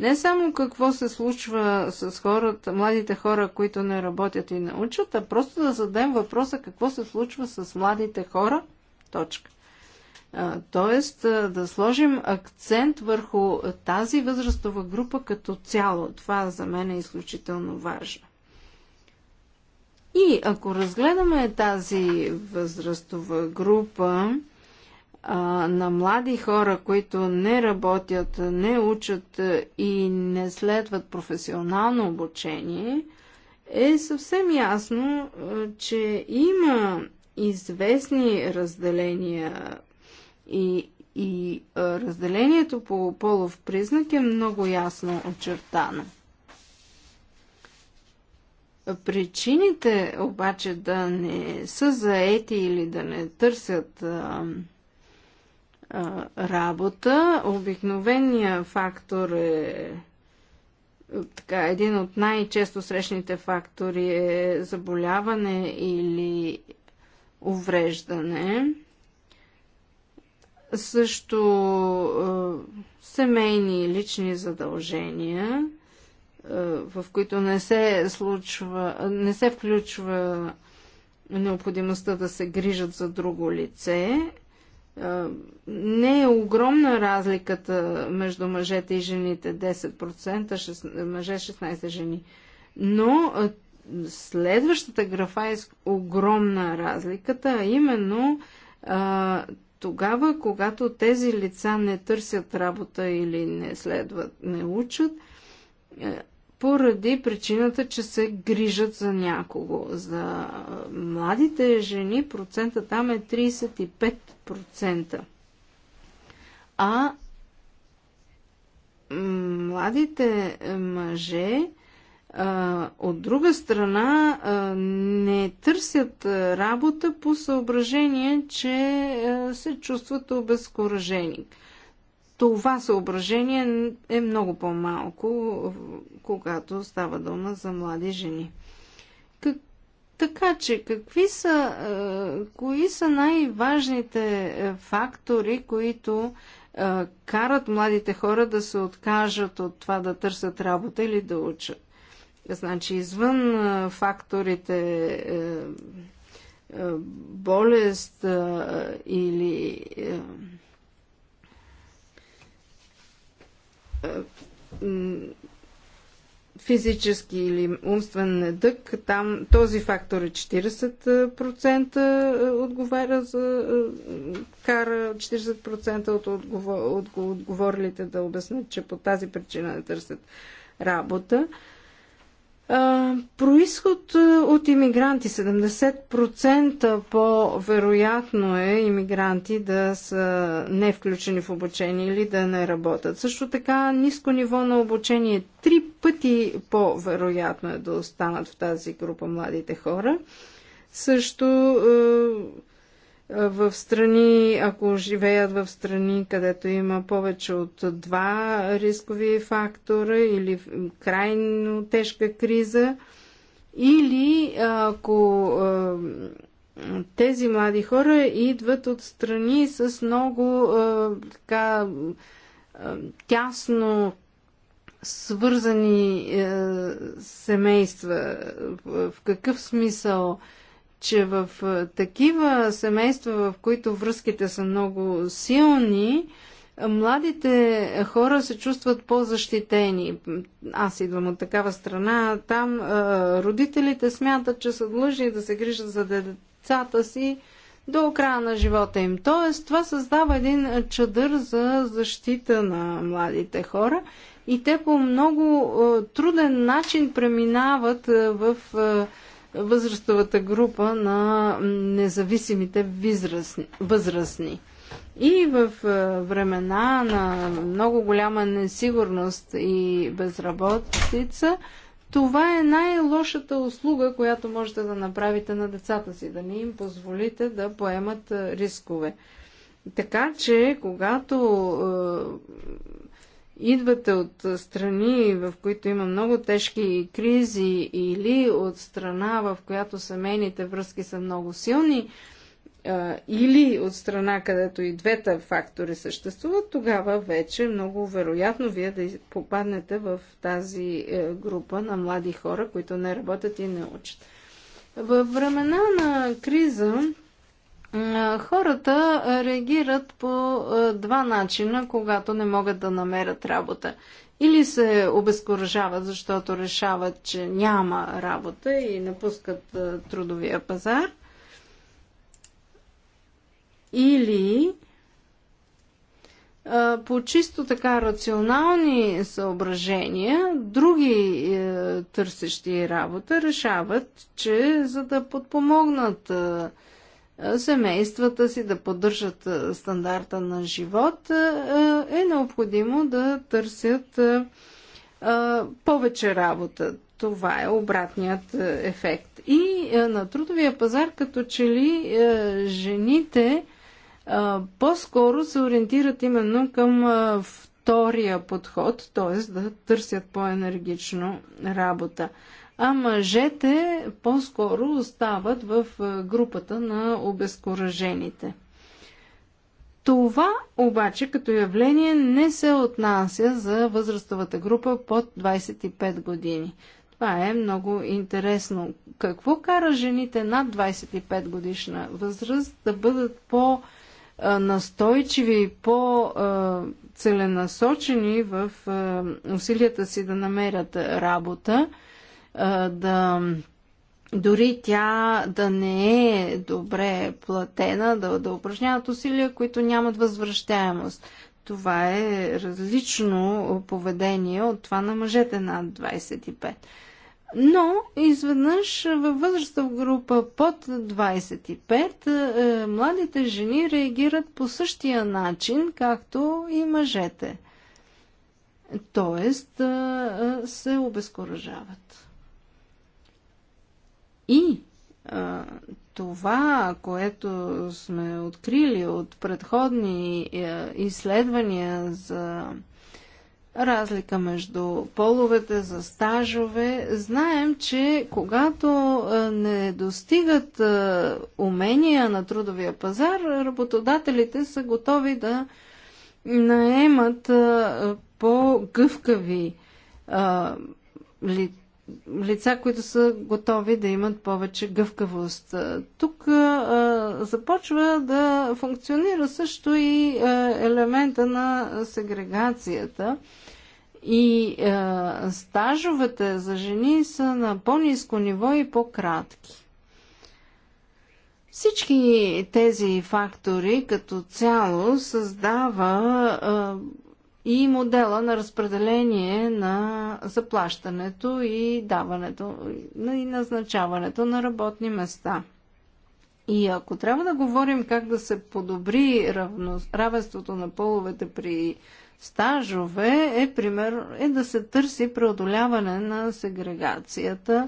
Speaker 2: не само какво се случва с хората, младите хора, които не работят и не учат, а просто да зададем въпроса какво се случва с младите хора. Точка. Тоест да сложим акцент върху тази възрастова група като цяло. Това за мен е изключително важно. И ако разгледаме тази възрастова група, а, на млади хора, които не работят, не учат и не следват професионално обучение, е съвсем ясно, че има известни разделения и, и разделението по полов признак е много ясно очертано. Причините обаче да не са заети или да не търсят работа. Обикновения фактор е така, един от най-често срещните фактори е заболяване или увреждане. Също семейни и лични задължения, в които не се, случва, не се включва необходимостта да се грижат за друго лице, не е огромна разликата между мъжете и жените 10%, 6, мъже 16 жени. Но следващата графа е огромна разликата, а именно тогава, когато тези лица не търсят работа или не следват, не учат, поради причината, че се грижат за някого. За младите жени процента там е 35%. А младите е, мъже от друга страна не търсят работа по съображение, че се чувстват обезкуражени това съображение е много по-малко, когато става дума за млади жени. Как, така че, какви са, е, кои са най-важните е, фактори, които е, карат младите хора да се откажат от това да търсят работа или да учат? Значи, извън е, факторите. Е, е болест е, или Е, физически или умствен недък, там този фактор е 40% е, отговаря за е, кара 40% от отговорилите да обяснят, че по тази причина не търсят работа. Происход от иммигранти. 70% по-вероятно е иммигранти да са не включени в обучение или да не работят. Също така ниско ниво на обучение. Три пъти по-вероятно е да останат в тази група младите хора. Също в страни, ако живеят в страни, където има повече от два рискови фактора или крайно тежка криза, или ако тези млади хора идват от страни с много така тясно свързани е, семейства. В какъв смисъл? че в такива семейства, в които връзките са много силни, младите хора се чувстват по-защитени. Аз идвам от такава страна. Там родителите смятат, че са длъжни да се грижат за децата си до края на живота им. Тоест, това създава един чадър за защита на младите хора и те по много труден начин преминават в възрастовата група на независимите възрастни. И в времена на много голяма несигурност и безработица, това е най-лошата услуга, която можете да направите на децата си, да не им позволите да поемат рискове. Така че, когато идвате от страни, в които има много тежки кризи или от страна, в която семейните връзки са много силни, или от страна, където и двете фактори съществуват, тогава вече много вероятно вие да попаднете в тази е, група на млади хора, които не работят и не учат. Във времена на криза Хората реагират по два начина, когато не могат да намерят работа. Или се обезкуражават, защото решават, че няма работа и напускат трудовия пазар. Или по чисто така рационални съображения, други е, търсещи работа решават, че за да подпомогнат е, семействата си, да поддържат е, стандарта на живот, е, е необходимо да търсят повече работа. Това е обратният ефект. И на трудовия пазар, като че ли жените по-скоро се ориентират именно към втория подход, т.е. да търсят по-енергично работа а мъжете по-скоро остават в групата на обезкуражените. Това обаче като явление не се отнася за възрастовата група под 25 години. Това е много интересно. Какво кара жените над 25 годишна възраст да бъдат по- настойчиви, по-целенасочени в усилията си да намерят работа – да дори тя да не е добре платена, да, да упражняват усилия, които нямат възвръщаемост. Това е различно поведение от това на мъжете над 25. Но изведнъж във възрастов група под 25 е, младите жени реагират по същия начин, както и мъжете. Тоест е, е, се обезкуражават. И а, това, което сме открили от предходни е, изследвания за разлика между половете за стажове, знаем, че когато не достигат умения на трудовия пазар, работодателите са готови да наемат по-гъвкави ли, лица, които са готови да имат повече гъвкавост. Тук а, започва да функционира също и а, елемента на сегрегацията. И а, стажовете за жени са на по-низко ниво и по-кратки. Всички тези фактори като цяло създава и модела на разпределение на заплащането и даването и назначаването на работни места. И ако трябва да говорим как да се подобри равно, равенството на половете при стажове, е, пример, е да се търси преодоляване на сегрегацията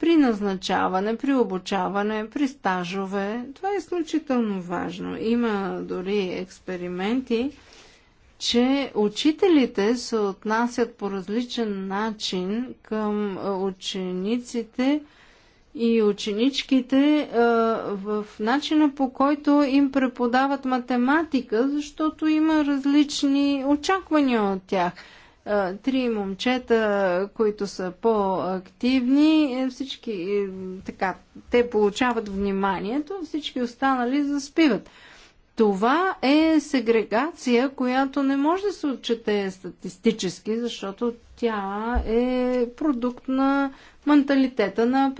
Speaker 2: при назначаване, при обучаване, при стажове. Това е изключително важно. Има дори експерименти, че учителите се отнасят по различен начин към учениците и ученичките в начина по който им преподават математика, защото има различни очаквания от тях три момчета, които са по-активни, е, всички е, така, те получават вниманието, всички останали заспиват. Това е сегрегация, която не може да се отчете статистически, защото тя е продукт на менталитета на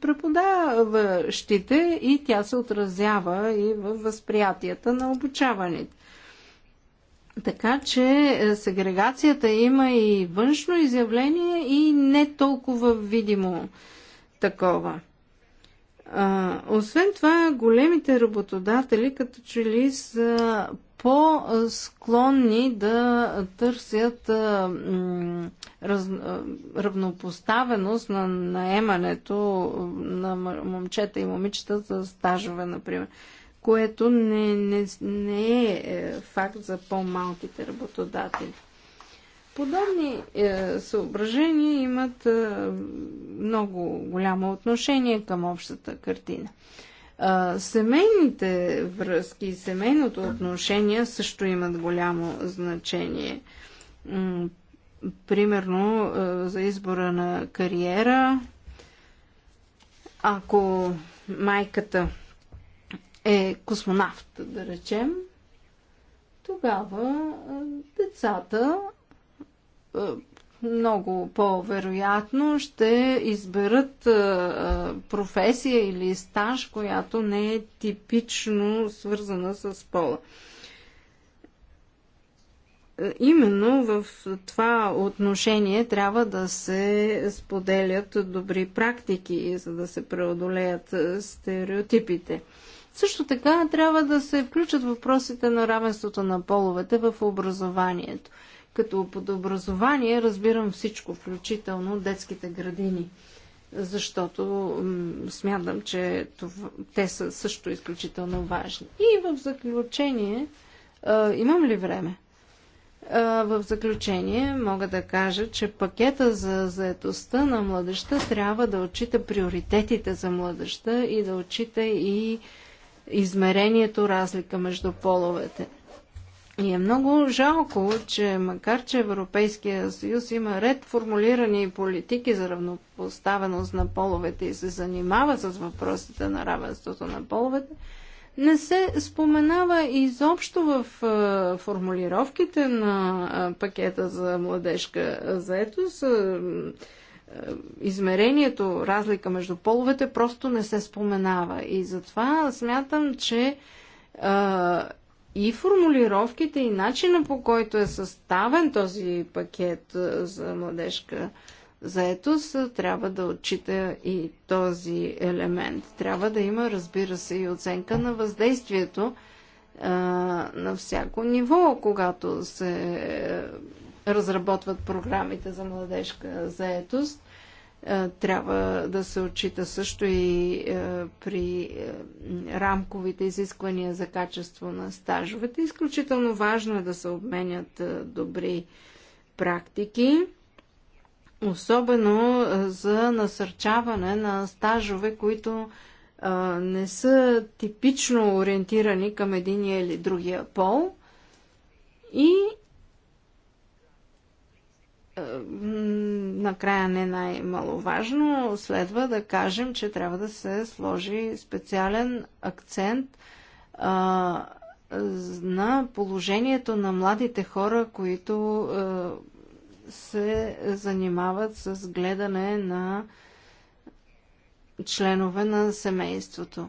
Speaker 2: преподаващите и тя се отразява и в възприятията на обучаваните. Така че е, сегрегацията има и външно изявление и не толкова видимо такова. А, освен това, големите работодатели като че ли са по-склонни да търсят а, раз, а, равнопоставеност на наемането на момчета и момичета за стажове, например, което не, не, не е, е факт за по-малките работодатели. Подобни е, съображения имат е, много голямо отношение към общата картина. Е, семейните връзки и семейното отношение също имат голямо значение. примерно е, за избора на кариера, ако майката е космонавт, да речем, тогава е, децата е, много по-вероятно ще изберат е, е, професия или стаж, която не е типично свързана с пола. Именно в това отношение трябва да се споделят добри практики, за да се преодолеят стереотипите. Също така трябва да се включат въпросите на равенството на половете в образованието – като под образование разбирам всичко, включително детските градини, защото смятам, че това, те са също изключително важни. И в заключение, а, имам ли време? В заключение мога да кажа, че пакета за заетостта на младеща трябва да отчита приоритетите за младеща и да отчита и измерението разлика между половете. И е много жалко, че макар че Европейския съюз има ред формулирани политики за равнопоставеност на половете и се занимава с въпросите на равенството на половете, не се споменава изобщо в е, формулировките на е, пакета за младежка заетост. Е, измерението, разлика между половете просто не се споменава. И затова смятам, че и формулировките, и начина по който е съставен този пакет за младежка заетост, трябва да отчита и този елемент. Трябва да има, разбира се, и оценка на въздействието а, на всяко ниво, когато се разработват програмите за младежка заетост е, трябва да се отчита също и е, при е, рамковите изисквания за качество на стажовете. Изключително важно е да се обменят добри практики особено за насърчаване на стажове, които не са типично ориентирани към единия или другия пол и накрая не най-маловажно, следва да кажем, че трябва да се сложи специален акцент а, на положението на младите хора, които а, се занимават с гледане на членове на семейството.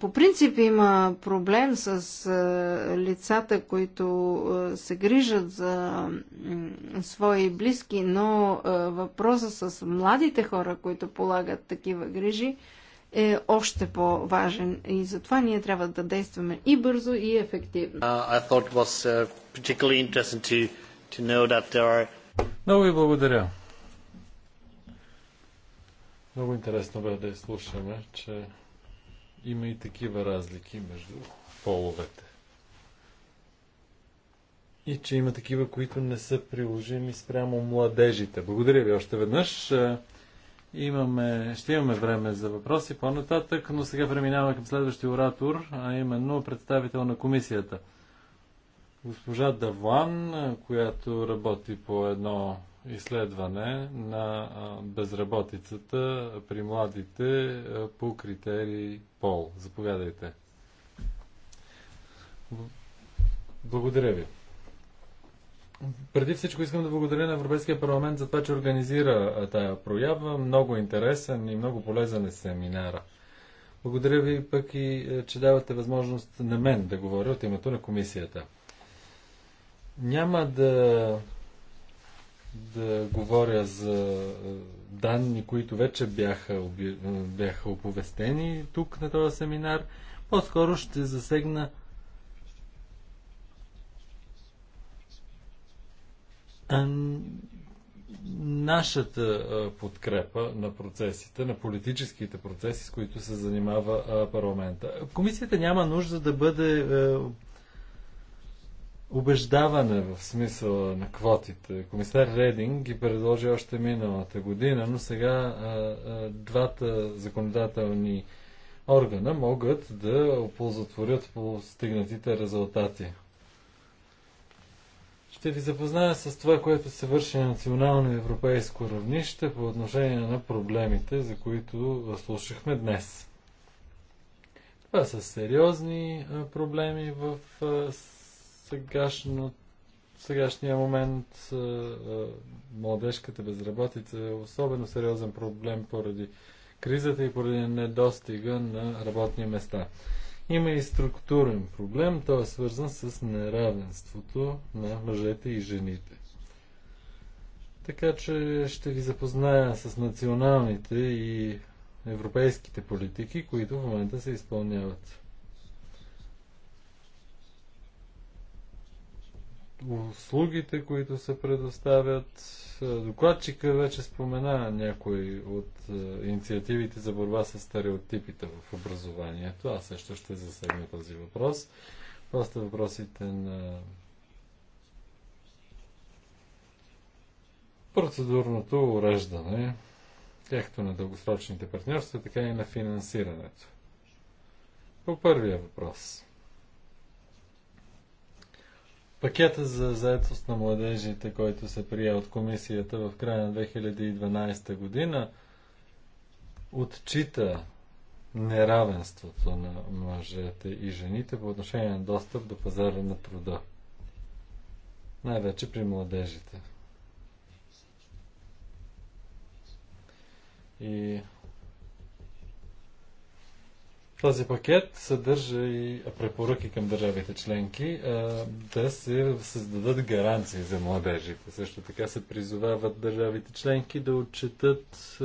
Speaker 2: По принцип има проблем с лицата, които се грижат за свои близки, но въпроса с младите хора, които полагат такива грижи, е още по-важен и затова ние трябва да действаме и бързо, и ефективно.
Speaker 1: Uh, uh, Много ви благодаря.
Speaker 3: Много интересно бе
Speaker 1: да изслушаме, че
Speaker 3: има и такива разлики между половете. И че има такива, които не са приложими спрямо младежите. Благодаря ви още веднъж. Е, имаме, ще имаме време за въпроси по-нататък, но сега преминаваме към следващия оратор, а именно представител на комисията. Госпожа Давлан, която работи по едно изследване на безработицата при младите по критерии пол. Заповядайте. Благодаря ви. Преди всичко искам да благодаря на Европейския парламент за това, че организира тая проява. Много интересен и много полезен е семинара. Благодаря ви пък и, е, че давате възможност на мен да говоря от името на комисията. Няма да да говоря за е, данни, които вече бяха, е, бяха оповестени тук на този семинар. По-скоро ще засегна нашата подкрепа на процесите, на политическите процеси, с които се занимава парламента. Комисията няма нужда да бъде е, убеждаване в смисъла на квотите. Комисар Рединг ги предложи още миналата година, но сега а, а, двата законодателни органа могат да оползотворят постигнатите резултати. Ще ви запозная с това, което се върши на национално и европейско равнище по отношение на проблемите, за които слушахме днес. Това са сериозни проблеми в сегашно, сегашния момент младежката безработица е особено сериозен проблем поради кризата и поради недостига на работни места. Има и структурен проблем, той е свързан с неравенството на мъжете и жените. Така че ще ви запозная с националните и европейските политики, които в момента се изпълняват. услугите, които се предоставят. Е, докладчика вече спомена някои от е, инициативите за борба с стереотипите в образованието. Аз също ще засегна този въпрос. Просто въпросите на процедурното уреждане, както на дългосрочните партньорства, така и на финансирането. По първия въпрос – Пакета за заедост на младежите, който се прие от комисията в края на 2012 година, отчита неравенството на мъжете и жените по отношение на достъп до пазара на труда. Най-вече при младежите. И този пакет съдържа и препоръки към държавите членки да се създадат гаранции за младежите. Също така се призовават държавите членки да отчитат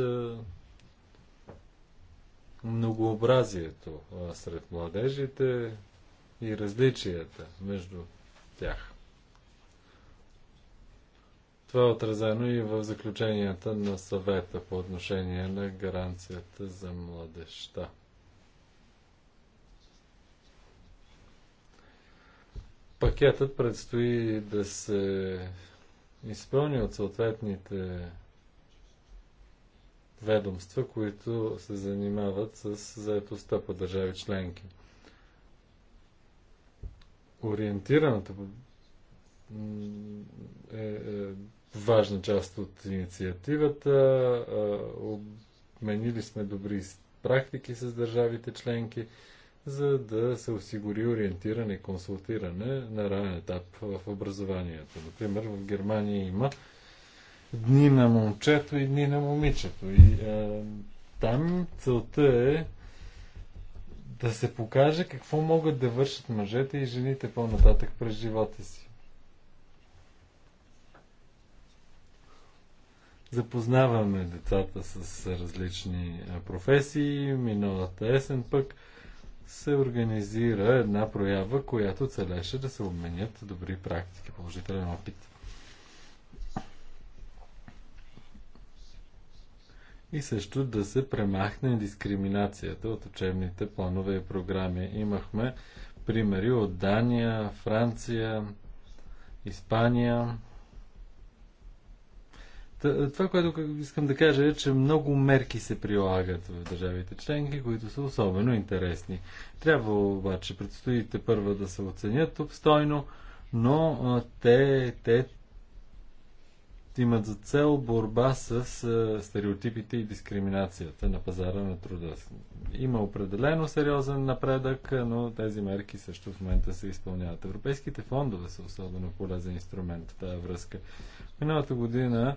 Speaker 3: многообразието сред младежите и различията между тях. Това е отразено и в заключенията на съвета по отношение на гаранцията за младеща. Пакетът предстои да се изпълни от съответните ведомства, които се занимават с заедостта по държави членки. Ориентираната е, е, важна част от инициативата. Обменили сме добри практики с държавите членки за да се осигури ориентиране и консултиране на ранен етап в образованието. Например, в Германия има дни на момчето и дни на момичето. И а, е, там целта е да се покаже какво могат да вършат мъжете и жените по-нататък през живота си. Запознаваме децата с различни е, професии. Миналата есен пък се организира една проява, която целеше да се обменят добри практики, положителен опит. И също да се премахне дискриминацията от учебните планове и програми. Имахме примери от Дания, Франция, Испания, това, което искам да кажа е, че много мерки се прилагат в държавите членки, които са особено интересни. Трябва обаче, предстоите първа да се оценят обстойно, но те, те имат за цел борба с стереотипите и дискриминацията на пазара на труда. Има определено сериозен напредък, но тези мерки също в момента се изпълняват. Европейските фондове са особено полезен инструмент в тази връзка. Миналата година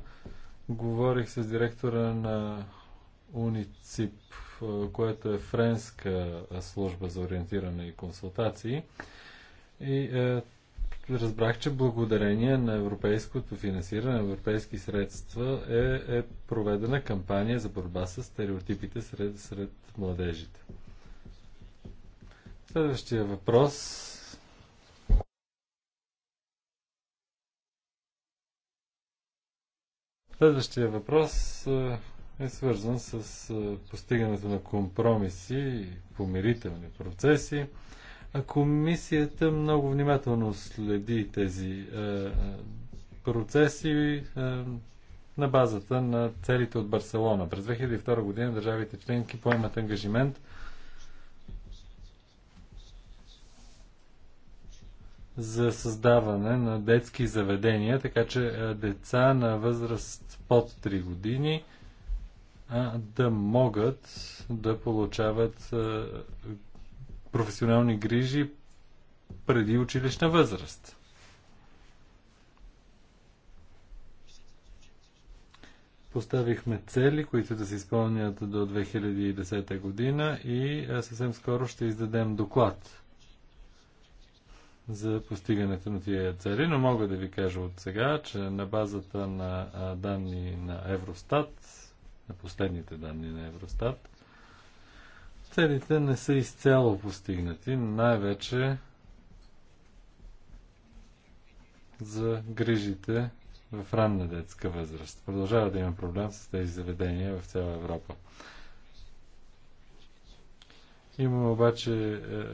Speaker 3: говорих с директора на УНИЦИП, което е френска служба за ориентиране и консултации. И е, разбрах, че благодарение на европейското финансиране, на европейски средства е, е проведена кампания за борба с стереотипите сред, сред младежите. Следващия въпрос Следващия въпрос е, е свързан с е, постигането на компромиси и помирителни процеси. А комисията много внимателно следи тези е, процеси на базата на целите от Барселона. През 2002 година държавите членки поемат ангажимент за създаване на детски заведения, така че деца на възраст под 3 години да могат да получават професионални грижи преди училищна възраст. Поставихме цели, които да се изпълнят до 2010 година и съвсем скоро ще издадем доклад за постигането на тия цели, но мога да ви кажа от сега, че на базата на данни на Евростат, на последните данни на Евростат, целите не са изцяло постигнати, най-вече за грижите в ранна детска възраст. Продължава да има проблем с тези заведения в цяла Европа. Имаме обаче е, е,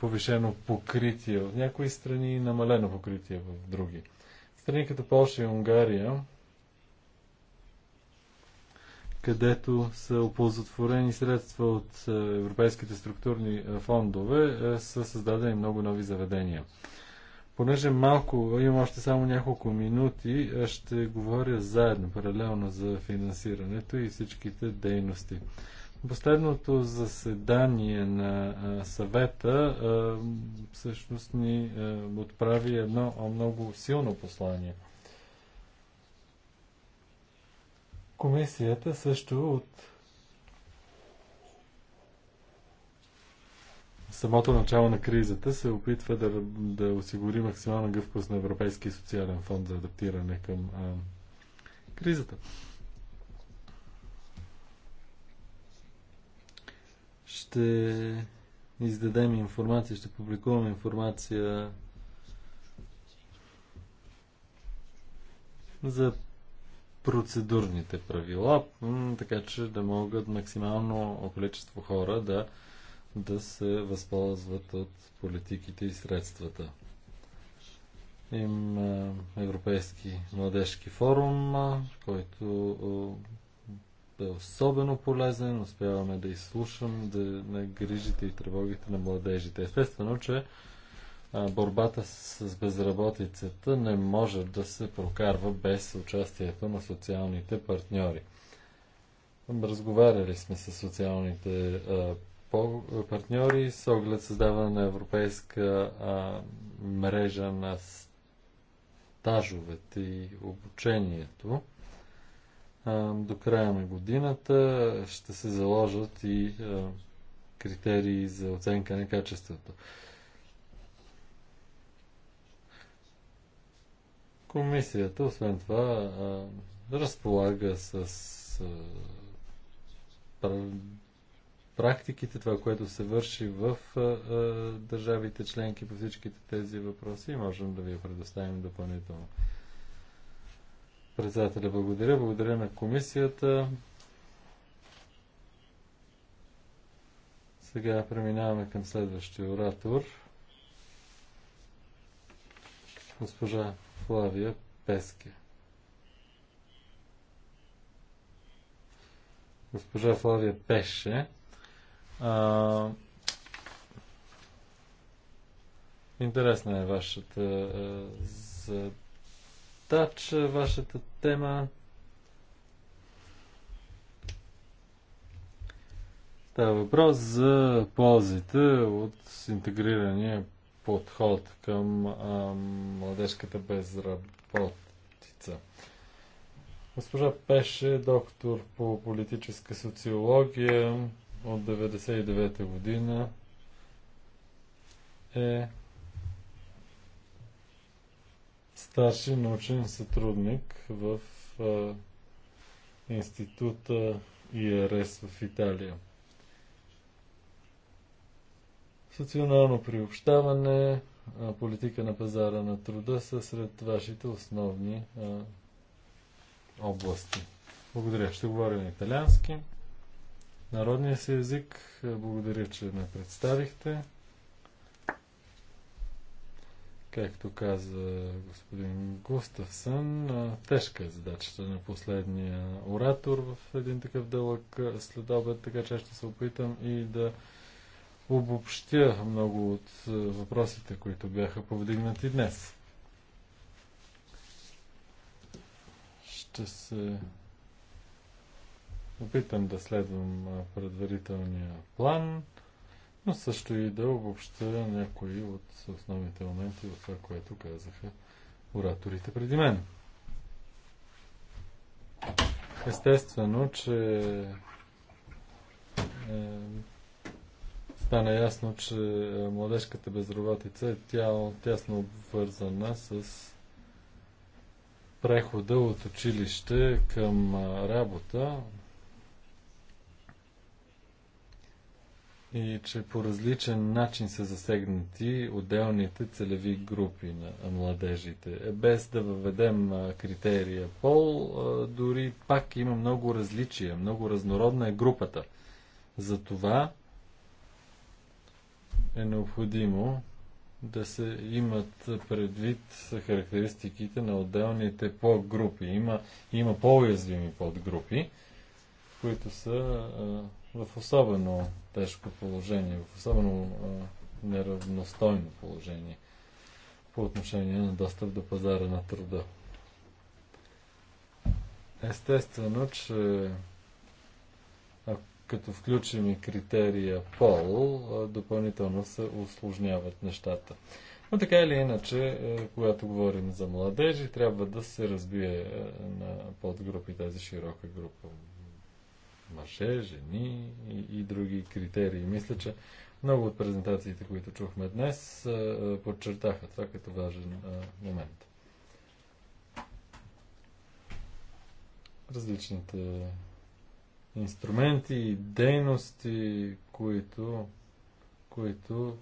Speaker 3: повишено покритие в някои страни и намалено покритие в други. Страни като Польша и Унгария, където са оползотворени средства от е, европейските структурни фондове, са създадени много нови заведения. Понеже малко, имам още само няколко минути, ще говоря заедно, паралелно за финансирането и всичките дейности. Последното заседание на съвета всъщност ни отправи едно много силно послание. Комисията също от самото начало на кризата се опитва да, да осигури максимална гъвкост на Европейския социален фонд за адаптиране към а, кризата. ще издадем информация, ще публикуваме информация за процедурните правила, така че да могат максимално количество хора да, да се възползват от политиките и средствата. Им Европейски младежки форум, който е особено полезен. Успяваме да изслушам да, на грижите и тревогите на младежите. Естествено, че а, борбата с, с безработицата не може да се прокарва без участието на социалните партньори. Разговаряли сме с социалните а, партньори с оглед създаване на европейска а, мрежа на стажовете и обучението до края на годината ще се заложат и критерии за оценка на качеството. Комисията, освен това, разполага с практиките, това, което се върши в държавите членки по всичките тези въпроси можем да ви я предоставим допълнително. Председателя, благодаря. Благодаря на комисията. Сега преминаваме към следващия оратор. Госпожа Флавия Пески. Госпожа Флавия Пеше. А, интересна е вашата а, за Тач, вашата тема. Става въпрос за ползите от интегрирания подход към а, младежката безработица. Госпожа Пеше, доктор по политическа социология от 1999 година, е старши научен сътрудник в а, института ИРС в Италия. Социално приобщаване, а, политика на пазара на труда са сред вашите основни а, области. Благодаря. Ще говоря на италиански. Народния си език. Благодаря, че ме представихте. Както каза господин Густавсън, тежка е задачата на последния оратор в един такъв дълъг следобед, така че ще се опитам и да обобщя много от въпросите, които бяха повдигнати днес. Ще се опитам да следвам предварителния план но също и да обобща някои от основните моменти в това, което казаха ораторите преди мен. Естествено, че е, стана ясно, че младежката безработица е тя, тясно обвързана с прехода от училище към работа, и че по различен начин са засегнати отделните целеви групи на младежите. Е, без да въведем критерия пол, дори пак има много различия, много разнородна е групата. Затова е необходимо да се имат предвид характеристиките на отделните подгрупи. Има, има по-уязвими подгрупи, които са в особено тежко положение, в особено а, неравностойно положение по отношение на достъп до пазара на труда. Естествено, че а, като включим и критерия пол, а, допълнително се усложняват нещата. Но така или иначе, е, когато говорим за младежи, трябва да се разбие е, на подгрупи тази широка група мъже, жени и, и други критерии. Мисля, че много от презентациите, които чухме днес, подчертаха това като важен момент. Различните инструменти и дейности, които, които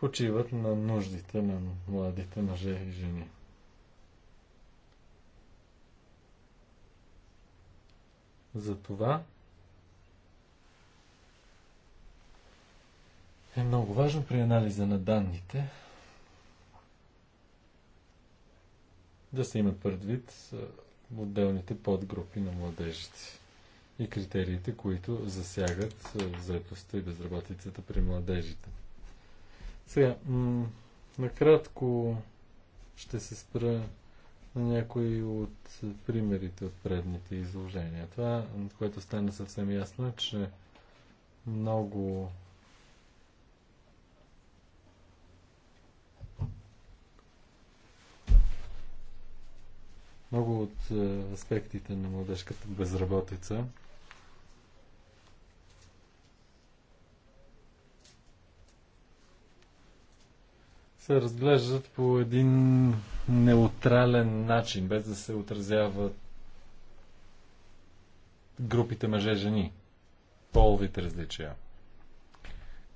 Speaker 3: почиват на нуждите на младите мъже и жени. Затова е много важно при анализа на данните да се има предвид отделните подгрупи на младежите и критериите, които засягат заетостта и безработицата при младежите. Сега, накратко ще се спра на някои от примерите от предните изложения. Това, което стана съвсем ясно, е, че много много от е, аспектите на младежката безработица се разглеждат по един неутрален начин, без да се отразяват групите мъже-жени, половите различия.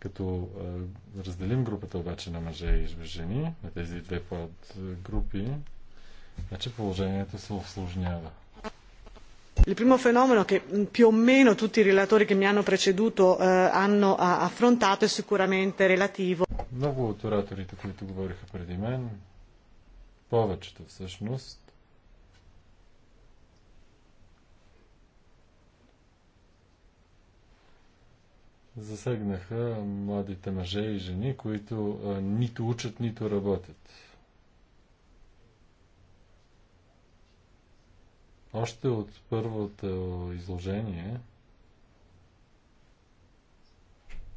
Speaker 3: Като е, разделим групата обаче на мъже и жени, на тези две подгрупи, значи положението се осложнява.
Speaker 2: Il primo fenomeno che più o meno tutti i relatori che mi hanno preceduto eh, hanno affrontato è sicuramente relativo
Speaker 3: много от ораторите, които говориха преди мен, повечето всъщност, засегнаха младите мъже и жени, които нито учат, нито работят. Още от първото изложение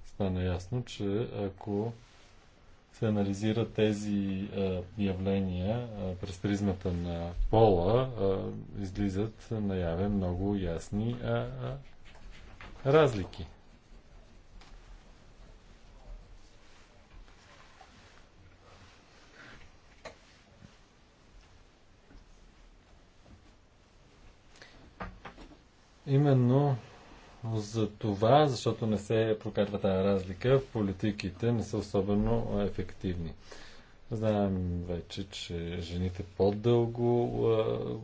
Speaker 3: стана ясно, че ако се анализират тези а, явления а, през призмата на пола, а, излизат наяве много ясни а, а, разлики. Именно за това, защото не се прокарва тази разлика, политиките не са особено ефективни. Знаем вече, че жените по-дълго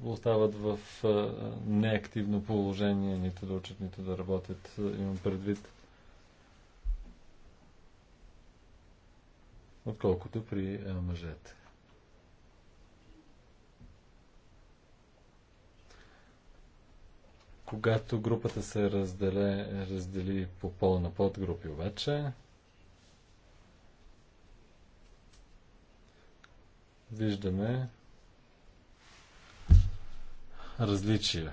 Speaker 3: остават в а, неактивно положение, нито да учат, нито да работят, имам предвид. Отколкото при а, мъжете. Когато групата се разделе, раздели по пол на подгрупи обаче, виждаме различия.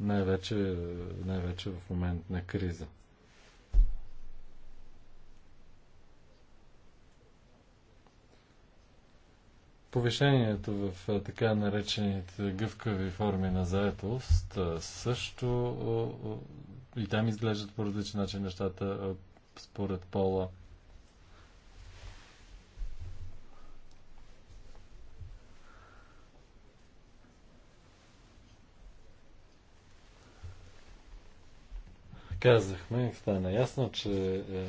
Speaker 3: Най-вече, най-вече в момент на криза. Повишението в така наречените гъвкави форми на заетост също и там изглеждат по различен начин нещата според пола. Казахме, стана ясно, че е,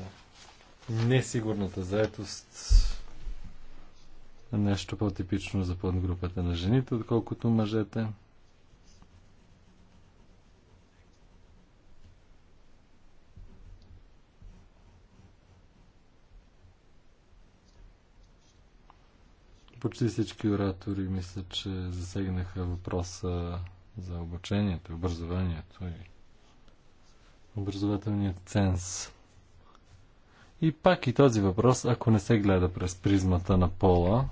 Speaker 3: несигурната заетост нещо по-типично за подгрупата на жените, отколкото мъжете. Почти всички оратори мисля, че засегнаха въпроса за обучението, образованието и образователният ценз. И пак и този въпрос, ако не се гледа през призмата на пола,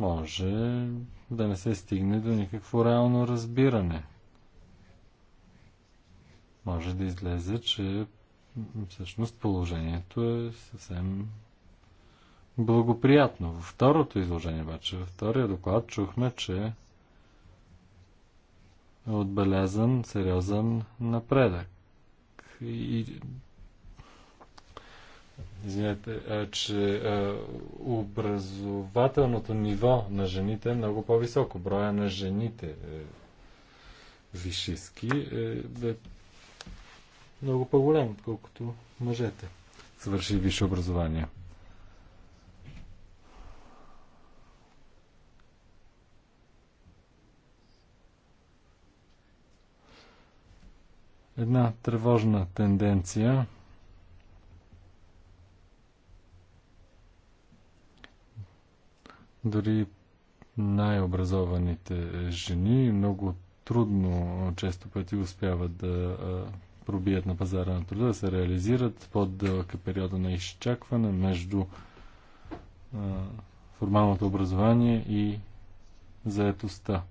Speaker 3: може да не се стигне до никакво реално разбиране. Може да излезе, че всъщност положението е съвсем благоприятно. Във второто изложение обаче, във втория доклад чухме, че е отбелязан сериозен напредък. И извинете, че образователното ниво на жените е много по-високо. Броя на жените е вишиски е, е много по-голям, отколкото мъжете. Свърши висше образование. Една тревожна тенденция – Дори най-образованите жени много трудно често пъти успяват да пробият на пазара на труда, да се реализират под дълъг периода на изчакване между формалното образование и заетостта.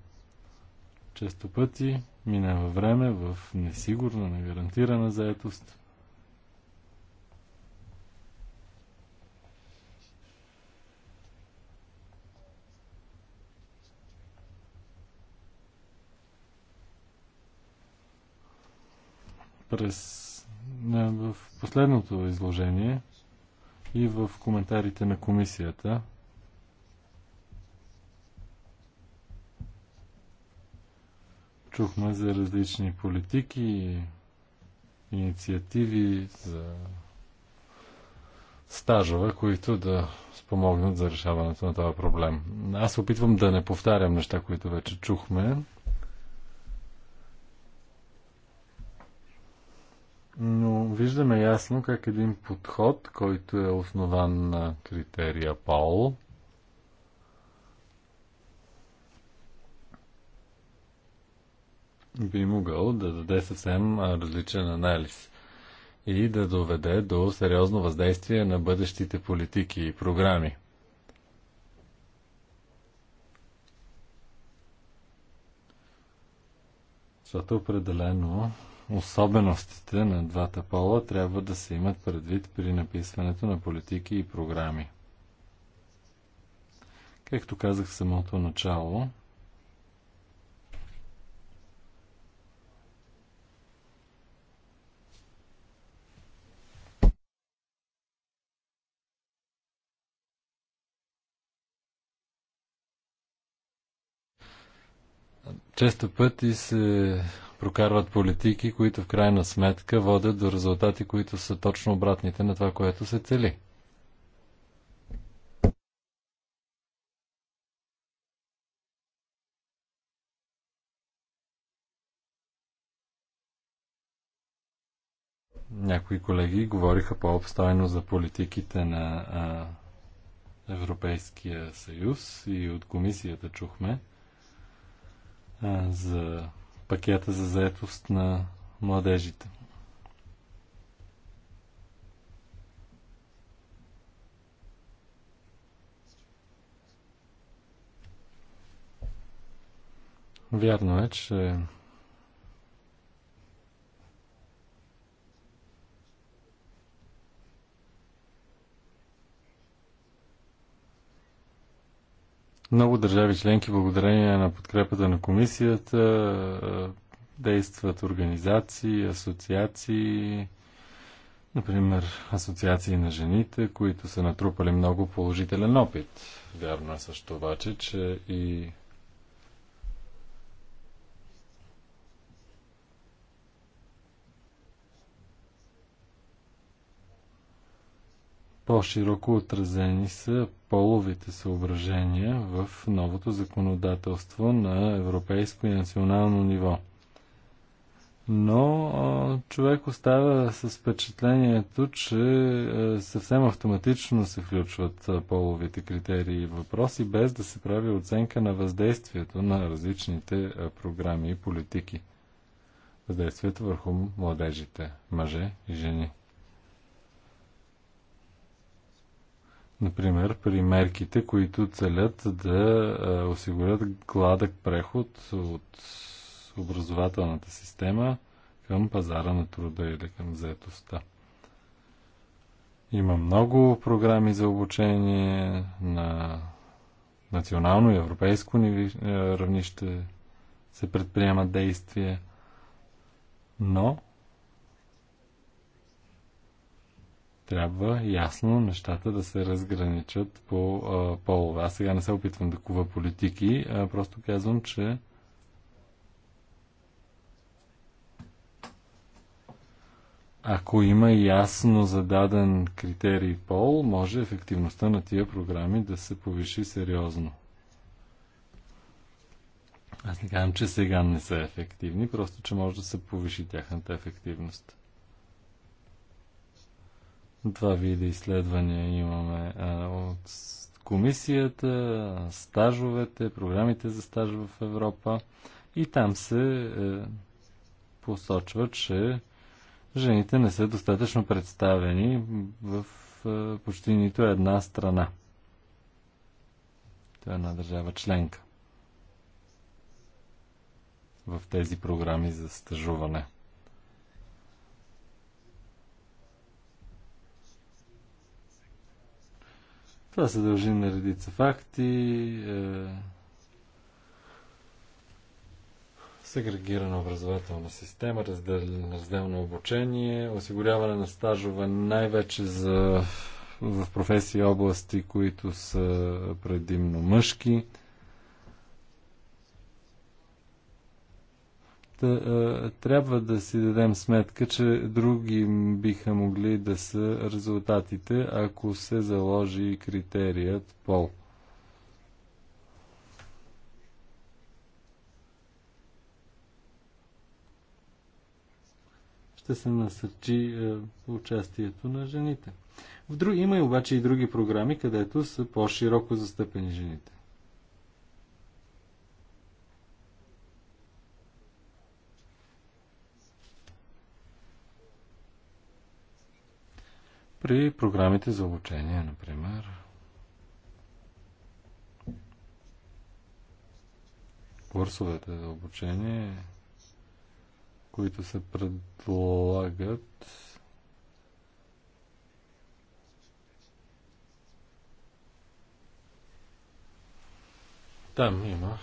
Speaker 3: Често пъти минава време в несигурна, негарантирана заетост. през в последното изложение и в коментарите на комисията. Чухме за различни политики, инициативи, за стажове, които да спомогнат за решаването на това проблем. Аз опитвам да не повтарям неща, които вече чухме. Но виждаме ясно как един подход, който е основан на критерия Паул, би могъл да даде съвсем различен анализ и да доведе до сериозно въздействие на бъдещите политики и програми. Защото определено особеностите на двата пола трябва да се имат предвид при написването на политики и програми. Както казах в самото начало, често пъти се прокарват политики, които в крайна сметка водят до резултати, които са точно обратните на това, което се цели. някои колеги говориха по-обстойно за политиките на а, Европейския съюз и от комисията чухме а, за пакета за заетост на младежите. Вярно е, че Много държави членки, благодарение на подкрепата на комисията, действат организации, асоциации, например асоциации на жените, които са натрупали много положителен опит. Вярно е също обаче, че и По-широко отразени са половите съображения в новото законодателство на европейско и национално ниво. Но човек остава с впечатлението, че съвсем автоматично се включват половите критерии и въпроси, без да се прави оценка на въздействието на различните програми и политики. Въздействието върху младежите, мъже и жени. Например, при мерките, които целят да осигурят гладък преход от образователната система към пазара на труда или към заетостта. Има много програми за обучение на национално и европейско равнище се предприемат действия, но Трябва ясно нещата да се разграничат по а, полове. Аз сега не се опитвам да кува политики, а просто казвам, че ако има ясно зададен критерий пол, може ефективността на тия програми да се повиши сериозно. Аз не казвам, че сега не са ефективни, просто че може да се повиши тяхната ефективност. Два вида изследвания имаме от комисията, стажовете, програмите за стаж в Европа и там се е, посочва, че жените не са достатъчно представени в е, почти нито една страна. Това е една държава членка в тези програми за стажуване. Това се дължи на редица факти, е, сегрегирана образователна система, раздел, разделно обучение, осигуряване на стажове най-вече за в професии и области, които са предимно мъжки. Е, трябва да си дадем сметка, че други биха могли да са резултатите, ако се заложи критерият пол. ще се насърчи е, участието на жените. В други, има и обаче и други програми, където са по-широко застъпени жените. при програмите за обучение, например. Курсовете за обучение, които се предлагат Там има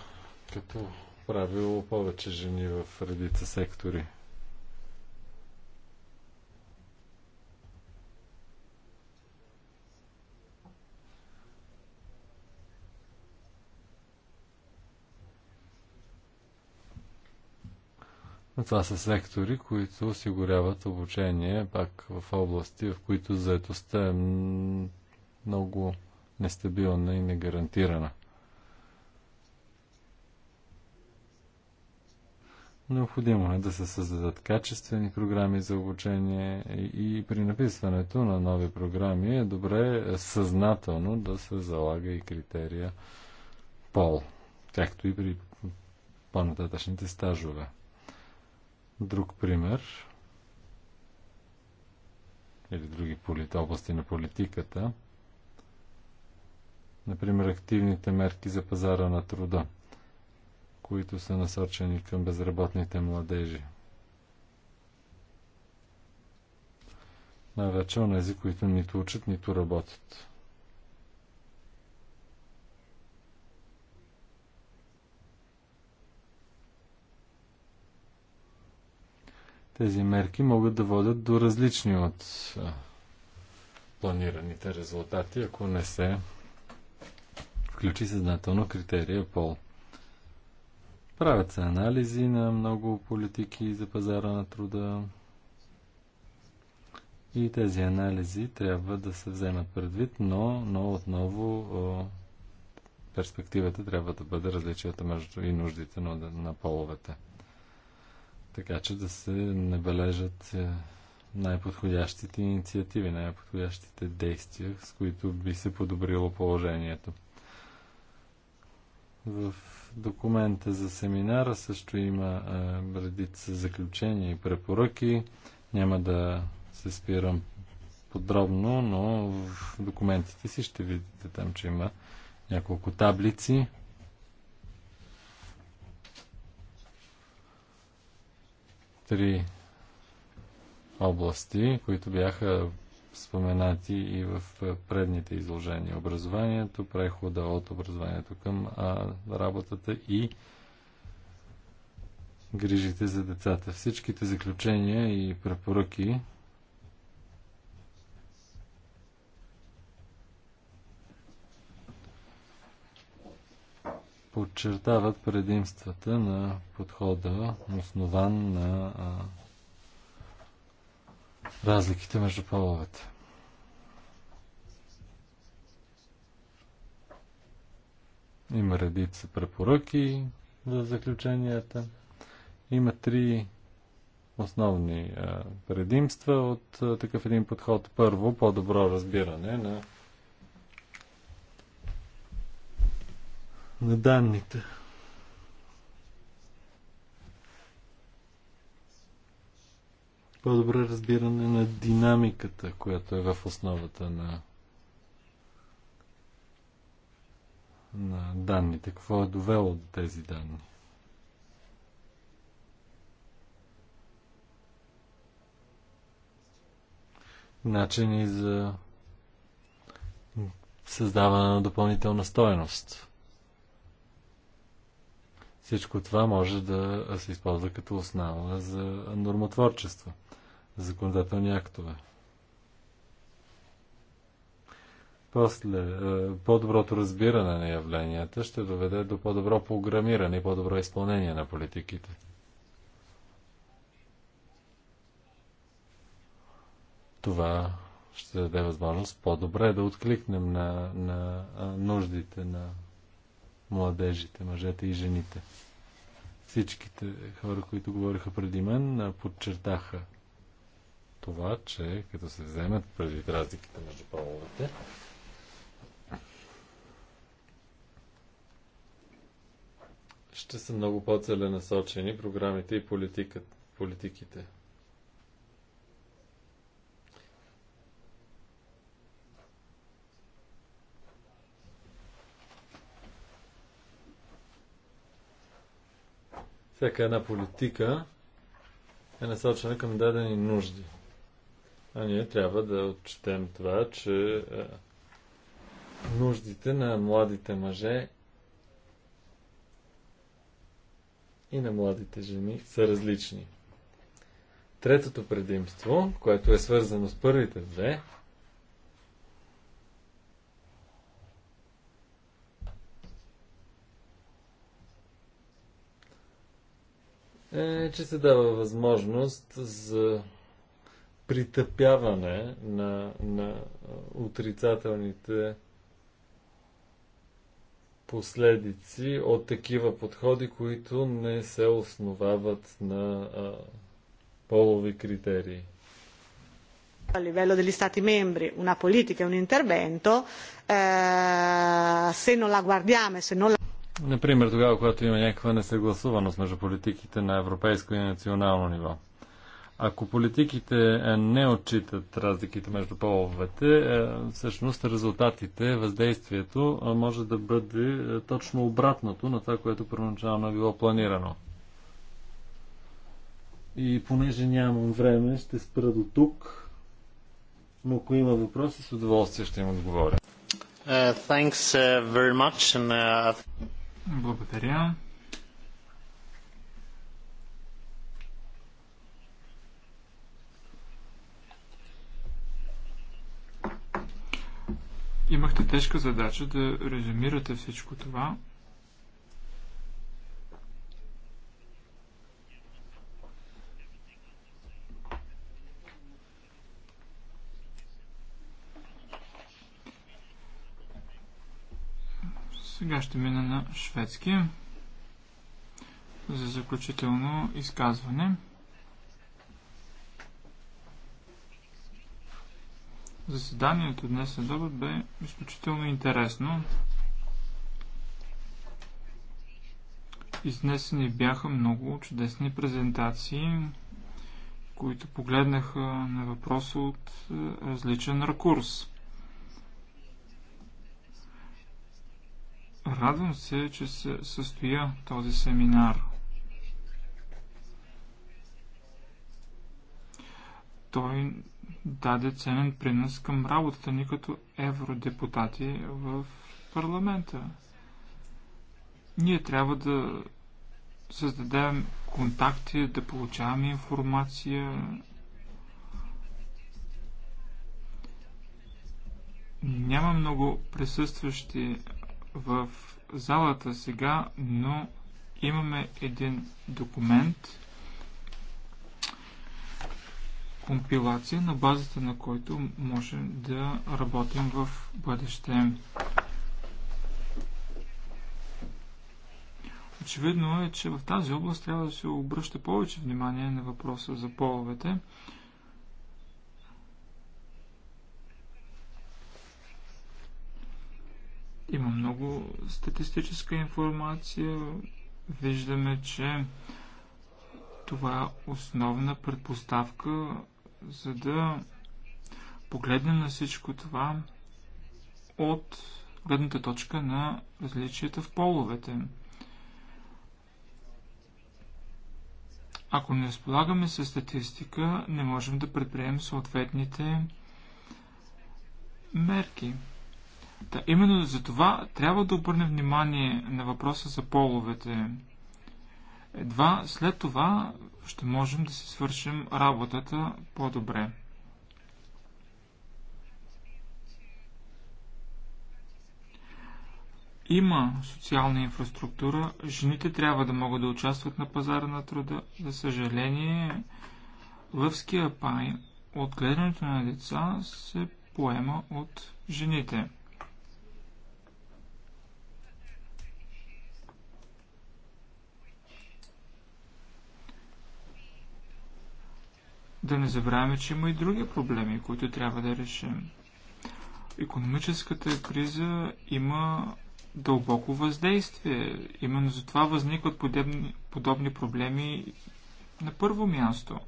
Speaker 3: като правило повече жени в редица сектори. Но това са сектори, които осигуряват обучение пак в области, в които заетостта е много нестабилна и негарантирана. Необходимо е да се създадат качествени програми за обучение и при написването на нови програми е добре съзнателно да се залага и критерия пол, както и при по-нататъчните стажове. Друг пример или други полит, области на политиката, например активните мерки за пазара на труда, които са насочени към безработните младежи. Най-вече онези, които нито учат, нито работят. Тези мерки могат да водят до различни от планираните резултати, ако не се включи съзнателно критерия пол. Правят се анализи на много политики за пазара на труда и тези анализи трябва да се вземат предвид, но, но отново о, перспективата трябва да бъде различията между и нуждите на, на половете така че да се набележат е, най-подходящите инициативи, най-подходящите действия, с които би се подобрило положението. В документа за семинара също има е, редица заключения и препоръки. Няма да се спирам подробно, но в документите си ще видите там, че има няколко таблици, три области, които бяха споменати и в предните изложения. Образованието, прехода от образованието към работата и грижите за децата. Всичките заключения и препоръки подчертават предимствата на подхода, основан на а, разликите между половете. Има редица препоръки за заключенията. Има три основни а, предимства от а, такъв един подход. Първо, по-добро разбиране на на данните. По-добре разбиране на динамиката, която е в основата на, на данните. Какво е довело до тези данни? Начини за създаване на допълнителна стоеност. Всичко това може да се използва като основа за нормотворчество, за законодателни актове. После, е, по-доброто разбиране на явленията ще доведе до по-добро програмиране и по-добро изпълнение на политиките. Това ще даде възможност по-добре да откликнем на, на нуждите на младежите, мъжете и жените. Всичките хора, които говориха преди мен, подчертаха това, че като се вземат преди разликите между половете, ще са много по-целенасочени програмите и политиките. Всяка една политика е насочена към дадени нужди. А ние трябва да отчетем това, че е, нуждите на младите мъже и на младите жени са различни. Третото предимство, което е свързано с първите две, е, че се дава възможност за притъпяване на, на отрицателните последици от такива подходи, които не се основават на а, полови критерии.
Speaker 2: A livello degli Stati membri una politica e un intervento, eh, se non la guardiamo e se non la
Speaker 3: Например, тогава, когато има някаква несъгласуваност между политиките на европейско и национално ниво. Ако политиките е, не отчитат разликите между половете, е, всъщност резултатите, въздействието е, може да бъде точно обратното на това, което първоначално е било планирано. И понеже нямам време, ще спра до тук.
Speaker 1: Но ако има въпроси, с удоволствие ще им отговоря. Uh, thanks, uh, much, and, uh...
Speaker 4: Благодаря. Имахте тежка задача да резюмирате всичко това. Сега ще мина на шведски за заключително изказване. Заседанието днес е добър, бе изключително интересно. Изнесени бяха много чудесни презентации, които погледнаха на въпроса от е, различен ракурс. Радвам се, че се състоя този семинар. Той даде ценен принос към работата ни като евродепутати в парламента. Ние трябва да създадем контакти, да получаваме информация. Няма много присъстващи в залата сега, но имаме един документ, компилация, на базата на който можем да работим в бъдеще. Очевидно е, че в тази област трябва да се обръща повече внимание на въпроса за половете. Има много статистическа информация. Виждаме, че това е основна предпоставка, за да погледнем на всичко това от гледната точка на различията в половете. Ако не разполагаме с статистика, не можем да предприемем съответните мерки. Та именно за това трябва да обърнем внимание на въпроса за половете. Едва след това ще можем да си свършим работата по-добре. Има социална инфраструктура, жените трябва да могат да участват на пазара на труда. За съжаление, лъвския пай от гледането на деца се поема от жените – Да не забравяме, че има и други проблеми, които трябва да решим. Економическата криза има дълбоко въздействие. Именно затова възникват подобни, подобни проблеми на първо място.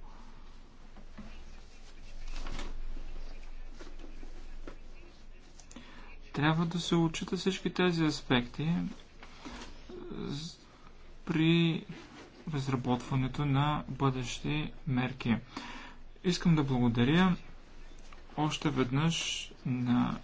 Speaker 4: Трябва да се учат всички тези аспекти е, при разработването на бъдещи мерки. Искам да благодаря още веднъж на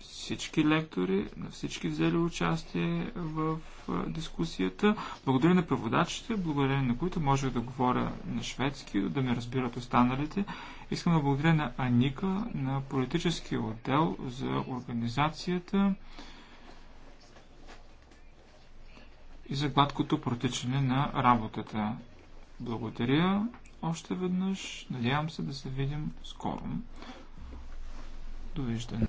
Speaker 4: всички лектори, на всички взели участие в дискусията. Благодаря на преводачите, благодаря на които можех да говоря на шведски, да ме разбират останалите. Искам да благодаря на Аника, на политическия отдел за организацията и за гладкото протичане на работата. Благодаря още веднъж. Надявам се да се видим скоро. Довиждане.